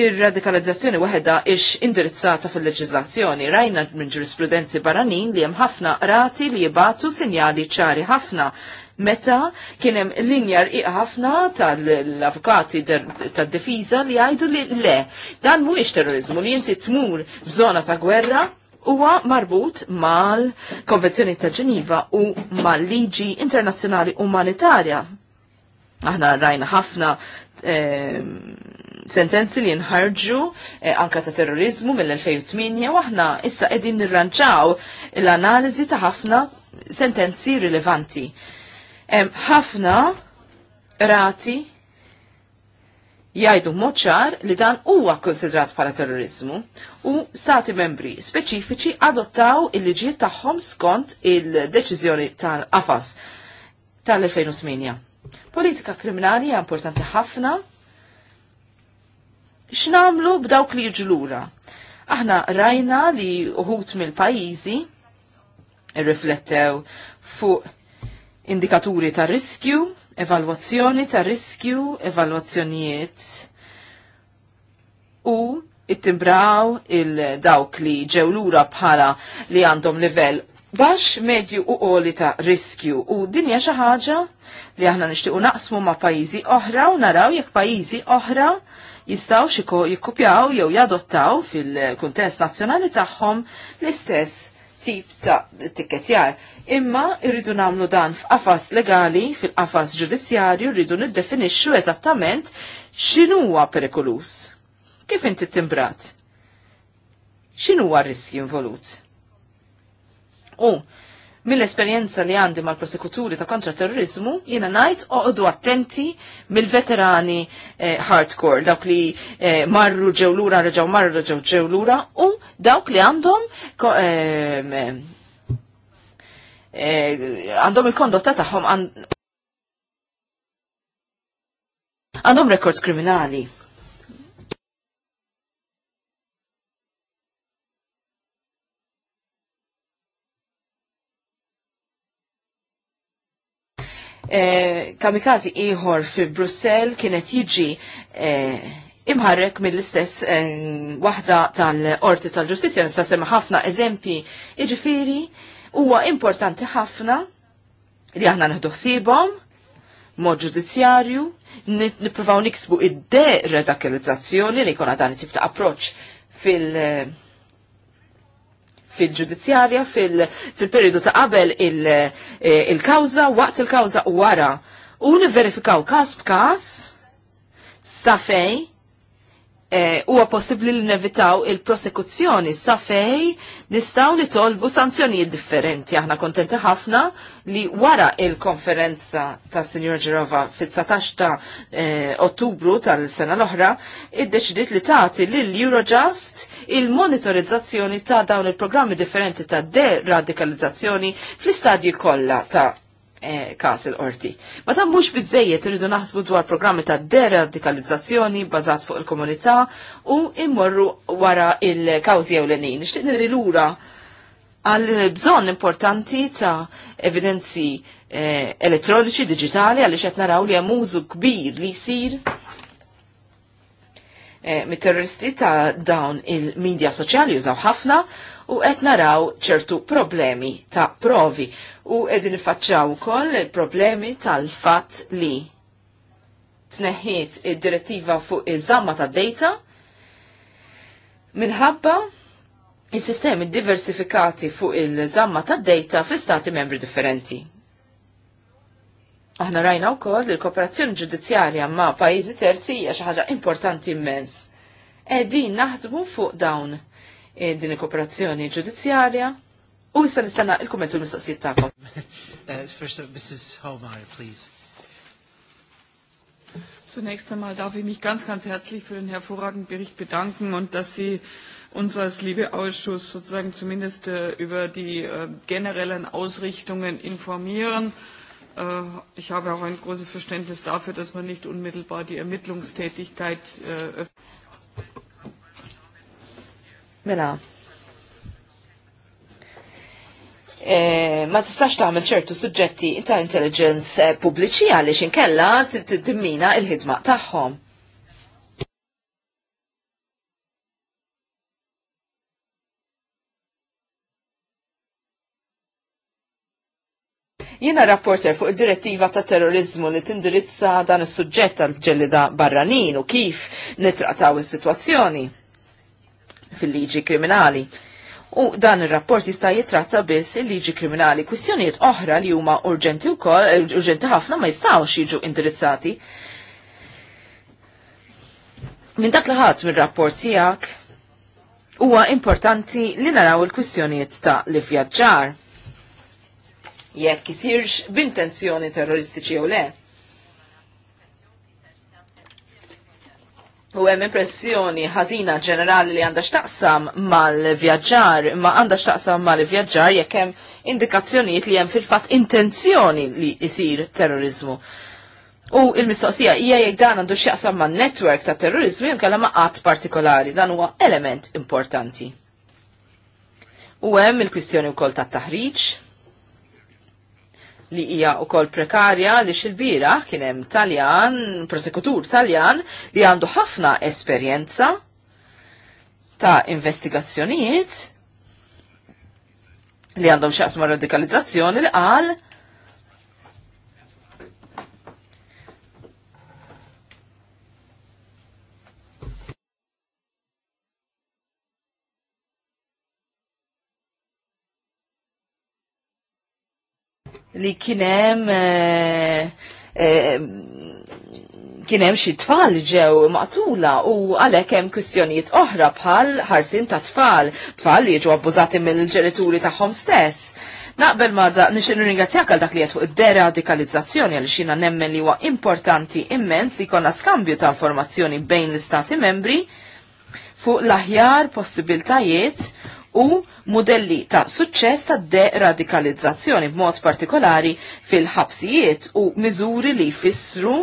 Ir-radikalizzazzjoni waħedha ix indirizzata fil-leġizlazzjoni rajna minn ġurisprudenzi barranin li hemm ħafna rati li jibatu sinjali ċari ħafna meta kien hemm linjar ħafna tal-avukati tad-difiża li jgħidu li le dan mhuwiex terrorizmu li inti tmur f'żona ta' gwerra huwa marbut mal-Konvenzjoni ta' Ġeniva u mal-liġi internazzjonali umanitarja. Aħna rajna ħafna eh, sentenzi li nħarġu eh, anka ta' terrorizmu mill-2008 u aħna issa qegħdin nirranġaw l-analiżi ta' ħafna sentenzi rilevanti. Ħafna rati jgħidu moċar li dan huwa konsidrat bħala terrorizmu u stati membri speċifiċi adottaw il-liġijiet tagħhom skont il-deċiżjoni tal-qafas tal-2008. Politika kriminali hija importanti ħafna x'namlu b'dawk li ġlura. Aħna rajna li uħut mill-pajjiżi riflettew fuq indikaturi ta' riskju, evalwazzjoni ta' riskju, evalwazzjonijiet u it-timbraw il-dawk li ġewlura bħala li għandhom livell baxx medju u għoli ta' riskju u dinja xi ħaġa li aħna nixtiequ naqsmu ma' pajjiżi oħra u naraw jekk pajjiżi oħra jistaw xiko jikkupjaw jew jadottaw fil-kuntest nazzjonali tagħhom l-istess tip ta' tikketjar. Imma irridu namlu dan f'qafas legali, fil-qafas ġudizzjarju, rridu niddefinixxu eżattament x'inhuwa perikolus. Kif inti timbrat? X'inhuwa r-riskju involut? U mill-esperjenza li għandi mal-prosekuturi ta' kontra terrorizmu, jena najt oqdu attenti mill-veterani eh, hardcore, dawk li eh, marru ġewlura, reġaw marru reġaw ġewlura, u dawk li għandhom ehm, eh, għandhom eh, il-kondotta tagħhom għandhom rekords kriminali. Eh, kamikazi ieħor fi Brussell kienet jiġi eh, imħarrek mill-istess wahda eh, waħda tal-Orti tal-Ġustizzja nista' semma ħafna eżempji iġifiri, huwa importanti ħafna li aħna naħduħsibhom mod ġudizzjarju, nippruvaw niksbu id redakalizzazzjoni li jkun dan tip ta' approċċ fil- fil-ġudizzjarja fil-periodu ta' qabel eh, il-kawza, waqt il-kawza u wara. U verifikaw kas b'kas sa' fej Eh, huwa possibbli li nevitaw il-prosekuzzjoni sa fej nistaw li tolbu sanzjonijiet differenti. Aħna kontenti ħafna li wara il-konferenza ta' Sinjor Ġerova fit-19 ta' eh, Ottubru tal-sena l-oħra, iddeċidiet li tagħti lill Eurojust il-monitorizzazzjoni ta' dawn il-programmi differenti ta' deradikalizzazzjoni fl-istadji kollha ta' Eh, kas il-qorti. Ma ta' mux bizzejiet rridu naħsbu dwar programmi ta' deradikalizzazzjoni bazat fuq il-komunità u immorru wara il-kawzi ewlenin. Nixtieq nirri lura għal bżonn importanti ta' evidenzi eh, elettroniċi, digitali, għalli xet naraw li għamużu kbir li jisir eh, mit-terroristi ta' dawn il-medja soċjali jużaw ħafna u qed naraw ċertu problemi ta' provi u edin faċċaw kol il-problemi tal-fat li tneħħiet id-direttiva fuq iż-żamma ta' data minħabba il-sistemi diversifikati fuq il-żamma ta' data fl-istati membri differenti. Aħna rajna wkoll li l-kooperazzjoni ġudizzjarja ma' pajjiżi terzi hija xi ħaġa importanti immens. Qegħdin naħdmu fuq dawn eh, din il-kooperazzjoni ġudizzjarja U issa il-kommentu l-mistoqsijiet tagħkom. <laughs> Uh, first of Mrs. Holmeyer, please. Zunächst einmal darf ich mich ganz, ganz herzlich für den hervorragenden Bericht bedanken und dass Sie uns als Liebeausschuss sozusagen zumindest äh, über die äh, generellen Ausrichtungen informieren. Äh, ich habe auch ein großes Verständnis dafür, dass man nicht unmittelbar die Ermittlungstätigkeit äh, öffnet. Mela, Eh, ma tistax tagħmel ċertu suġġetti ta' intelligence eh, pubbliċi għaliex inkella timmina il-ħidma tagħhom. Jiena rapporter fuq id-direttiva ta' terrorizmu li tindirizza dan is-suġġett tal-ġellida barranin u kif nitrataw is-sitwazzjoni fil-liġi kriminali u dan ir-rapport jista' jitratta biss il-liġi kriminali. Kwistjonijiet oħra li huma urġenti wkoll, urġenti ħafna ma jistgħux jiġu indirizzati. Minn dak li ħadd mir-rapport tiegħek huwa importanti li naraw il-kwistjonijiet ta' li vjaġġar. Jekk isirx b'intenzjoni terroristiċi jew le. U hemm impressjoni ħażina ġenerali li għandha x'taqsam mal-vjaġġar, ma għandha x'taqsam mal-vjaġġar jekk hemm indikazzjonijiet li hemm fil-fatt intenzjoni li jsir terrorizmu. U il-mistoqsija hija jekk dan għandu x'jaqsam man netwerk ta' terrorizmu jew kellha maqat partikolari dan huwa element importanti. U hemm il-kwistjoni wkoll tat-taħriġ, li hija wkoll prekarja li xilbira kien hemm Taljan, prosekutur Taljan li għandu ħafna esperjenza ta' investigazzjonijiet li għandhom xaqsma radikalizzazzjoni li qal li kienem eh, eh, kienem xi tfal ġew maqtula u għalhekk hemm kwistjonijiet oħra bħal ħarsin ta' tfal, tfal li jiġu abbużati mill-ġenituri tagħhom stess. Naqbel ma da nixin ringrazzjak għal dak li jtfuq deradikalizzazzjoni għal xina nemmen li huwa importanti immens li konna skambju ta' informazzjoni bejn l-istati membri fuq l-aħjar possibiltajiet u modelli ta' suċċess ta' deradikalizzazzjoni b'mod partikolari fil-ħabsijiet u miżuri li jfissru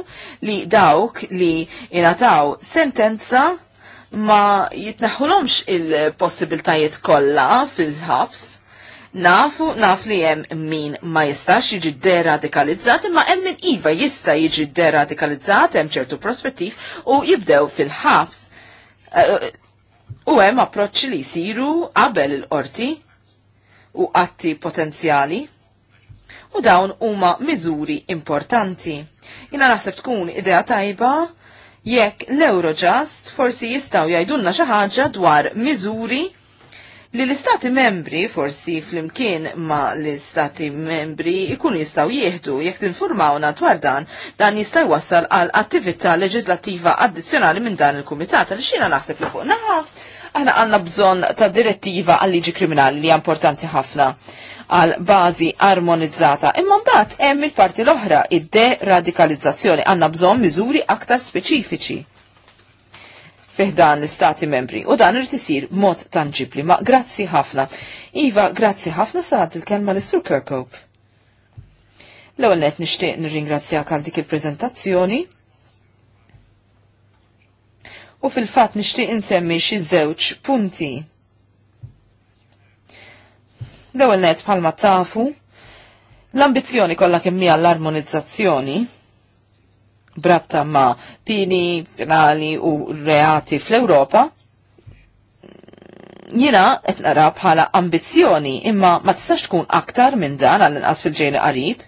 li dawk li inataw sentenza ma jitnaħħulhomx il-possibiltajiet kollha fil-ħabs. Nafu, naf li jem min ma jistax jiġi deradikalizzat, imma jem min iva jista jiġi deradikalizzat, jem ċertu prospettiv u jibdew fil-ħabs eh, U hemm approċċi li jsiru qabel il-qorti u atti potenzjali u dawn huma miżuri importanti. Jina naħseb tkun idea tajba jekk l-Eurojust forsi jistaw jajdunna xi ħaġa dwar miżuri li l-istati membri forsi flimkien ma l-istati membri ikun jistaw jieħdu jekk tinformawna dwar dan dan jista' jwassal għal attività leġislattiva addizzjonali minn dan il-kumitat għal xina naħseb li fuq naħa aħna għandna bżonn ta' direttiva għal liġi kriminali li importanti ħafna għal bazi armonizzata. Imma mbagħad hemm il-parti l-oħra, id-deradikalizzazzjoni għandna bżonn miżuri aktar speċifiċi fiħdan l-Stati membri u dan irid isir mod tangibli ma' grazzi ħafna. Iva, grazzi ħafna sanat il-kelma l-Sur Kirkhope. L-ewwel net nixtieq nirringrazzjak għal dik il-preżentazzjoni u fil-fatt nixtieq insemmi xi żewġ punti. L-ewwel net bħalma tafu l-ambizzjoni kollha kemm hija l-armonizzazzjoni brabta ma' pini, penali u reati fl-Europa, jina qed nara bħala ambizzjoni imma ma tistax tkun aktar minn dan għall inqas fil ġejni qarib.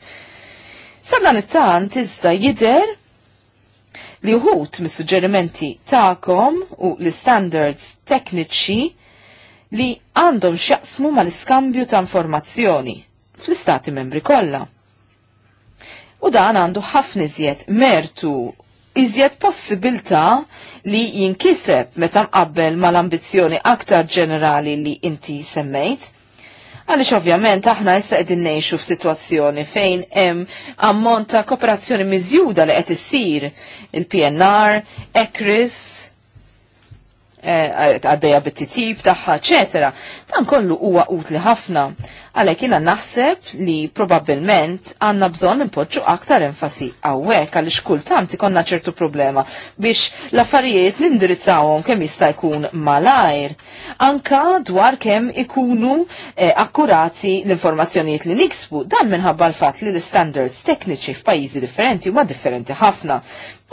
Sabna nittan tista' jidher li uħut mis-suġġerimenti ta'kom u l-standards tekniċi li għandhom x'jaqsmu mal-iskambju ta' informazzjoni fl-istati membri kollha u dan għandu ħafna iżjed mertu iżjed possibilta li jinkiseb meta mqabbel mal-ambizzjoni aktar ġenerali li inti semmejt. Għalix ovvjament aħna issa qegħdin ngħixu f'sitwazzjoni fejn hemm ammont ta' kooperazzjoni miżjuda li qed issir il-PNR, ECRIS, Eh, għaddeja bittitib taħħa, etc. Dan kollu huwa utli ħafna. Għalek jina naħseb li probabilment għanna bżon nipoġġu aktar enfasi għawek għal kultant ikonna ċertu problema biex l-affarijiet nindirizzawhom kemm jista' jkun malajr. Anka dwar kemm ikunu eh, akkurati l-informazzjonijiet li niksbu dan minħabba l-fatt li l-standards tekniċi f'pajjiżi differenti huma differenti ħafna.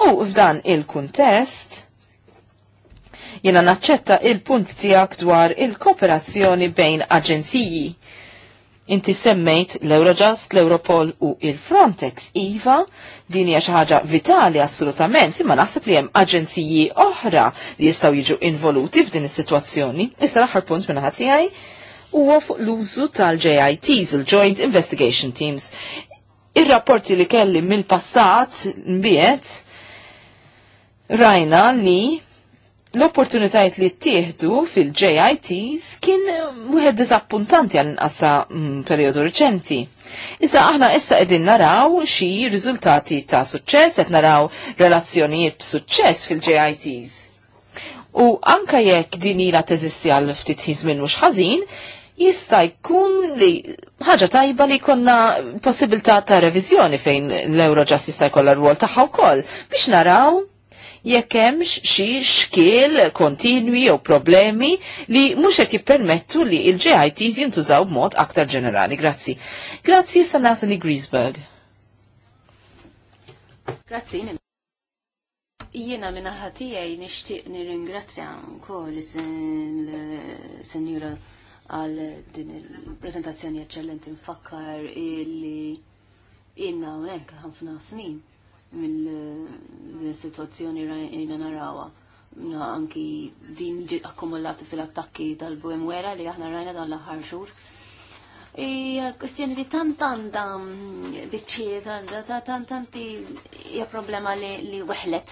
U f'dan il-kuntest, Jena naċċetta il-punt tijak dwar il-kooperazzjoni bejn aġenziji. Inti semmejt l-Eurojust, l-Europol u il-Frontex. Iva, din hija xi ħaġa vitali assolutament, imma naħseb li hemm aġenziji oħra li jistgħu jiġu involuti f'din is-sitwazzjoni. Issa l-aħħar punt minn ħatijaj tiegħi huwa fuq l-użu tal-JITs, il-Joint Investigation Teams. Ir-rapporti li kelli mill-passat mbiet rajna li l-opportunitajiet li ttieħdu fil-JITs kien wieħed diżappuntanti għal nqassa mm, perjodu riċenti. Iżda aħna issa qegħdin naraw xi riżultati ta' suċċess qed naraw relazzjonijiet b'suċċess fil-JITs. U anka jekk din ila teżisti għal ftit ħiżmin mhux ħażin, jista' jkun li ħaġa tajba li konna possibilità ta' reviżjoni fejn l-Eurojust jista' jkollha rwol tagħha wkoll biex naraw jekk xi xkiel kontinwi jew problemi li mhux qed jippermettu li l-GITs jintużaw b'mod aktar ġenerali. Grazzi. Grazzi sa Nathani Griesberg. Grazzi. Jiena minna ħatijaj nixtieq nirringrazzja wkoll is-senjura għal din il-prezentazzjoni eċċellenti nfakkar illi jiena hawnhekk ħafna snin mill-situazzjoni rajna narawa. Anki din ġi akkumulati fil-attakki tal wera li aħna rajna dan l-aħħar xhur. Ija kustjoni li tant għanda mm, bitċiet, għanda tan ti hija problema li weħlet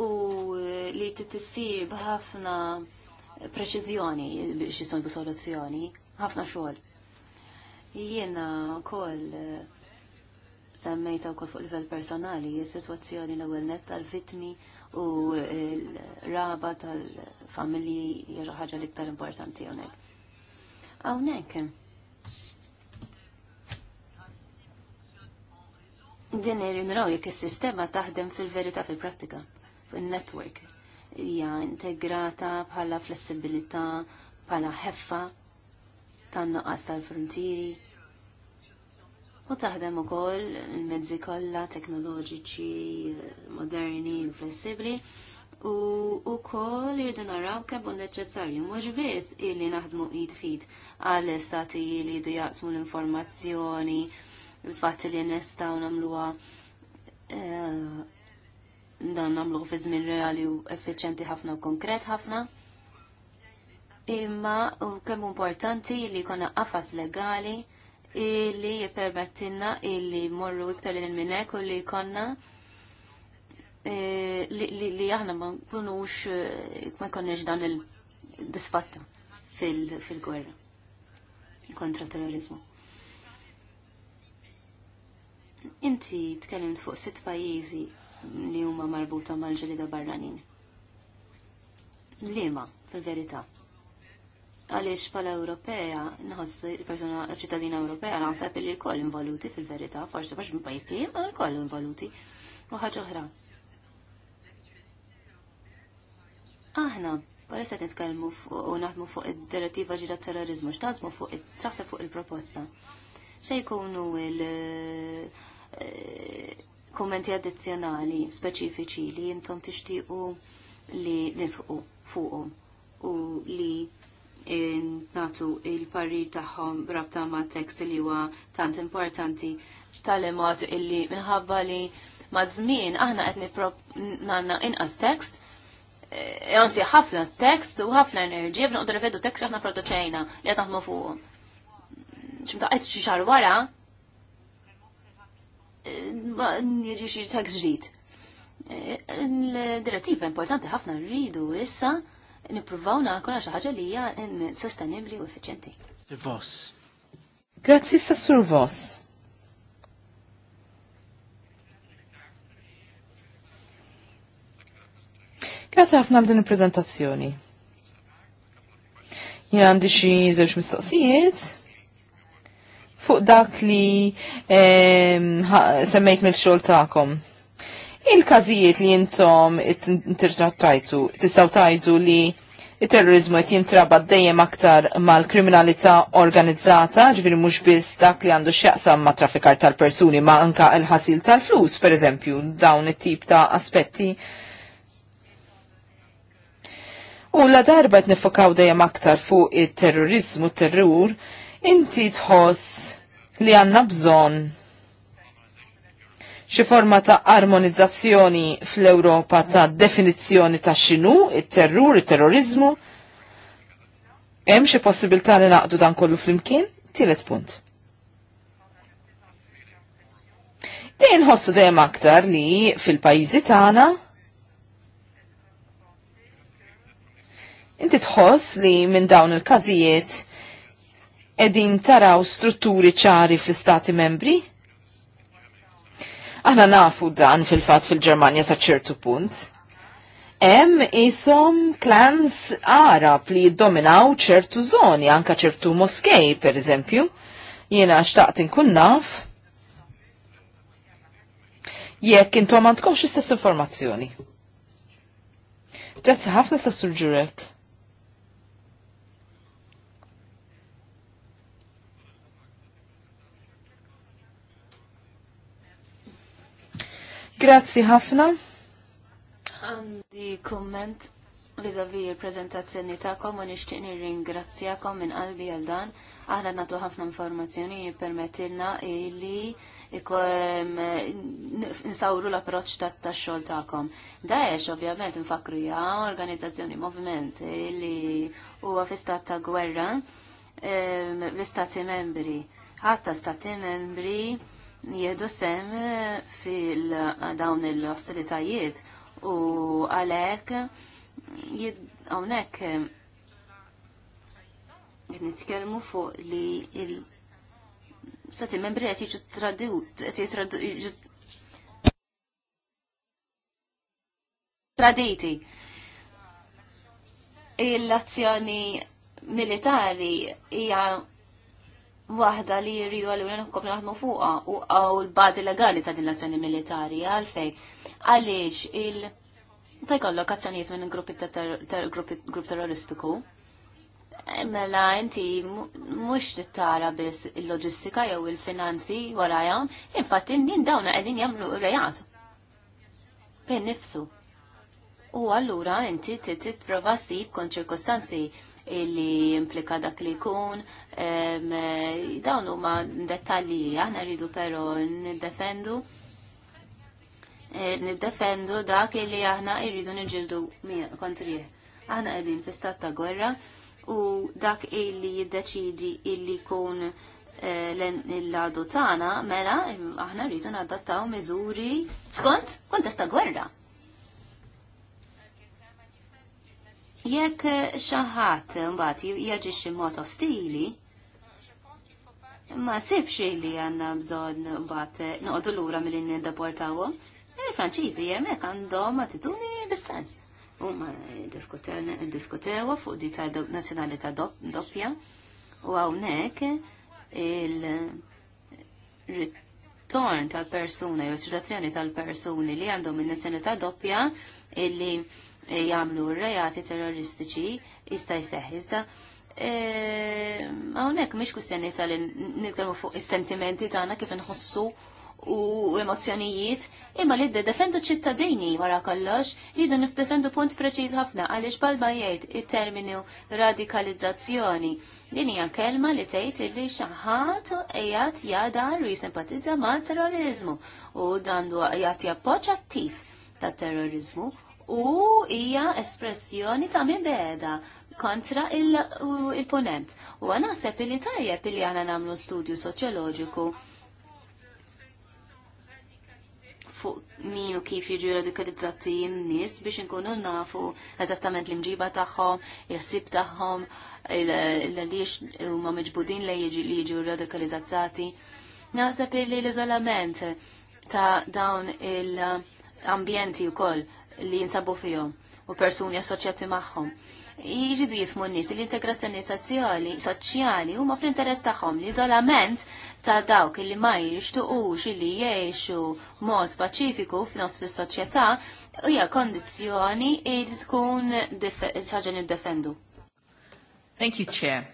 u li tissir b'ħafna preċiżjoni biex jisolbu soluzzjoni, ħafna xogħol. Jiena wkoll semmejta u fuq livell personali, is-sitwazzjoni l-ewwel net tal-vittmi u l-raba tal-familji hija xi ħaġa l-iktar importanti hawnhekk. Hawnhekk din il-raw jekk is-sistema taħdem fil-verità fil-prattika, fil-network. Hija integrata bħala flessibilità, bħala ħeffa tan-nuqqas tal-frontieri, u taħdem ukoll il-mezzi kollha teknoloġiċi moderni inflessibbli, u wkoll jridu naraw kemm hu neċessarju mhux biss illi naħdmu id fit għal estati li jdu jaqsmu l-informazzjoni il-fatt li nistgħu nagħmluha eh, dan nagħmlu fi żmien reali u effiċjenti ħafna u konkret ħafna imma kemm importanti li jkollna qafas legali illi jipermettinna illi morru iktar lil minnek u li konna eh, li aħna ma nkunux eh, ma konnex dan il-disfatta fil-gwerra kontra terrorizmu. Inti tkellimt fuq sitt pajjiżi li huma marbuta mal-ġelida barranin. Lima, fil-verità għaliex pala Ewropea, nħoss persona ċittadina Ewropea, naħseb li l-koll involuti fil-verità, forse bħax minn pajjiż ma l-koll involuti. U ħaġa oħra. Aħna, se nitkellmu u naħdmu fuq id-direttiva ġida terrorizmu, x'tażmu fuq x'taħseb fuq il-proposta. Xej jkunu il- eh, kommenti addizzjonali speċifiċi li jintom tixtiequ li nisħu fuqu u li natu il parri tagħhom rabta ma' tekst li huwa tant importanti tal-mod illi minħabba li ma' żmien aħna qed nanna inqas tekst Għanzi, eh, ħafna tekst u ħafna enerġija, b'na għodra veddu tekst ħafna produċejna li għat naħmu fuq. ċimta għajt xar wara, eh, jieġi xie tekst ġdijt. Eh, l direttiva importanti ħafna rridu issa nippruvaw nagħmlu xi ħaġa li hija sostenibbli u il Voss. Grazzi Sassur Voss. Grazzi ħafna għal din il prezentazzjoni Jina għandi xi żewġ mistoqsijiet fuq dak li ehm, semmejt mill-xogħol tagħkom il-każijiet li jintom tirtrattajtu, tistaw tajdu li il-terrorizmu qed jintrabad dejjem aktar mal-kriminalità organizzata, ġifieri mhux biss dak li għandu x'jaqsam ma' traffikar tal-persuni ma' anka l-ħasil tal-flus, pereżempju, dawn it-tip ta' aspetti. U la darba qed nifokaw dejjem aktar fuq it-terrorizmu, terrur, inti tħoss li għandna bżonn xi forma ta' armonizzazzjoni fl-Ewropa ta' definizzjoni ta' xinu, it-terrur, it-terrorizmu. Hemm xi possibilità li naqdu dan kollu flimkien? Tielet punt. Dejn ħossu dejjem aktar li fil-pajjiżi tagħna Inti tħoss li minn dawn il-każijiet qegħdin taraw strutturi ċari fl-istati membri? Aħna nafu dan fil-fat fil-Ġermanja sa ċertu punt. Hemm isom klans Arab li jiddominaw ċertu zoni, anka ċertu moskej, per eżempju. Jiena xtaqt inkun naf. Jekk intom xi stess informazzjoni. Grazzi ħafna sa' surġurek. Grazzi ħafna. Għandi komment vizavi il-prezentazzjoni ta'kom u nixtieq nirringrazzjakom minn qalbi għal dan. Aħna nagħtu ħafna informazzjoni jippermettilna illi nsawru l-approċċ tax-xogħol tagħkom. Daesh ovvjament infakru ja organizzazzjoni moviment li huwa fi stat ta' gwerra ehm, l-istati membri. Għatta stati membri Jiedu sem eh, fil-dawn eh, il-ostilitajiet u għalek għonek eh, nitkelmu fuq li il sati membri jiġu tradut, għet jiġu traditi. Il-azzjoni militari hija waħda li rridu għalli unan kopni naħdmu fuqa u għaw l-bazi legali ta' din l-azzjoni militari għalfej. Għalix il- ta' jkollok azzjonijiet minn grupp terroristiku. Eh, mela inti mux tara biss il-loġistika jew il-finanzi warajam, infatti din dawna qegħdin jagħmlu rejat. Fejn nifsu. U allura inti titprova sib kon ċirkostanzi Illi implika dak li jkun. Dawn huma dettalji aħna rridu però niddefendu eh, niddefendu dak illi aħna rridu niġildu kontrih. Aħna qegħdin fi stat ta' gwerra u dak illi jiddeċidi illi jkun eh, l-għadu tagħna mela aħna rridu nadattaw miżuri skont kontesta gwerra Jekk xaħat mbagħad xi mod ostili, ma sibx li għandna bżonn mbagħad noqogħdu lura milli niddeportawhom. Il-Franċiżi hemmhekk għandhom attitudni bis-sens. Huma ddiskutewha fuq di ta' nazzjonalità doppja u hawnhekk il ritorn tal-persuna, jew situazzjoni tal-persuni li għandhom in-nazzjonalità doppja illi E, jagħmlu rejati terroristiċi jista' jseħħ iżda e, hawnhekk mhix kwistjoni tal nitkellmu fuq is-sentimenti tagħna kif inħossu u emozjonijiet, imma li defendu ċittadini wara kollox, li dun nifdefendu punt preċiż ħafna għaliex palma jgħid it-terminu radikalizzazzjoni. Din hija kelma li tgħid li xi ħadd qiegħed jadar u jisimpatizza ma' terrorizmu u dan qiegħed appoġġ attiv tat-terrorizmu u hija espressjoni ta' minn beda kontra il-ponent. u għana sepp li tajjeb li għana namlu studju soċjoloġiku fuq minu u kif jiġu radikalizzati n-nis biex nkunu nafu eżattament l-imġiba tagħhom, il-sib tagħhom, l u huma meġbudin li jiġu radikalizzati. Naħseb li l-iżolament ta' dawn il-ambjenti u koll li jinsabu fihom u persuni assoċjati magħhom. Jiġidu jifmu n nis li l-integrazzjoni soċjali soċjali huma fl-interess tagħhom l-iżolament ta' dawk li ma jixtuqux li jgħixu mod paċifiku f'nofs is-soċjetà hija kondizzjoni li tkun ħaġa niddefendu. Thank you, Chair.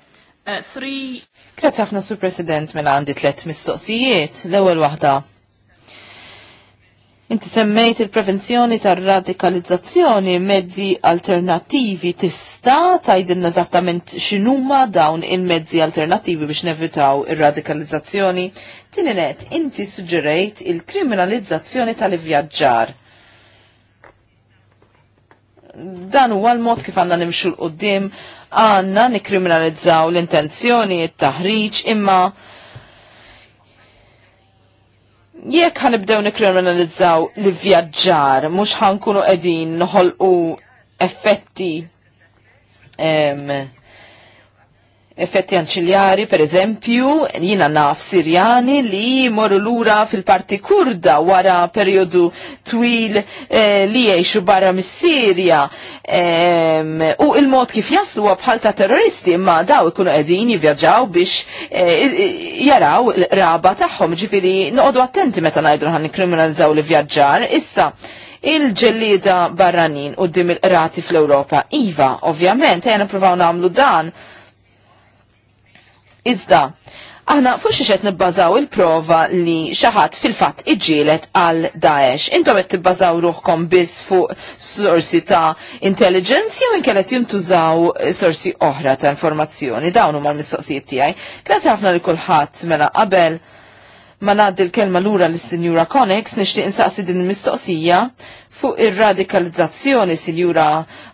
Uh, three... Grazie ħafna, Sur President, mela għandi tlet mistoqsijiet. L-ewwel waħda Inti semmejt il-prevenzjoni tar-radikalizzazzjoni mezzi alternativi tista' tajdilna eżattament x'inhuma dawn il-mezzi alternativi biex nevitaw ir-radikalizzazzjoni. Tieni inti suġġerejt il-kriminalizzazzjoni tal-ivvjaġġar. Dan huwa l-mod kif għandna nimxu l-qoddim għandna nikkriminalizzaw l-intenzjoni, il taħriġ imma jekk ħanibdew nikriminalizzaw li vjaġġar mhux ħankunu qegħdin noħolqu effetti effetti anċiljari, per eżempju, jina naf Sirjani li moru lura fil-parti kurda wara periodu twil eh, li jiexu barra mis sirja u il-mod kif jaslu bħal ta' terroristi imma daw ikunu edin jivjaġaw biex eh, jaraw raba taħħom ġifiri noqdu attenti meta najdru għan kriminalizzaw li vjaġġar issa il-ġellida barranin u dim il-rati fl-Europa. Iva, ovvjament, jena provaw namlu dan Iżda, aħna fuq xi qed nibbażaw il-prova li xi ħadd fil-fatt iġġielet għal Daesh. Intom qed tibbażaw ruħkom biss fuq sorsi ta' intelligence jew inkella qed jintużaw sorsi oħra ta' informazzjoni. Dawn huma l-mistoqsijiet tiegħi. Grazzi ħafna li kulħadd mela qabel ma ngħaddi l-kelma lura lis sinjura Konex nixtieq insaqsi din il-mistoqsija fuq ir-radikalizzazzjoni Sinjura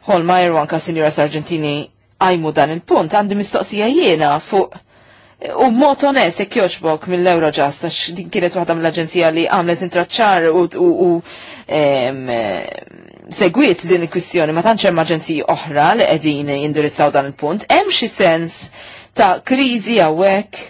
Holmeyer u anka Sinjura Sargentini għajmu dan il-punt għandi mistoqsija jiena fuq U mod onest, ek joċbok mill-Eurojust, għax din kienet waħda mill-Aġenzija li għamlet intraċċar u, u, u em, din il-kwistjoni, ma tantx hemm aġenziji oħra li qegħdin indirizzaw dan il-punt. Hemm xi sens ta' kriżi għawek,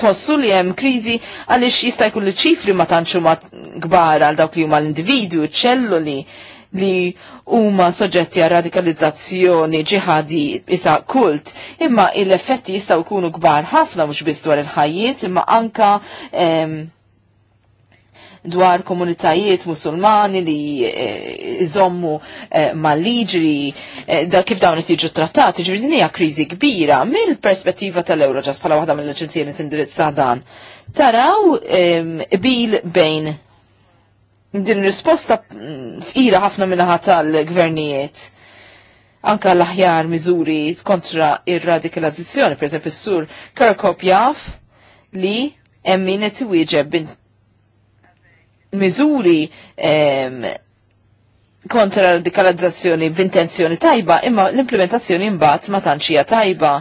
tħossu li hemm kriżi għaliex jista' jkun li ċifri ma tanċu ma kbar għal dawk li huma l-individwi, ċelluli. Li li huma soġġetti għal radikalizzazzjoni ġihadi isa kult, imma l-effetti jistgħu jkunu kbar ħafna mhux biss dwar il-ħajjiet, imma anka em, dwar komunitajiet musulmani li eh, iżommu eh, mal-liġri eh, da kif dawn qed jiġu trattati, ġifieri din hija kriżi kbira mill-perspettiva tal-Euroġas bħala waħda mill-aġenzija li tindirizza dan. Taraw bil bejn din risposta f'ira ħafna minnaħat tal-gvernijiet. Anka l-aħjar miżuri kontra ir-radikalizzazzjoni, per eżempju, s-sur Kirkop jaf li emmin qed iwieġeb bin miżuri kontra radikalizzazzjoni b'intenzjoni tajba, imma l-implementazzjoni mbagħad ma tantx tajba.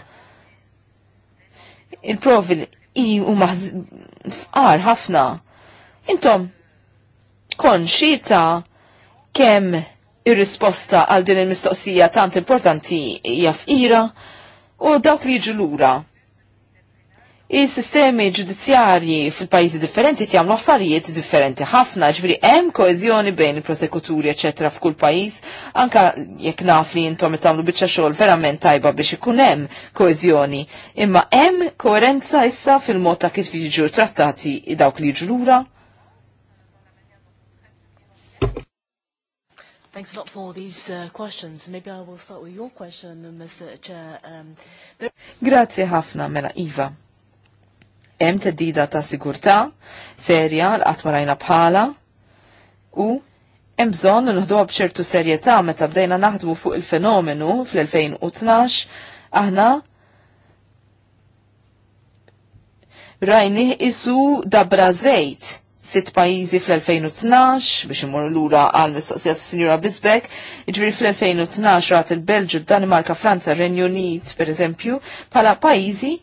Il-provi huma fqar ħafna. Intom, konxita kemm ir-risposta għal din il-mistoqsija tant importanti hija fqira u dawk li jiġu lura. Il-sistemi ġudizzjarji fil-pajjiżi differenti jagħmlu affarijiet differenti ħafna, ġifieri hemm koeżjoni bejn il-prosekuturi eċetera f'kull pajjiż, anka jekk naf li intom tagħmlu biċċa xogħol verament tajba biex ikun hemm koeżjoni, imma hemm koerenza issa fil-mod ta' kif jiġu trattati dawk li jiġu lura? Thanks a lot for these uh, questions. Maybe I will start with your question, Mr. Chair. Um, there... Grazie ħafna, Mela Iva. Hemm teddida ta' sigurtà serja l qatt marajna bħala u hemm bżonn nħduha b'ċertu serjetà meta bdejna naħdmu fuq il-fenomenu fl-2012 aħna rajni isu dabra żejt sitt pajizi fl-2012 biex imur lura għal mistoqsija s-Sinjura Bisbek, ġviri fl-2012 rat il-Belġu, Danimarka, Franza, Renju Unit, per eżempju, pala pajizi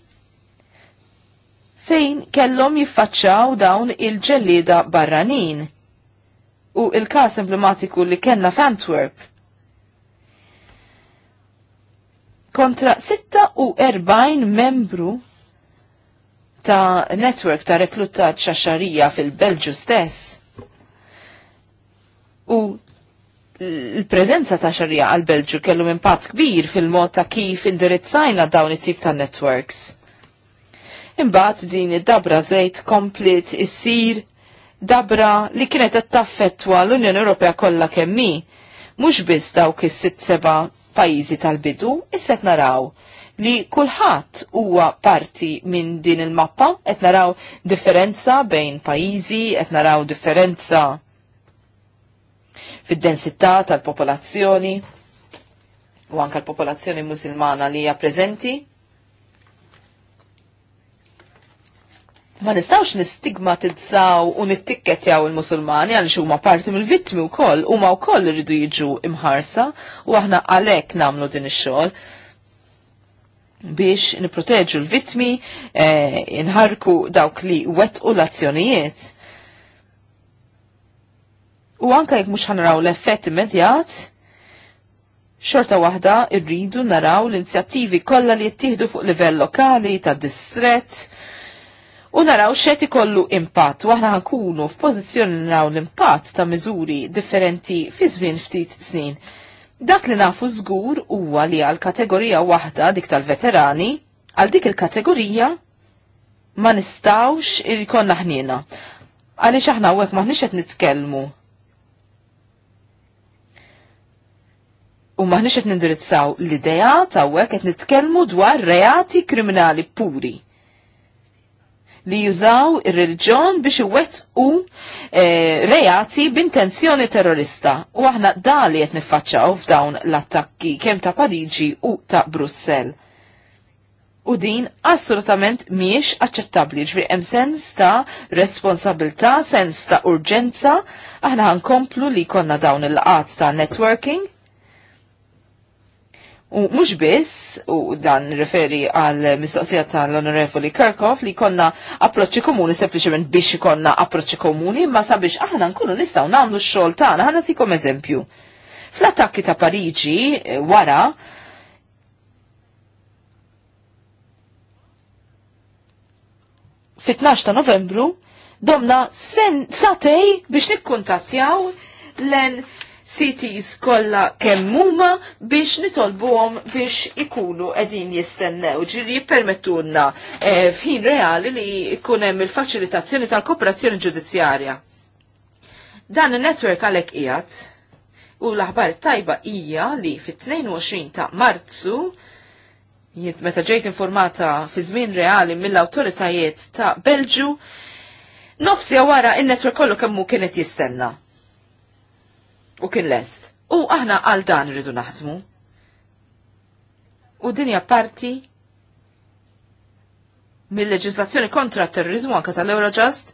fejn kellhom jiffaċċaw dawn il-ġellida barranin. U il-kas emblematiku li kellna f'Antwerp kontra 46 membru ta' network ta' reklutat xaxarija fil-Belġu stess. U l-prezenza ta' xarija għal-Belġu kellu impatt kbir fil-mod ta' kif indirizzajna dawn it-tip ta' networks. Imbagħad din id-dabra żejt komplit issir dabra li kienet qed taffettwa l-Unjoni Ewropea kollha kemm mhux biss dawk is-sitt seba' pajjiżi tal-bidu, issa naraw li kulħadd huwa parti minn din il-mappa, qed naraw differenza bejn pajjiżi, qed naraw differenza fid-densità tal-popolazzjoni u anke l-popolazzjoni musulmana li hija preżenti. Ma nistawx nistigmatizzaw u nittikketjaw il-Musulmani għaliex huma parti mill-vittmi wkoll huma wkoll rridu jiġu imħarsa u aħna għalhekk nagħmlu din ix-xogħol biex niproteġu l-vitmi, eh, inħarku dawk li wet u l-azzjonijiet. U anka jek mux ħanaraw l-effett immedjat, xorta waħda irridu naraw l-inzjattivi kollha li jittieħdu fuq livell lokali ta' distret u naraw xed ikollu impatt u aħna ħankunu f'pożizzjoni naraw l-impatt ta' miżuri differenti fi żmien ftit snin Dak li nafu żgur huwa li għal kategorija waħda dik tal-veterani, għal dik il-kategorija ma nistawx il-konna ħnina. Għaliex aħna għek maħniex qed nitkellmu. U maħniex qed nindirizzaw l ideja ta' għek qed nitkellmu dwar reati kriminali puri li jużaw ir-reġjon biex iwettqu eh, reati b'intenzjoni terrorista. U aħna dali qed niffaċċaw f'dawn l-attakki kemm ta' Pariġi u ta' Brussell. U din assolutament miex aċċettabbli ġri hemm sens ta' responsabilità, sens ta' urġenza, aħna ħankomplu li konna dawn il-qat ta' networking U mux biss, u dan referi għal mistoqsija tal-Onorevoli Kirkhoff li konna approċċi komuni sempliciment biex konna approċċi komuni, ma sabiex aħna nkunu nistaw namlu x-xol tagħna ħana tikom eżempju. Fl-attakki ta' Parigi eh, wara fit-12 ta' Novembru domna sen satej biex nikkuntazzjaw len CTs kollha kemm huma biex nitolbuhom biex ikunu qegħdin jistennew ġiri jippermettulna eh, f'ħin reali li jkun hemm il-faċilitazzjoni tal-kooperazzjoni ġudizzjarja. Dan in-netwerk għalhekk qiegħed u l-aħbar tajba hija li fit-22 ta' Marzu jint meta ġejt informata fi żmien reali mill-awtoritajiet ta' Belġu, nofsi wara in-netwerk kollu kemmu kienet jistenna u kien lest. U aħna għal dan rridu naħdmu. U dinja parti mill-leġislazzjoni kontra terrorizmu anka tal-Eurojust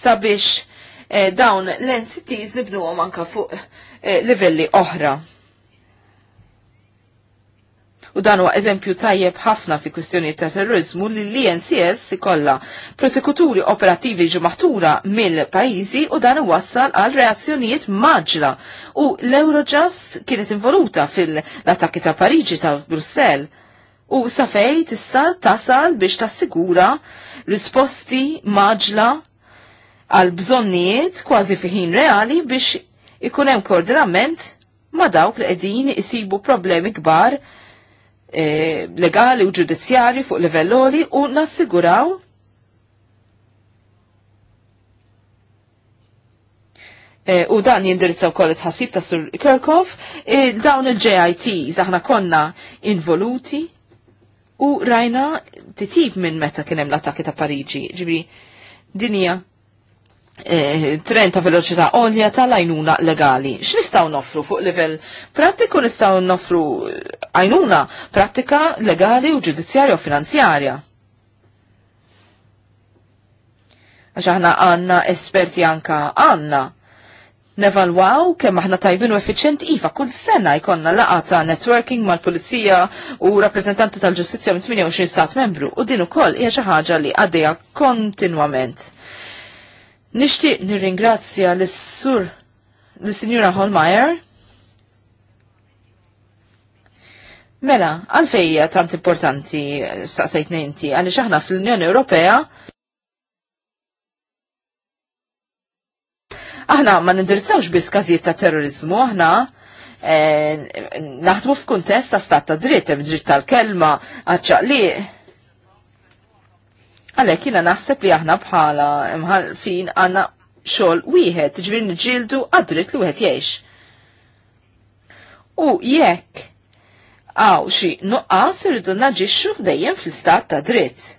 sabiex eh, dawn l-entities nibnuhom anka fuq eh, livelli oħra. U dan huwa eżempju tajjeb ħafna fi kwistjoni ta' terrorizmu li l-INCS ikolla prosekuturi operativi ġi maħtura mill-pajjiżi u dan wassal għal reazzjonijiet maġla. U l-Eurojust kienet involuta fil-attakki ta' Pariġi ta' Brussell u safej tista' tasal biex tassigura risposti maġla għal bżonnijiet kważi fiħin reali biex ikun hemm koordinament ma' dawk li qegħdin isibu problemi kbar Eh, legali u ġudizzjari fuq livelloli u nassiguraw eh, u dan jindirizzaw kollet ħassib ta' Sur Kirkov, eh, dawn il jit aħna konna involuti u rajna titib minn meta kienem l-attakki ta' Pariġi, ġivri, dinija E, tren ta' veloċità olja tal-għajnuna legali. X'nistgħu noffru fuq livell prattiku nistgħu noffru eh, għajnuna prattika legali u ġudizzjarja u finanzjarja. Għax aħna għanna esperti anka għanna. Nevalwaw kemm aħna tajbin u effiċjenti iva kull sena jkollna laqgħa ta' networking mal-Pulizija u rappreżentanti tal-Ġustizzja minn 28 stat membru u din ukoll hija xi ħaġa li għaddejja kontinwament Nishtiq nirringrazzja l-sur l-Sinjura Holmeyer. Mela, għalfejja tant importanti staqsejt inti għaliex aħna fl-Unjoni Ewropea aħna ma nindirizzawx biss każijiet ta' terrorizmu, aħna eh, naħdmu f'kuntest ta' stat ta' dritt, dritt tal-kelma, għadċaqliq Għalek jina naħseb li aħna bħala fin għanna xol wieħed, ġbir nġildu għadrit li wieħed jiex. U jekk għaw xi nuqqas irridu naġixxu dejjem fl-istat ta' dritt.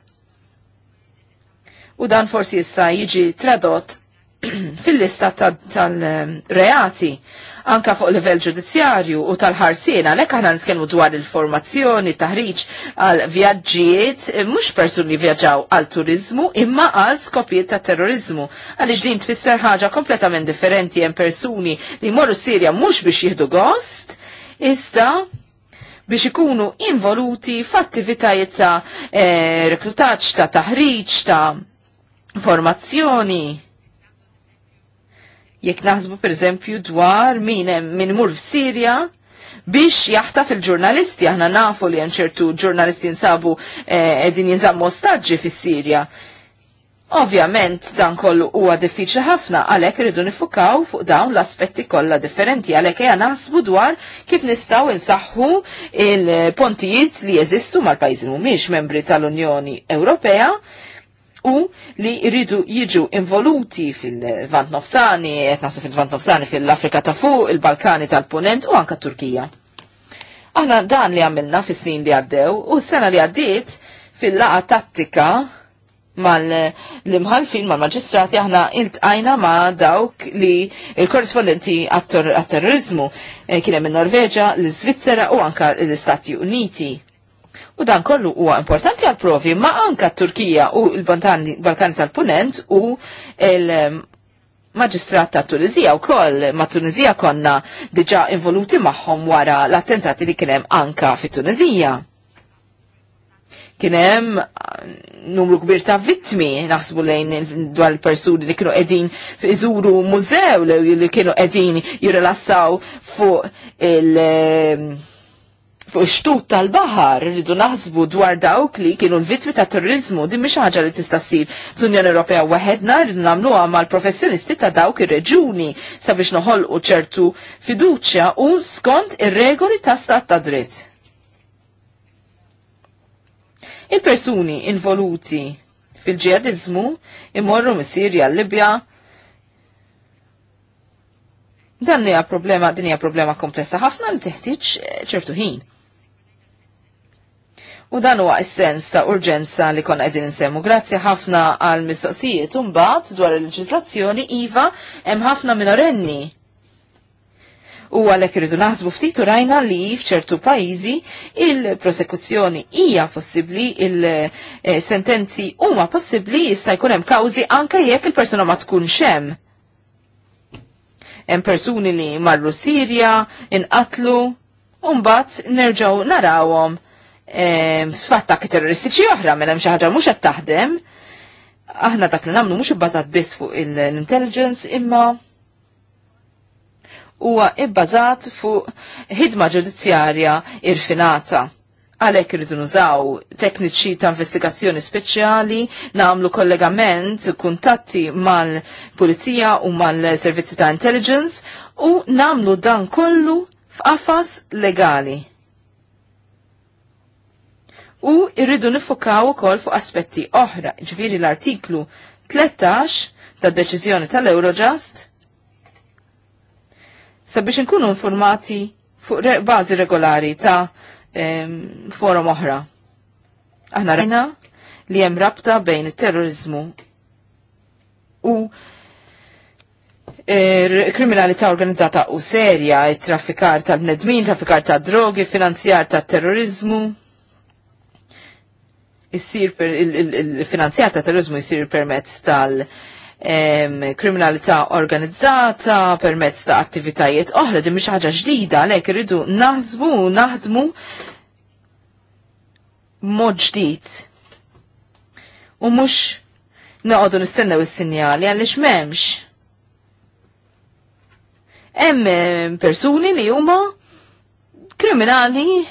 U dan forsi issa jiġi tradott <clears throat> fil istat tal-reati. Ta anka fuq livell ġudizzjarju u tal-ħarsien għalhekk aħna nitkellmu dwar il-formazzjoni, taħriġ għal vjaġġijiet eh, mhux persuni vjaġġaw għal turizmu imma għal skopijiet ta' terrorizmu. Għaliex din tfisser ħaġa kompletament differenti hemm persuni li jmorru Sirja mhux biex jieħdu gost, iżda biex ikunu involuti f'attivitajiet ta' eh, reklutaċ, ta' taħriġ, ta' formazzjoni Jekk naħsbu pereżempju dwar min min imur f'Sirja, biex jaħtaf il-ġurnalisti. Aħna nafu li hemm ċertu ġurnalisti jinsabu qegħdin eh, jinżammu ostaġġi fis-Sirja. Ovvjament dan kollu huwa diffiċli ħafna għalhekk irridu nifukaw fuq dawn l-aspetti kollha differenti għalhekk hija naħsbu dwar kif nistgħu insaħħu il-pontijiet li jeżistu mal-pajjiżi mhumiex membri tal-Unjoni Ewropea u li jridu jiġu involuti fil-Vant Nofsani, etnasa fil-Vant Nofsani fil-Afrika ta' fuq, il-Balkani tal-Punent u anka Turkija. Aħna dan li għamilna fis snin li għaddew u s-sena li għaddiet fil-laqa tattika mal-imħalfin, mal-maġistrati, aħna iltqajna ma' dawk li il-korrespondenti għat-terrorizmu eh, kienem il-Norveġa, l-Svizzera u anka l-Istati Uniti. U dan kollu huwa importanti għal provi, ma anka Turkija u l-Balkani tal-Punent u l- um, maġistrat ta' Tunizija u koll ma' Tunizija konna diġa involuti maħħom wara l-attentati li kienem anka fi Tunizija. Kienem uh, numru kbir ta' vittmi naħsbu lejn dwar persuni li kienu edin iżuru mużew li kienu edin jirrelassaw fuq il- um, xtut tal-bahar rridu naħsbu dwar dawk li kienu l-vittmi ta' terrorizmu din mish ħaġa li tista' ssir fl-Unjoni Ewropea waħedna rridu nagħmluha mal-professjonisti ta' dawk ir-reġuni sabiex noħolqu ċertu fiduċja u skont ir-regoli ta' stat ta' dritt. Il-persuni involuti fil-ġihadizmu imorru mis-Sirja l-Libja Dan hija problema, din hija problema komplessa ħafna li teħtieġ ċertu ħin. U dan huwa s-sens ta' urġenza li konna qegħdin insemmu. Grazzi ħafna għal mistoqsijiet u mbagħad dwar il-leġiżlazzjoni iva hemm ħafna minorenni u għalek irridu naħsbu ftit rajna li fċertu pajjiżi il-prosekuzzjoni hija possibbli, il-sentenzi huma possibbli jista' jkun hemm kawżi anke jekk il-persuna ma tkunx hemm. Hemm persuni li marru Sirja, inqatlu, u mbagħad nerġgħu narawhom f'attakki terroristiċi oħra mela xi ħaġa mhux qed taħdem. Aħna dak li nagħmlu mhux ibbażat biss fuq l-intelligence imma huwa ibbażat fuq ħidma ġudizzjarja irfinata għalek irridu nużaw tekniċi ta' investigazzjoni speċjali, namlu kollegament, kuntatti mal-pulizija u mal-servizzi ta' intelligence u namlu dan kollu f'qafas legali u irridu nifokaw ukoll fuq aspetti oħra, ġviri l-artiklu 13 tad deċiżjoni tal-Eurojust sabiex nkunu informati fuq re bażi regolari ta' em, forum oħra. Aħna rajna li hemm rabta bejn it-terrorizmu u er, kriminalità organizzata u serja, traffikar tal-bnedmin, traffikar tal drogi, finanzjar tal terrorizmu jissir il-finanzjata terrorizmu jissir permezz tal- kriminalità organizzata permezz ta' attivitajiet oħra di mhix ħaġa ġdida għalhekk irridu naħzbu, naħdmu mod ġdid. U mhux noqogħdu nistennew is-sinjali għaliex m'hemmx. Hemm persuni li huma kriminali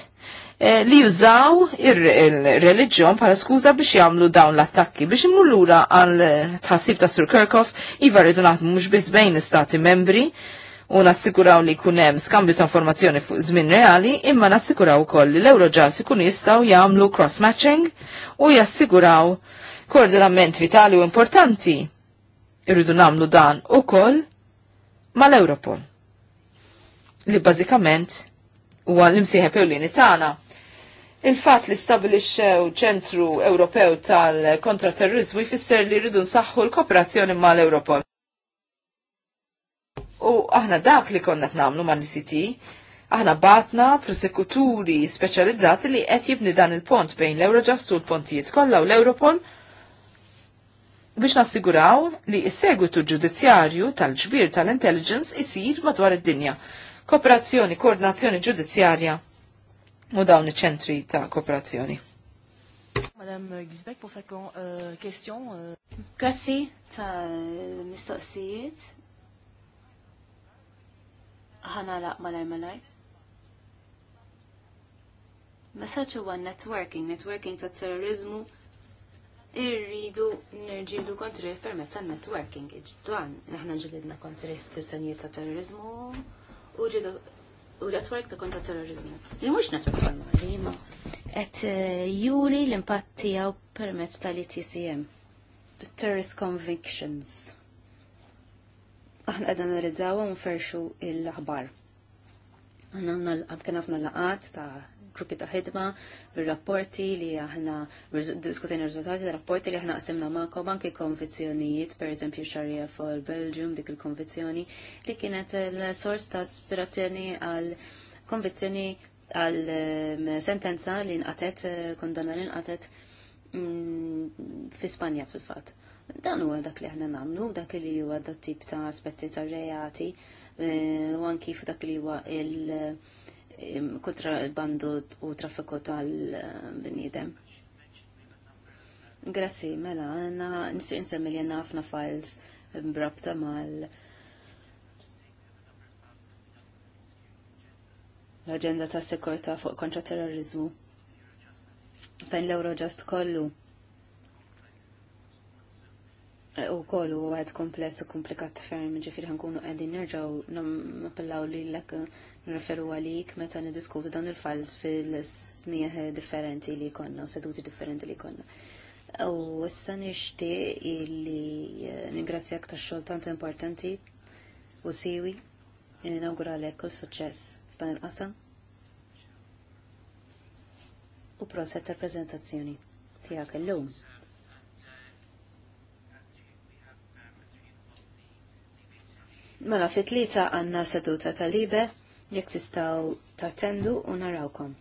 Eh, li jużaw ir-reliġjon bħala skuża biex jagħmlu dawn l-attakki biex imullura għal tħassib ta' Sir Kirkhoff iva rridu naħdmu mhux biss bejn istati membri u nassikuraw li jkun hemm skambju ta' informazzjoni fuq żmien reali, imma nassikuraw ukoll li l-Eurojazz ikun jistgħu jagħmlu cross-matching u jassiguraw koordinament vitali u importanti. Irridu nagħmlu dan ukoll mal-Europol li bażikament huwa l-imsieħeb ewlieni tagħna. Il-fat li stabilixxew ċentru Ewropew tal-kontraterrorizmu jfisser li rridu nsaħħu l-kooperazzjoni mal-Europol. U aħna dak li konna t-namlu ma' l-ICT, aħna batna prosekuturi speċjalizzati li qed jibni dan il-pont bejn l-Eurojust u l-pontijiet kollha u l-Europol biex nassiguraw li s-segwitu ġudizzjarju tal-ġbir tal-intelligence isir madwar id-dinja. Kooperazzjoni, koordinazzjoni ġudizzjarja u dawn iċ-ċentri ta' kooperazzjoni. Madam Gizbek, pour sa' euh, question. Euh. Grazzi ta' mistoqsijiet. Ħana laq malaj malaj. Messaċ huwa networking, networking ta' terrorizmu irridu nirġidu kontri permezz tan networking. Dan naħna ġilidna kontrif kwistjonijiet ta' terrorizmu u ġidu u l-atwork ta' kontra terrorizmu. Li mhux network formali, ma Et eh, juri l impatti għaw permezz tal-ITCM. Terrorist Convictions. Aħna qed analizzawhom u ferxu l-aħbar. Għanna għam kien għafna laqat ta' gruppi ta' ħidma, rapporti li aħna diskutajna riżultati, rapporti li aħna qasimna ma'kom anki konvizzjonijiet, per eżempju xarija fuq belgium dik il-konvizzjoni li kienet l-sors ta' ispirazzjoni għal konvizzjoni għal ehm, sentenza li nqatet, kondanna li nqatet mm, fi Spanja fil-fat. Dan huwa dak li aħna nagħmlu, dak li huwa dat tip ta' aspetti ta' reati eh, u anki f'dak li huwa il- kutra bandu u trafiku tal-bnidem. Grazzi, mela, għanna nisi insemmi li għanna għafna files brabta mal l-agenda ta' sekurta fuq kontra terrorizmu. Fejn l-Eurojust kollu e, u kollu u għed kompless u komplikat ferm ġifir ħankunu għedin nerġaw nam appellaw li l-ek referu għalik meta nidiskutu dan il-files fil-smieħ differenti li konna, seduti differenti li konna. U issa nixtieq li eh, ningrazzjak tax xogħol tant importanti u siwi inauguralek kull suċċess f'dan il-qasam u proset ta' prezentazzjoni tiegħek illum. Mela fit-tlieta għandna seduta tal-libe jekk tistgħu tattendu u narawkom.